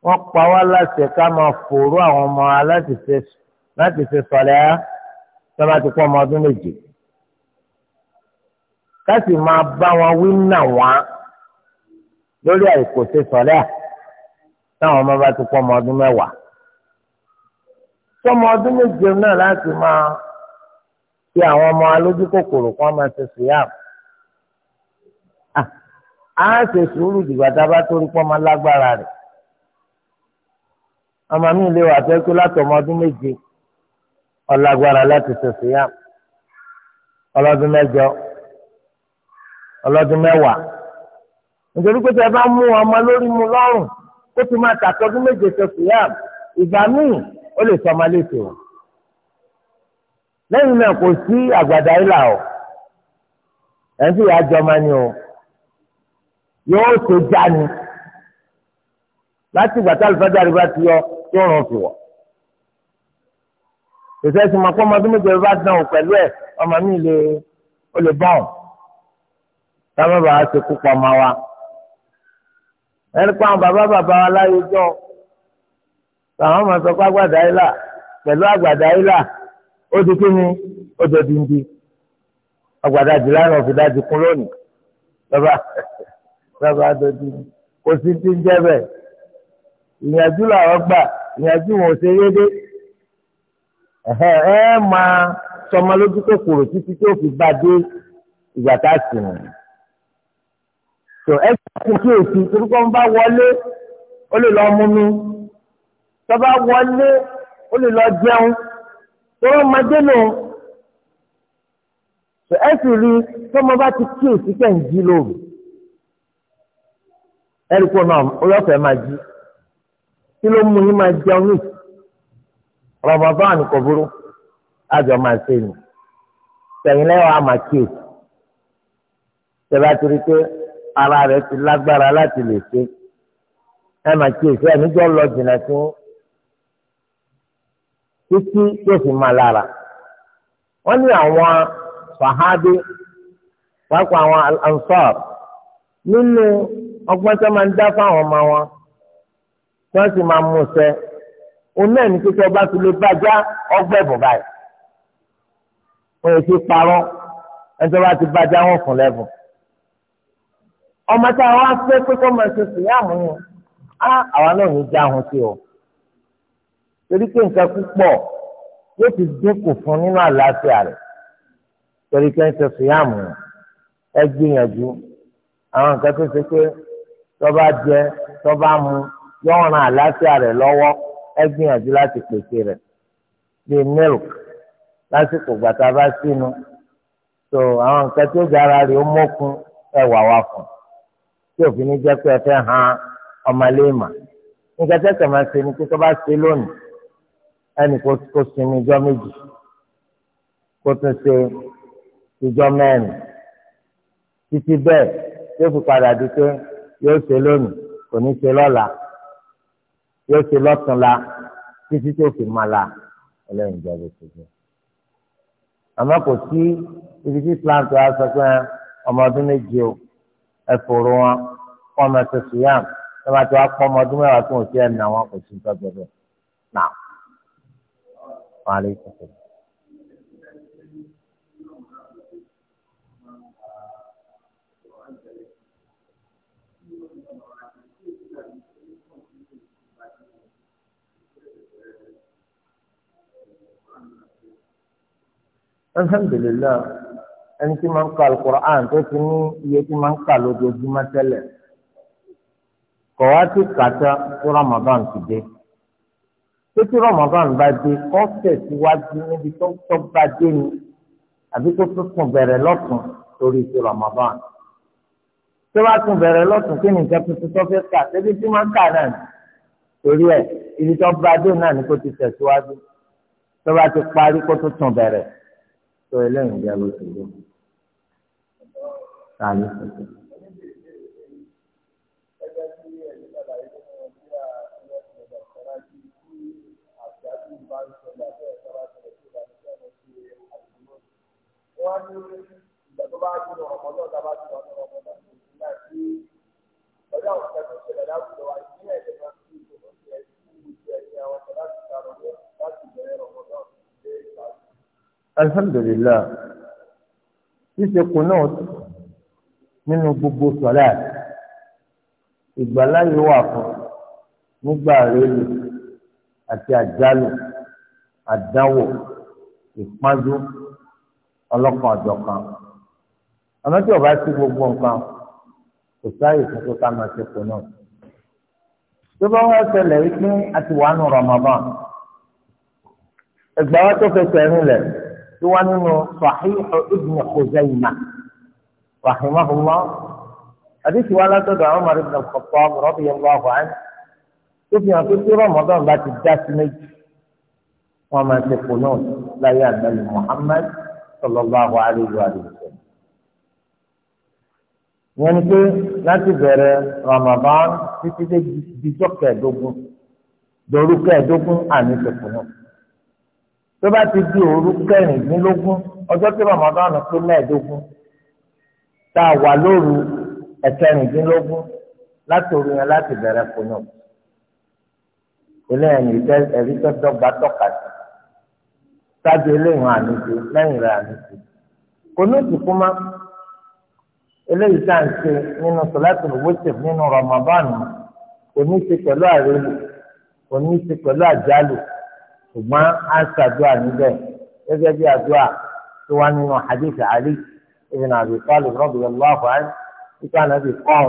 wọ́n pa wá láṣẹ ká máa fòrò àwọn ọmọ aláti ṣe láti ṣe sọ̀lẹ́ á sábà ti pọ́ ọmọ ọdún méje ká sì máa bá wọn wí nà wá lórí àìkò ṣe sọ̀lẹ́ à táwọn ọmọ bá ti pọ́ ọmọ ọdún mẹ́wàá sọmọ ọdún méje náà láti máa fi àwọn ọmọ alójú kòkòrò kan máa ṣe sùyàmù á ṣe sùúrù dìgbà tá a bá torí pọ́ máa lágbára rẹ̀ ọmọ mi lè wà fẹ́ kó látọmọ ọdún méje ọlágbára láti ṣẹṣẹ yá ọlọ́dún mẹ́jọ ọlọ́dún mẹ́wàá nítorí pé tẹ bá mú ọmọ lórí mu lọ́rùn ó ti máa tàtọ́dún méje ṣẹṣẹ yá ìgbà míì ó lè sọmọ léṣe o lẹ́yìn náà kò sí àgbàdá ìlà ẹ̀ ń sì yá jọmọ ni o yóò ṣe já ni láti ìgbà tí alùpàdé bá ti yọ yóò rán fi wọ̀. ìfẹ́ sì máa kọ́ ọmọ ọdún méje bá dán o pẹ̀lú ẹ̀ ọmọ mi lè ó lè bọ̀ ọ́n táwọn bàbá ṣe kú pa ọmọ wa. ẹni pa àwọn bàbá bàbá wa láyé jọ làwọn máa sọ pé àgbàdá yìí là pẹ̀lú àgbàdá yìí là ó di kí ni ó jọ dundun àgbàdá jùlọ àrùn òfin dájú kún lónìí bàbá dòdì kò sí ti ń jẹ́ bẹ́ẹ̀ ìyànjú làwọn gbà ìyànjú wọn ò ṣe yédé ẹ ẹ máa sọmọ lójú kòkòrò títí tí ó fi bá dé ìgbà tá a sì mọ̀ tó ẹ kò kí èsì torúkọ ń bá wọlé ó lè lọ mú mi tó bá wọlé ó lè lọ jẹun tó wọn máa dé nù tó ẹ sì rí tọmọ bá ti kí èsì kẹ́ ń jí lóru ẹ̀ríkò náà olóòfẹ́ máa jí kí ló mú yín máa jẹun ní Ramadan kò burú àjọ máa ṣe nù sẹ́yìn lẹ́wọ̀n àmà kíyè tẹ́lá torí pé ara rẹ̀ ti lágbára láti lè ṣe ẹ̀ máa kíyè sí ẹ̀níjọ́ lọ jìnnà sí títí yóò fi máa lára wọ́n ní àwọn sàhábí pàápàá àwọn ansar nínú ọgbọ́n tó máa ń dá fáwọn ọmọ wọn tí wọ́n sì máa mú ṣẹ òun náà ní kíkọ́ bá ti lè bàjá ọgbẹ́ bọ̀ báyìí wọ́n yẹ kí parọ́ ẹjọ́ bá ti bàjá wọn fún lẹ́bùn. ọmọ tá a wá fẹ́ pé kó máa ṣe sùn yáàmú yẹn á àwa náà ní já hun sí o torí pé nǹkan púpọ̀ yóò ti dínkù fún nínú àlàáfíà rẹ̀ torí pé ń ṣe sùn yáàmú yẹn ẹ gbìyànjú àwọn nǹkan tó ṣe pé tọ́ba jẹ tọ́ba mu yóò ran àlàáfíà rẹ̀ lọ́wọ́ ẹ gbìyànjú láti pèsè rẹ̀ bíi milk lásìkò gbàtà bá sínú so àwọn nǹkan tí ó jára rẹ̀ ó mọ́kun ẹwà wa fún tí òfin ní jẹ́ pé ẹ fẹ́ han ọmọléèmà nǹkan tẹ́tẹ̀ máa ṣe ni pé tọ́ba ṣe lónìí ẹnì kó sinmi ijọ́ méjì kó tún ṣe ijọ́ mẹ́rin títí bẹ́ẹ̀ tí fi padà di pé yóò ṣe lónìí kò ní ṣe lọ́la yóò ṣe lọ́túnla títí tó fi máa la ẹlẹ́yìn ìjọba tó jẹ. àmọ́ kò sí ibi tí islam tó a sọ pé ọmọ ọdún méje o ẹ̀fọ́rọ̀ wọn wọn máa ṣe sùyàm wọn máa tó a ọmọ ọdún mẹ́wàá tó ń ṣe ẹ̀ nà wọn kò sí ìtọ́jú ẹ̀ náà. Wa alaikum salaam. alhamdulilayi ẹni tí máa ń ka alukur'an tó ti ní iye tí máa ń ka lójoojúmọ́ tẹ́lẹ̀ kọ̀ wá ti kàtá tó ramadan ti dé tó tí ramadan bá dé kọ́ tẹ̀síwájú níbi tó tọ́ bá dé ni àbí kó tó tún bẹ̀rẹ̀ lọ́tún torí ti ramadan tó bá tún bẹ̀rẹ̀ lọ́tún kí ni nǹkan tuntun tó fẹ́ kà débi tí máa ń kà náà torí ẹ̀ ibi tó bá dé náà ni kó ti tẹ̀síwájú tó bá ti parí kó tó tún bẹ̀rẹ̀ tó ẹlẹ́yìn bí a bá sí náà sí ọjọ́ sí ìṣòro ti alhamdulilah ṣíṣe kunut nínú gbogbo sọlá ìgbàláyé wà fún nígbà rẹlù àti àjálù àdánwò ìpájú ọlọ́kan ọ̀jọ̀kan àmọ́ tí ọba sí gbogbo nǹkan kò sáàyè fún kó ká máa ṣe kunut tó bá wá ṣẹlẹ̀ wípé a ti wà nù Ramadan ẹgbàá wa tó fẹsẹ̀ rinlẹ̀ tó wá nínú Sahihu Ibn Khuzaymah rahimahullah àdìsí wa látọ̀dọ̀ Umar ibn al-Khattab radiyallahu anhu tó fi hàn pé tí Ramadan bá ti dá sí méjì wọn máa ṣe kùnú láyé àgbẹ̀lẹ̀ Muhammad sallallahu alayhi wa sallam. ìyẹn ni pé láti bẹ̀rẹ̀ Ramadan títí dé dijọ́ kẹẹ̀dógún dorú kẹẹ̀dógún àní ṣe kùnú tó bá ti di òru kẹrìndínlógún ọjọ́ tí ramadan pé mẹ́ẹ̀ẹ́dógún tá a wà lóru ẹ̀kẹrìndínlógún láti òru yẹn láti bẹ̀rẹ̀ kùnú ilé ẹ̀yìn ẹ̀rí tó dọ́gba tọ́ka sí ṣáájú eléyìn àníjì lẹ́yìn rẹ̀ àníjì kùnú ti kú mọ́ eléyìí tá à ń ṣe nínú sọláàtì wọ́sẹ̀ nínú ramadan kò ní í ṣe pẹ̀lú àrélù kò ní í ṣe pẹ̀lú àjálù ṣùgbọ́n a ṣàdúrà níbẹ̀ gẹ́gẹ́ bí àdúrà tó wá nínú hadith ali ibn abi talib radiyallahu anhu ikú anabi kọ́ọ̀n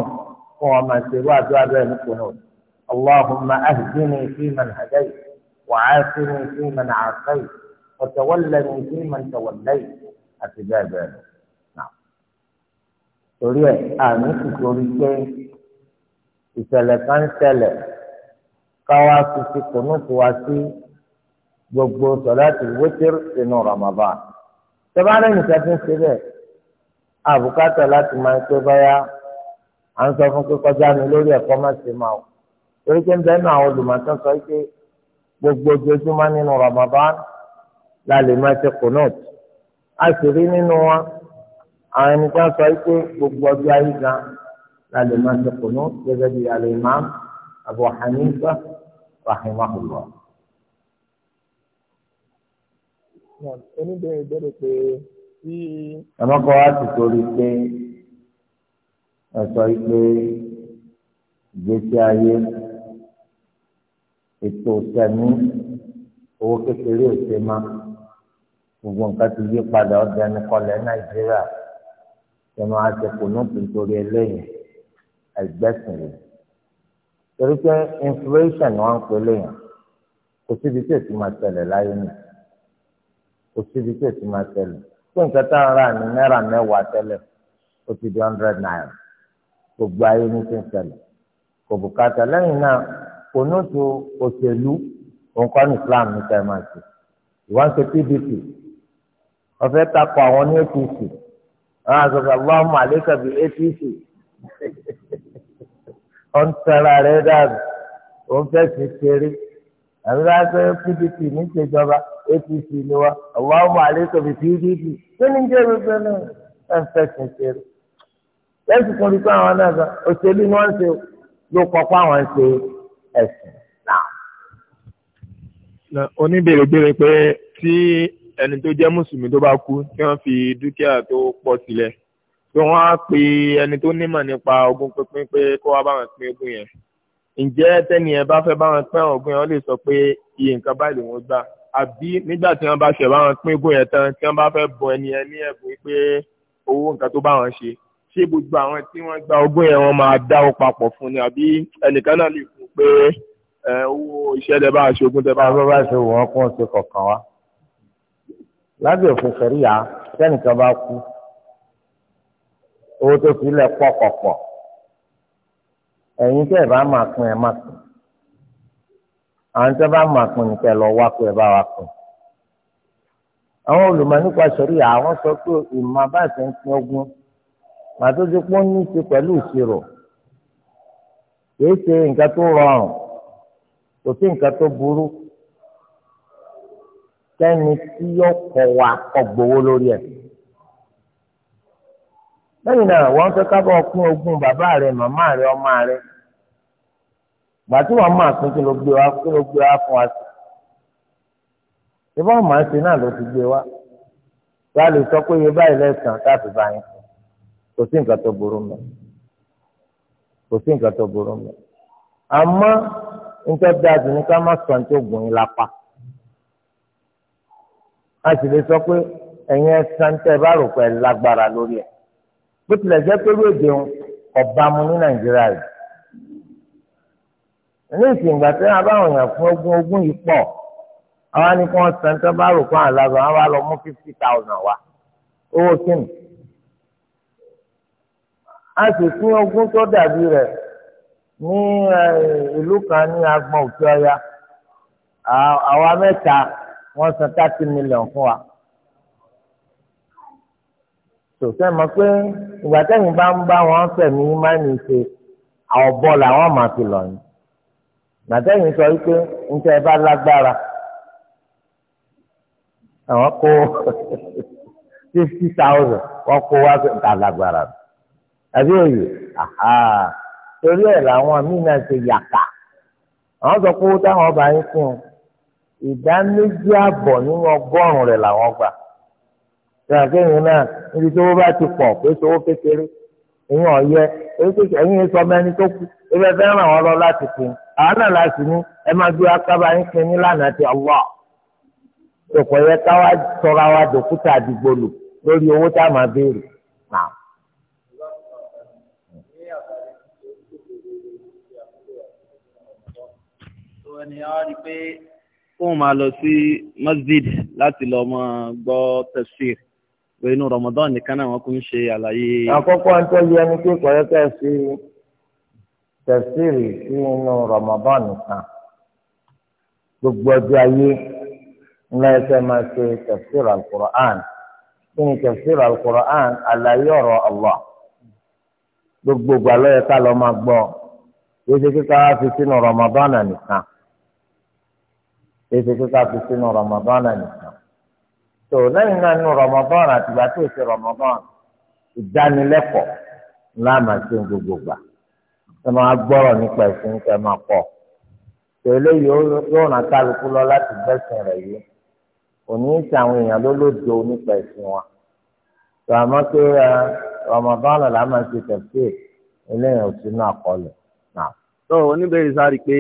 fún wọn máa ṣe irú àdúrà bẹ́ẹ̀ ní kùnú allahumma ahdini fi man hadayt wa aafini fi man aafayt wa tawallani fi man tawallayt àti bẹ́ẹ̀ bẹ́ẹ̀ lọ torí ẹ àmì kìkìorí pé gbogbo sọláàtì wítìrì inú Ramadan tẹ́bá lẹ́yìn tí a ti ń ṣe bẹ́ẹ̀ àbùkátà láti máa ń pé báyà à ń sọ fún pé kọjá mi lórí ẹ̀kọ́ má ṣe máa o torí pé ń bẹ́ẹ̀ náà àwọn olùmọ̀tán sọ pé gbogbo ojoojúmọ́ nínú Ramadan la lè máa ṣe kùnọ́ọ̀tì a sì rí nínú wa àwọn ẹni tí wọ́n sọ pé gbogbo ọjọ́ ayé gan la lè máa ṣe kùnọ́ọ̀tì gẹ́gẹ́ bí Al-Imam Abu Hanifa rahimahullah. oníbẹ̀rẹ̀ bẹ̀rẹ̀ pé tí. ẹ̀mọ́kọ́ wa ti torí pé ẹ̀sọ́ pé ìgbésí ayé ètò sẹ́mi owó kékeré ò ṣe má gbogbo nǹkan ti yí padà ọ̀dẹ ẹnikọ́lẹ̀ nàìjíríà tẹnu àti kùnúùtù nítorí eléyìí ẹgbẹ́sìn rẹ̀ torí pé inflation ni ń pè léyìn kò síbi tí èsì máa ṣẹlẹ̀ láyé nìyí kò síbi tí èsì máa tẹ̀lé tó nǹkan tá a rà ní náírà mẹ́wàá tẹ́lẹ̀ ó ti di hundred naira gbogbo ayé ní ti ń tẹ̀lé kò bùkátà lẹ́yìn náà kò ní tó òṣèlú nǹkan Islam ní ká ẹ máa ṣe ìwọ́n ṣe PDP ọ̀fẹ́ takọ àwọn ní APC àwọn àgbàgbà bá wọn àlékà bíi APC ọ̀n tẹ̀ra rẹ̀ dàbí òun fẹ́ fi ṣeré àbí wọ́n á sọ pdp ní ìṣèjọba apc ni wọ́n àwọn ọmọ àlékò fi pdp tó ní jẹ́ gbogbo náà ẹ̀ ń fẹsẹ̀ ṣeré lẹ́sìn kan wípé àwọn náà sọ òṣèlú ni wọ́n ń ṣe ló kọ́kọ́ àwọn ń ṣe ẹ̀sìn náà. oníbèrèbèrè pé tí ẹni tó jẹ́ mùsùlùmí tó bá kú tí wọ́n fi dúkìá tó pọ̀ sílẹ̀ tí wọ́n á pe ẹni tó nímọ̀ nípa ogún pínpín pé kó wá bá wọn pín ogún yẹn ǹjẹ́ tẹ́ni ẹ bá fẹ́ bá wọn pín àwọn ogún yẹn wọ́n lè sọ pé iye nǹkan báyìí lòun gbà àbí nígbà tí wọ́n bá ṣẹ̀ bá wọn pín ogún yẹn tán tí wọ́n bá fẹ́ bọ ẹni ẹ ní ẹ̀bùn pé owó nǹkan tó bá wọn ṣe ṣé gbogbo àwọn tí wọ́n gba ogún yẹn wọ́n máa dá wọn papọ̀ fún ni àbí ẹnìkan náà lè fún pé owó iṣẹ́ tẹ bá ṣe ogún tẹ bá. àwọn bá ṣe wọ́n kún ṣe kọ̀ọ̀kan wá lábẹ́ òfin fẹ̀ríyà tẹ́nìkan bá kú owó tó fi lẹ̀ pọ̀ pọ̀ pọ̀ ẹ̀yin tẹ́ ẹ̀ bá máa pin ẹ̀ máa pin àwọn tẹ́ bá máa pin nìkẹ́ lọ wá pin ẹ̀ bá wá pin. àwọn olùmọ̀ nípa sọ̀rí àwọn sọ pé ìmọ̀ bá ṣe ń pin ogún màtójú pé ó ní í pẹ̀lú ìṣirò kìí ṣe nǹkan tó rọrùn kò sí nǹkan tó burú kẹ́ni tí yóò kọ̀ wá kọ̀ lórí ẹ̀ lẹ́yìn náà wọ́n fẹ́ kábọ̀ pín ogún bàbá rẹ̀ màmá rẹ̀ ọmọ rẹ̀ gbàtí wọn máa pín kí ló gbé wa kí ló gbé wa fún wa sí ìbọn màá ń ṣe náà ló ti gbé wa wá lè sọ pé iye báyìí lẹ́sàn-án káàfi bá yín kò sí nǹkan tó burú mọ́ kò sí nǹkan tó burú mọ́ àmọ́ nítorí bí a sì ní ká má sọ ní tó gùn yín lápá a sì lè sọ pé ẹ̀yin ẹ̀sán tẹ́ bá rò pé lágbára lórí ẹ̀ bó tilẹ̀ jẹ́ pé lóde òun mu ní nàìjíríà yìí ní ìsìn ìgbà tí wọn bá wọn fún ogún ogún yìí pọ̀ àwa ni kí wọn san tó bá rò fún àlàbà wọn bá lọ mú fifty thousand wa owó kíni a sì pín ogún tó dàbí rẹ̀ ní eh, ìlú kan ní agbọn òkè ọya àwa mẹ́ta wọn san thirty million fún wa tòṣẹ mọ̀ pé ìgbà tẹ̀yìn bá ń bá wọn fẹ̀mí máa ń ṣe àwọn bọ́ọ̀lù àwọn máa fi lọ yìí gbàtẹ́yìn sọ wípé ń tẹ́ ẹ bá lágbára àwọn kó fifty thousand wọ́n kó wá ta lágbára àbí òye torí ẹ̀ làwọn mìíràn ṣe yàtà àwọn sọ pé ó táwọn ọba yín fún un ìdá méjì àbọ̀ nínú ọgọ́rùn-ún rẹ̀ làwọn gbà ìrànkẹ́yìn náà níbi tí owó bá ti pọ̀ pé sowó kékeré ìyẹn ọ̀yẹ́ èyí sọ mẹ́ni tó kú ebe fẹ́ràn wọn lọ láti pin àwọn náà la sì ní ẹ máa gbé akábá yín pin ní lánàá ti Allah tòkọ̀ yẹ káwá tọra wa dòkúta àdìgbò lò lórí owó tá a máa béèrè náà. ẹni á rí pé kóun máa lọ sí masjid láti lọ mọ gbọ́ tafsir pé inú Ramadan nìkan náà wọn kò ń ṣe àlàyé. àkọ́kọ́ ń tọ́jú ẹni pé kọ̀ọ̀yọ́kẹ́ sí i tẹ̀síìrì sí inú Ramadan kan gbogbo ọjọ́ ayé ńlá ẹsẹ̀ máa ṣe tẹ̀síìrì alukur'an kí ni tẹ̀síìrì alukur'an àlàyé ọ̀rọ̀ Allah gbogbo gbàlọ́ yẹ ká lọ́ọ́ máa gbọ́ yéṣe kíkà á fi sínú Ramadan nìkan yéṣe kíkà á fi sínú Ramadan nìkan tó lẹ́yìn náà nínú Ramadan àtìgbà tó ṣe Ramadan ìdánilẹ́kọ̀ọ́ ńlá máa ṣe gbogbo gbà ẹ máa gbọ́rọ̀ nípa ẹ̀sìn kẹ́ máa pọ̀ tẹ̀lé yóò ràn kálukú lọ láti gbẹ̀sìn rẹ̀ yìí òní ti àwọn èèyàn ló lódo nípa ẹ̀sìn wọn tó àmọ́ pé Ramadan là máa ṣe tẹ̀síè eléyìí ò sí náà kọlẹ̀ náà. tó oníbẹ̀rẹ̀ sáré pé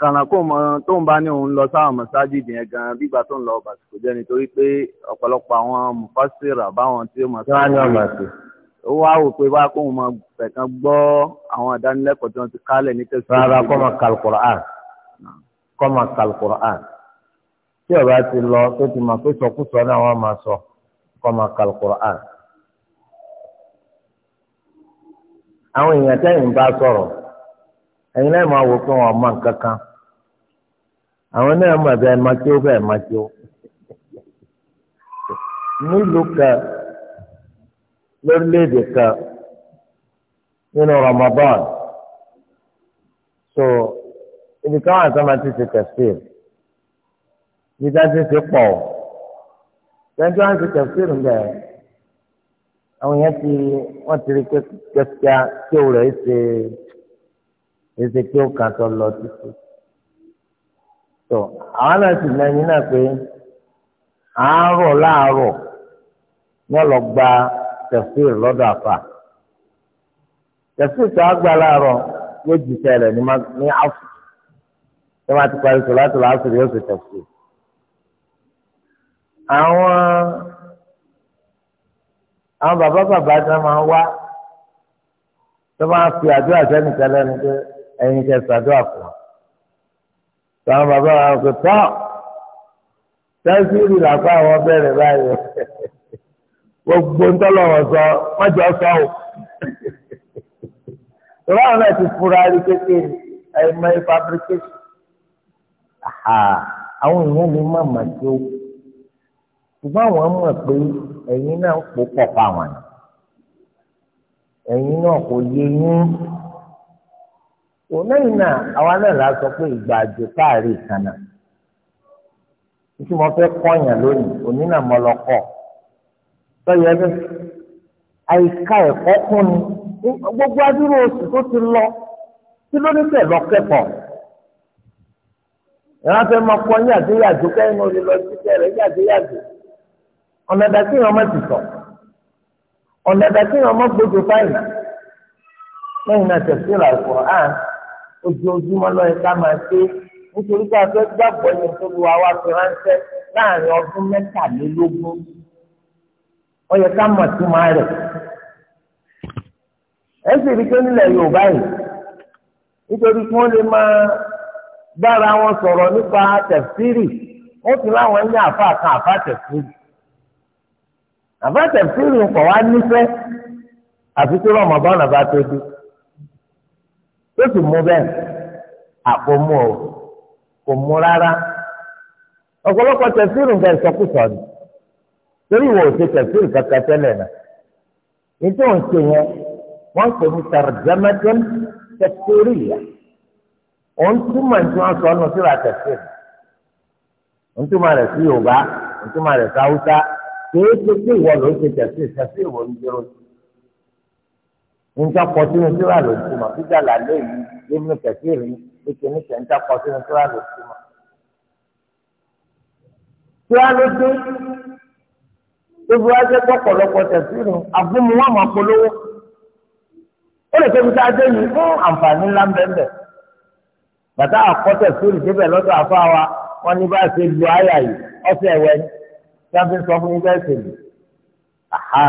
kànákò mọ tó ń bá ní òun lọ sáwọn mọ́sáájì yẹn gan bígbà tó ń lọ bàtìkò jẹ́ nítorí pé ọ̀pọ̀lọpọ̀ àwọn mufasira báwọn tí ó mọ̀ sí ó wá wò pé wá kóun mọ fẹ̀kan gbọ́ àwọn àdánilẹ́kọ̀ọ́ tí wọ́n ti kálẹ̀ ní tẹ̀sán. rárá kọ́ máa ka alukur'an kọ́ máa ka alukur'an tí ó bá ti lọ tó ti máa pé sọkúsọ náà wọ́n máa sọ kọ́ máa ka alukur'an. àwọn èèyàn tẹ́yìn bá sọ̀rọ̀ ẹ̀yin náà máa wò pé wọ́n mọ nǹkan kan àwọn náà mọ̀ bẹ́ẹ̀ máa kí ó bẹ́ẹ̀ máa kí ó nílùú kan lórílẹ̀‐èdè kan nínú Ramadan so ibi káwọn àti ọmọ ti ṣe tẹ̀síìrì bí dájú ti pọ̀ dájú wọn ti tẹ̀síìrì ń bẹ̀ àwọn yẹn ti wọ́n ti rí kẹ́kẹ́ kí o rẹ̀ ṣe ẹsẹ kí o kàn tó lọ títí tó àwọn náà sì lẹ́yìn náà pé àárọ̀ láàárọ̀ wọn lọ gba tafsir lọ́dọ̀ àfà tafsir tó àgbà láàárọ̀ yóò ju tẹ̀lẹ̀ ní áfù tó máa ti parí sọ̀rọ̀ àti láàásù yóò ṣe tafsir. àwọn àwọn bàbá bàbá tí wọ́n máa ń wá tó máa fi àdúrà sẹ́nìkan lẹ́nu pé ẹ̀yin kẹ́ ṣàdúrà fún wa. àwọn bàbá wa kò tọ́ tẹ́sí ìrìlà àwọn bẹ̀rẹ̀ báyìí gbogbo ńtọ́lọ̀ wọn sọ mọ́jọ sọ o. ìwà àwọn náà ti fura rí kékeré ẹ̀mọ fabrication. àwọn èèyàn lè má mà tó ṣùgbọ́n àwọn mọ̀ pé ẹ̀yin náà kó pọ̀ pa wọn. ẹ̀yin náà kò yé yín. òun náà àwa náà la sọ pé ìgbà àjò káàrí ìkànnà. ìtumọ̀ fẹ́ kọ́yàn lónìí òní náà mọ́ lọ lọ́yọ̀ ẹgbẹ́ àyíká ẹ̀kọ́ kún ni gbogbo adúrò oṣù tó ti lọ tí ló ní tẹ̀ lọ kẹ́kọ̀ọ́ ìránṣẹ́ máa kọ́ yàdéyàdó kẹ́yìn olè lọ sí kẹrẹ yàdéyàdó ọ̀nà ìdá tí ìyàn máa ti sọ ọ̀nà ìdá tí ìyàn máa gbójú fáìlì lẹ́yìn náà tẹ̀síra ẹ̀kọ́ á ojoojúmọ́ lọ́yẹ ká máa ṣe nítorí pé a fẹ́ gbàgbọ́ yẹn tó lu àwa fi ránṣẹ́ láàrin ọdún mẹ́tàlélógún ó yẹ ká mọ̀ sí máa rẹ̀ ẹ sì rí pé nílẹ̀ Yorùbá yìí nítorí kí wọ́n lè máa bára wọn sọ̀rọ̀ nípa tẹ̀síìrì ó ti láwọn ní àfa kan àfa tẹ̀síìrì àfa tẹ̀síìrì ń pọ̀ wá nífẹ̀ẹ́ àfi tí Ramadan bá tó dé tó sì mú bẹ́ẹ̀ àpò mú o kò mú rárá ọ̀pọ̀lọpọ̀ tẹ̀síìrì ń bẹ ìsọkúsọ ni torí ìwọ òsè tẹsíìrì kankan tẹ́lẹ̀ náà nítorí òun ṣe yẹn wọn pè ní tarjamatun tẹsíìrìyà òun túmọ̀ ní tí wọ́n sọ ọ́nà síra tẹsíìrì òun túmọ̀ rẹ̀ sí yorùbá òun túmọ̀ rẹ̀ sí haúsá kìí ṣe pé ìwọ ló ṣe tẹsíìrì tẹsíìrì wọ́n ń dúró sí nǹkan kọ sínú síra ló túmọ̀ fíjà làlẹ́ yìí nínú tẹsíìrì ètò ní kẹ̀ńtà gbogbo wa jẹ́ pọ̀pọ̀lọpọ̀ tẹ̀síìrù àbúmu wọn máa polówó ó lè tóbi tá a dé yìí fún àǹfààní ńlá ńbẹ́ńbẹ́ bàtà àkọ́ tẹ̀síìrù débẹ̀ lọ́dọ̀ àfa wa wọn ní bá a ṣe lu àyà yìí ọ̀sẹ̀ ẹ̀wẹ̀ ni tí a fi sọ fún yín bẹ́ẹ̀ ṣe lù àhà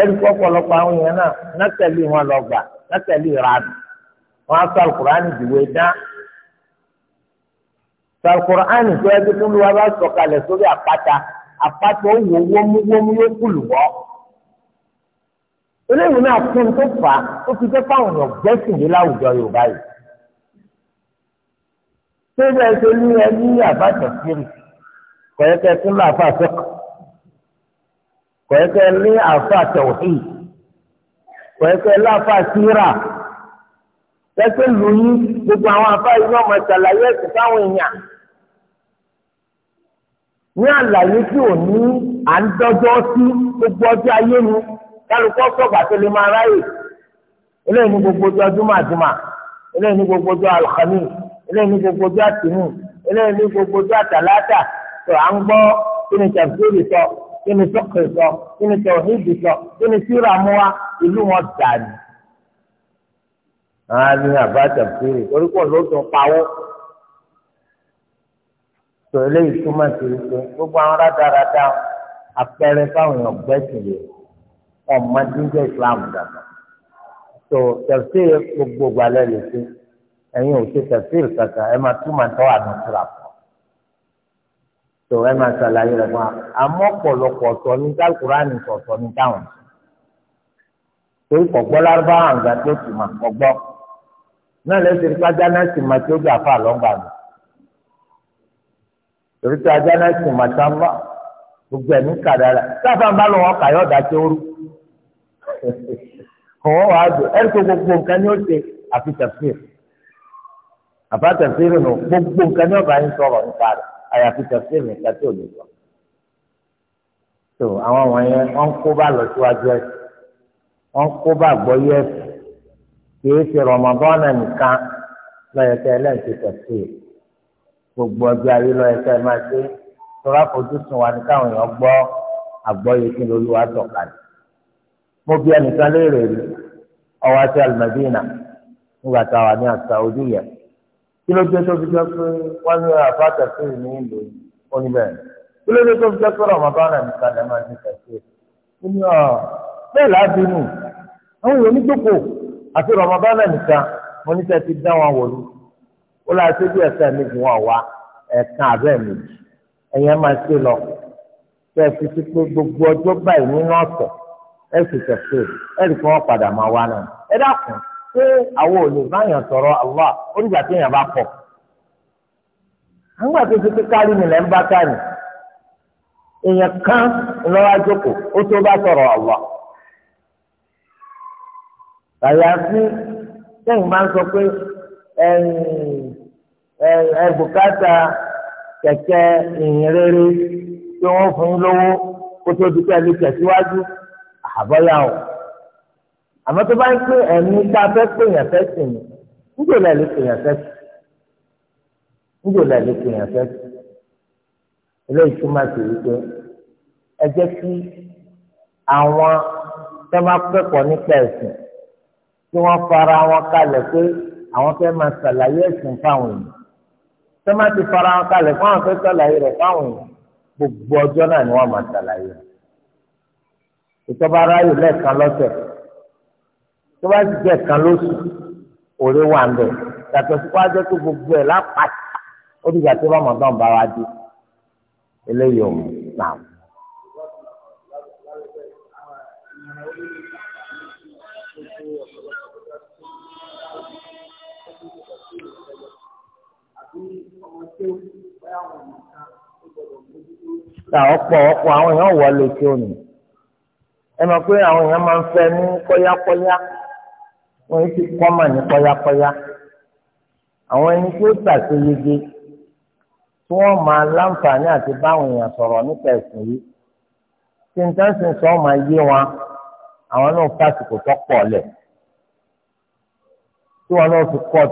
ẹ̀rí pọ̀pọ̀lọpọ̀ àwọn èèyàn náà nátẹ̀lé wọn lọ gbà nátẹ̀lé ìranù wọn á sọ àlùkùránì ìdìwé dán sọ àlùkùránì tó ẹgbẹ́ tó lu wa bá sọ̀kalẹ̀ sórí àpáta àpapọ̀ wò wọ́múwọ́mú yóò kù lùwọ́. eléyìí náà fún tó fà á ó fi jẹ́ fáwọn èèyàn gbẹ́sìn ní láwùjọ yorùbá yìí. ṣé bẹ́ẹ̀ ṣe ní ẹ ní àbájọ kiri kọ̀yẹ́kẹ́ tún lọ àfa àfẹ́kọ̀ kọ̀yẹ́kẹ́ ní àfa àtẹ̀wọ̀hì kọ̀yẹ́kẹ́ láfa síra tẹ́tẹ́ lóyún gbogbo àwọn àfa yìí náà mọ̀ ṣàlàyé ẹ̀sìn fáwọn èèyàn ní àlàyé tí ò ní à ń dọ́jọ́ sí gbogbo ọjọ́ ayé ni kálukọ́ sọ̀gbà tó lè máa ráyè eléyìí ní gbogbo ọjọ́ jùmọ̀jùmọ̀ eléyìí ní gbogbo ọjọ́ alùkàmì eléyìí ní gbogbo ọjọ́ àtìmù eléyìí ní gbogbo ọjọ́ àtàlátà tó à ń gbọ́ kí ni tafsiri sọ kí ni sọ́kè sọ kí ni tọ̀hídì sọ kí ni síra mú wa ìlú wọn dàní. àwọn àmì àbá tafsiri orí pọ̀ ló tún pawó tó eléyìí túmọ̀ sí wípé gbogbo àwọn rádaràda apẹ̀rẹ̀ fáwọn èèyàn gbẹ̀sìn lè ọmọ jíjẹ́ islam dàgbà tó tafsir gbogbo gbalẹ̀ lè ṣe ẹ̀yin ò ṣe tafsir kankan ẹ máa túmọ̀ tó àdúrà fún tó ẹ máa ṣàlàyé rẹ̀ fún wa àmọ́ pọ̀lọpọ̀ ọ̀tọ̀ ní kálukúránì ọ̀tọ̀ ní táwọn torí kọ̀gbọ́ lárúbáwá àǹgá tó tì mà kọ̀gbọ́ náà lẹ́sìn kájá náà sì máa tó torí pé ajá náà sùn màtá ń bá gbogbo ẹ̀mí kàdára sáfà ń bá lọ wọn kàyọ́ ọ̀dàtí ooru ọwọ́ wàá dùn ẹ̀rí tó gbogbo nǹkan ni ó ṣe àfi tẹ̀fíìr àbá tẹ̀fíìr nù gbogbo nǹkan ni ọba yín sọ̀rọ̀ nípa rẹ̀ àyàfi tẹ̀fíìr nìkan tí ò lè sọ. tó àwọn wọ̀nyẹn wọ́n kó bá lọ síwájú ẹ̀ wọ́n kó bá gbọ́ yẹ́ kì í ṣe rọmọbọ́nà nìkan lọ́yẹ̀kẹ́ ẹlẹ́ǹtì tẹ̀fíìr gbogbo ọjọ́ ayé lọ ẹsẹ máa ṣe tọrọ àfojúsùn wa ní káwọn èèyàn gbọ́ àgbọ́yé kí lolúwa sọ̀kalẹ̀ mo bí ẹnìkan léèrè rí ọwọ́ àti alimẹdínà nígbà táwa ní Saudi yẹn kí ló dé tó fi jẹ́ pé wọ́n ní àbá tẹ̀síìrì ní ìlú oníbẹ̀ kí ló dé tó fi jẹ́ pé Ramadan nìkan lẹ́ máa ti tẹ̀síìrì ó ní ọ bẹ́ẹ̀ láti nù àwọn èèyàn níjókòó àti Ramadan nìkan mo ní ó lọ aṣojú ẹ̀fẹ́ méjì wọn wá ẹ̀ẹ̀kan abẹ́ méjì ẹ̀yẹn máa ṣe lọ kí ẹ fi sí pé gbogbo ọjọ́ báyìí nínú ọ̀sẹ̀ ẹ sì tẹ̀sí ẹ rí fún wọn padà máa wá náà ẹ dákun ṣé àwọn ò lè báyàn sọ̀rọ̀ Allah onígbà tí èèyàn bá pọ̀ àwọn àti títí kárí mi lẹ́ ń bá kárí èèyàn kan lọ́wọ́ àjòkò ó tó bá sọ̀rọ̀ Allah àyàfi sẹ́yìn máa ń sọ pé ẹ̀yìn ẹ bùkátà kẹ̀kẹ́ ìhìnrere tí wọ́n fún yín lówó kó tó di pẹ̀lú tẹ̀síwájú àbọ̀yà o. àmọ́ tó bá ń pè ẹ̀mí tá a fẹ́ pèèyàn fẹ́ sìn ní níjòlá lè pèèyàn fẹ́ sìn níjòlá lè pèèyàn fẹ́ sìn. eléyìí túmọ̀ sí wípé ẹ jẹ́ kí àwọn tẹ́ bá kẹ́kọ̀ọ́ nípa ẹ̀sìn tí wọ́n fara wọn kalẹ̀ pé àwọn fẹ́ máa ṣàlàyé ẹ̀sìn fáwọn èèyàn sọ́mà ti fara wọn kalẹ̀ fún àwọn afẹ́ sàlàyé rẹ̀ fáwọn gbogbo ọjọ́ náà ni wọ́n máa sàlàyé rẹ̀ ìtọ́ba aráyò lẹ́ẹ̀kan lọ́sẹ̀ tó bá ti jẹ́ ẹ̀kan lóṣù òré wà ń bẹ̀ yàtọ̀ sí kó ajẹ́ tó gbogbo ẹ̀ lápàtì ó dìgbà tó bá mọ̀ bá wa dé eléyìí ò náà. ta ọ̀pọ̀ ọ̀pọ̀ àwọn èèyàn wọ̀ lè òní ẹ mọ̀ pé àwọn èèyàn máa ń fẹ́ ní kọ́yákọ́yá wọ́n ti kọ́ mà ní kọ́yákọ́yá àwọn ẹni tó tàṣe yege tí wọ́n máa láǹfààní àti báwọn èèyàn sọ̀rọ̀ nípa ẹ̀sìn yìí tí n tán sì ń sọ máa yé wọn àwọn náà fásitì tó pọ̀ lẹ̀ wọn náà fi kọ́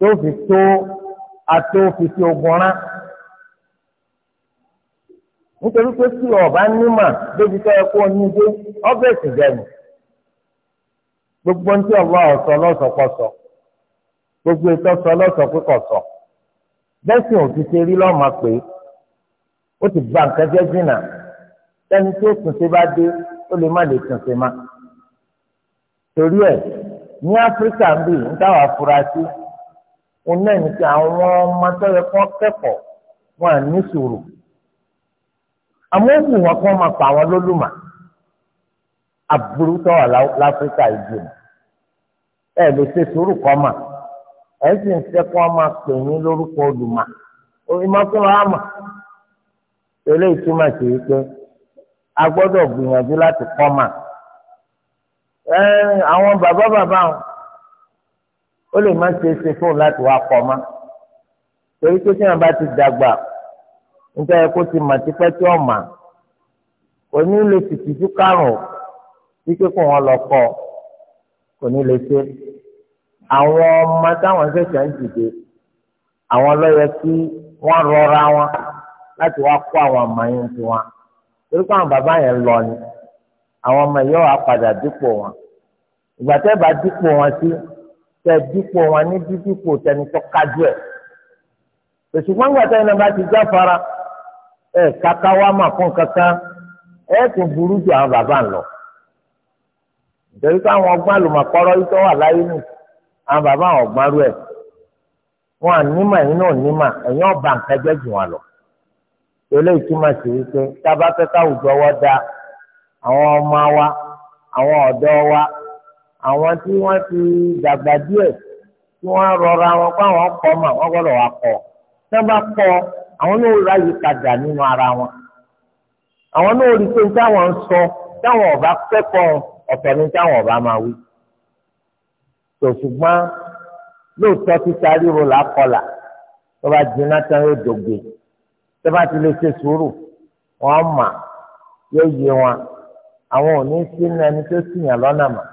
tó fi tó ató fífi ogun rán nítorí pé tí ọba nímọ̀ débi tó yẹ kó ní ọbẹ̀ sì dẹnu gbogbo ntí ọba ọ̀sọ̀ lọ́sọ̀kọ̀sọ̀ gbogbo ìtọ́sọ lọ́sọ̀kọ̀sọ̀ bẹ́ẹ̀ rí lọ́mọ ti gba nǹkan jẹ́ jìnnà tí bá dé ó lè má lè torí ẹ̀ ní áfíríkà ń bì ń táwọn afurasí. òun náà ní pé àwọn ọmọ tẹ́lẹ̀ kọ́ kẹ́kọ̀ọ́ wọn à ní sùúrù àmọ́ ó wù wọn kí wọ́n máa pa àwọn lólùmọ̀ aburú tó wà láfíríkà ìjìn ẹ lè ṣe sùúrù kọ́ mà ẹ sì ń fẹ́ kí wọ́n máa pè yín lórúkọ olùmọ̀ ìmọ̀kúnra àmọ̀ eléyìí túmọ̀ sí wípé a gbọ́dọ̀ gbìyànjú láti kọ́ mà ẹ àwọn bàbá bàbá wọn. ó lè má ṣe é ṣe fóun láti wá pọ̀ mọ́ torí pé tí wọn bá ti dàgbà nítorí kó ti mà tipẹ́ tí wọ́n mà kò ní lè tìtìjú kárùn-ún bí kíkún wọn lọ kọ́ kò ní lè ṣe àwọn ọmọ táwọn ṣẹ̀ṣẹ̀ ń dìde àwọn lọ́yẹ kí wọ́n rọra wọn láti wá kó àwọn àmàyàn tí wọn torí pé àwọn bàbá yẹn lọ ni àwọn ọmọ yìí wà padà dípò wọn ìgbà tẹ́ bá dípò wọn sí. Si, tẹ dípò wọn ní dídípò tẹni tó ẹ òṣùpọ̀n gbàtà iná bá ti jáfara ẹ kàkà wá mà fún kankan ẹ tún burú àwọn bàbá ń lọ nítorí káwọn ọgbọ́n àlùmọ̀kọ́rọ́ yìí wà láyé nù àwọn bàbá àwọn ọgbọ́n rú ẹ̀ wọn ànímọ̀ ẹ̀yin náà nímọ̀ àwọn tí wọ́n ti dàgbà díẹ̀ tí wọ́n rọra wọn pé àwọn kọ́ mà wọ́n gbọ́dọ̀ wá kọ́ tí wọ́n bá kọ́ àwọn náà ráyè padà nínú ara wọn àwọn náà rí pé táwọn ń sọ táwọn ọba kẹ́kọ̀ọ́ ọ̀tọ̀ ni táwọn ọba máa wí tó ṣùgbọ́n títa ríro làákọ́là tó bá jiná tán yóò dògbé tó bá ti lè ṣe sùúrù wọ́n mà yóò yé wọn àwọn ò ní sínú ẹni tó sì yàn lọ́nà mà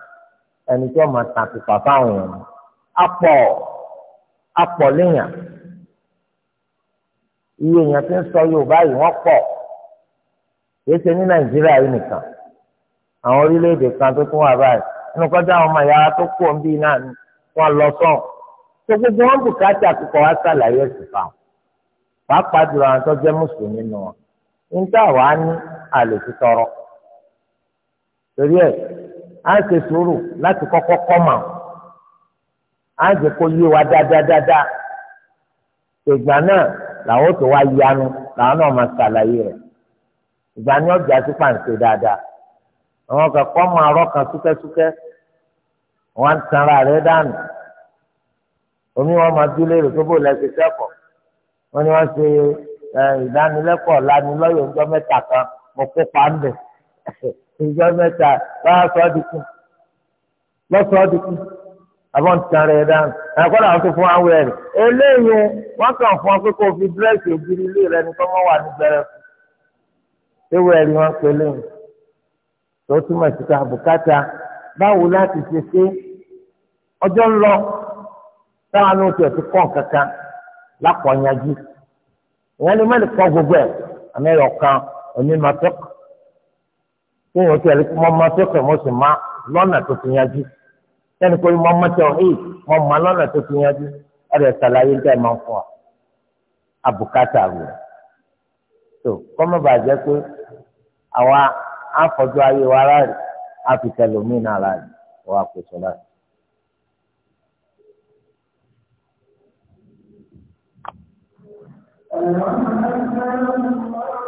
ẹni tí wọ́n máa tàn pípa fáwọn èèyàn apọ̀ apọ̀ léèyàn iye èèyàn tí ń sọ Yorùbá yìí wọ́n pọ̀ kìí ṣe ní Nàìjíríà yìí nìkan àwọn orílẹ̀-èdè kan tó tún wà báyìí nínú kọjá àwọn ọmọ ìyá tó kú òun bíi náà ni wọ́n lọ sọ̀n tó gbogbo wọn bùkátà kíkọ wá sàlàyé ẹ̀sìn fáwọn pàápàá jùlọ àwọn tó jẹ́ mùsùlùmí nù wọn níta wàá ní àlè ti tọrọ torí ẹ̀ á ṣe sùúrù láti kọ́kọ́ kọ́ mà á ṣe kó yé wa dáadáa ìgbà náà làwọn tó wá yanu làwọn náà máa ṣàlàyé rẹ̀ ìgbà ní ọjà tí pàǹsẹ dáadáa àwọn kan kọ́ máa rọ́ọ̀kan súkẹ́súkẹ́ wọn á tan ara rẹ̀ dànù omi wọn máa dúlé rẹ̀ tó bò lẹ́sẹ̀ kẹ́kọ̀ọ́ wọn ni wọ́n ṣe ìdánilẹ́kọ̀ọ́ lanilọ́yọ̀ ọjọ́ mẹ́ta kan mo kópa ń bẹ̀ ìjọ mẹ́ta bá a sọ dìkú lọ́sọ̀ dìkú àbọ̀n ti tàn rẹ̀ dànù àkọ́dà wọn tó fún wa wẹ̀ rẹ̀ eléyìí wọn kàn fún ọ pé kó o fi dírẹ́sì ògiri ilé rẹ ní kọ́mọ́ wà ní gbẹrẹ fún ewu ẹ̀rí wọn pé léyìn tó túmọ̀ sí ká bùkátà báwo láti ṣe ṣe ọjọ́ ń lọ táwọn ní oṣù ẹ̀tí kọ́ kankan lápọ̀ yanjú ìyẹn ni mẹ́lì kọ́ gbogbo ẹ̀ àmẹ́rọ̀ kan onímọ̀tọ́kọ̀ kí èèyàn ti ẹ̀rí pé mo máa tókè mo sì máa lọ́nà tó ti yanjú sẹ́ni pé mo máa tẹ̀ ọ́hìn mo máa lọ́nà tó ti yanjú ẹ̀rẹ̀ ṣàlàyé ń tẹ̀ máa ń fún ọ àbùkátà rẹ̀ tó kọ́mọ́ bàjẹ́ pé àwa afọ́jú ayé wa rárẹ̀ àfitẹ̀lómìnà rárẹ̀ wọ́n á pèsè láti. Thank you.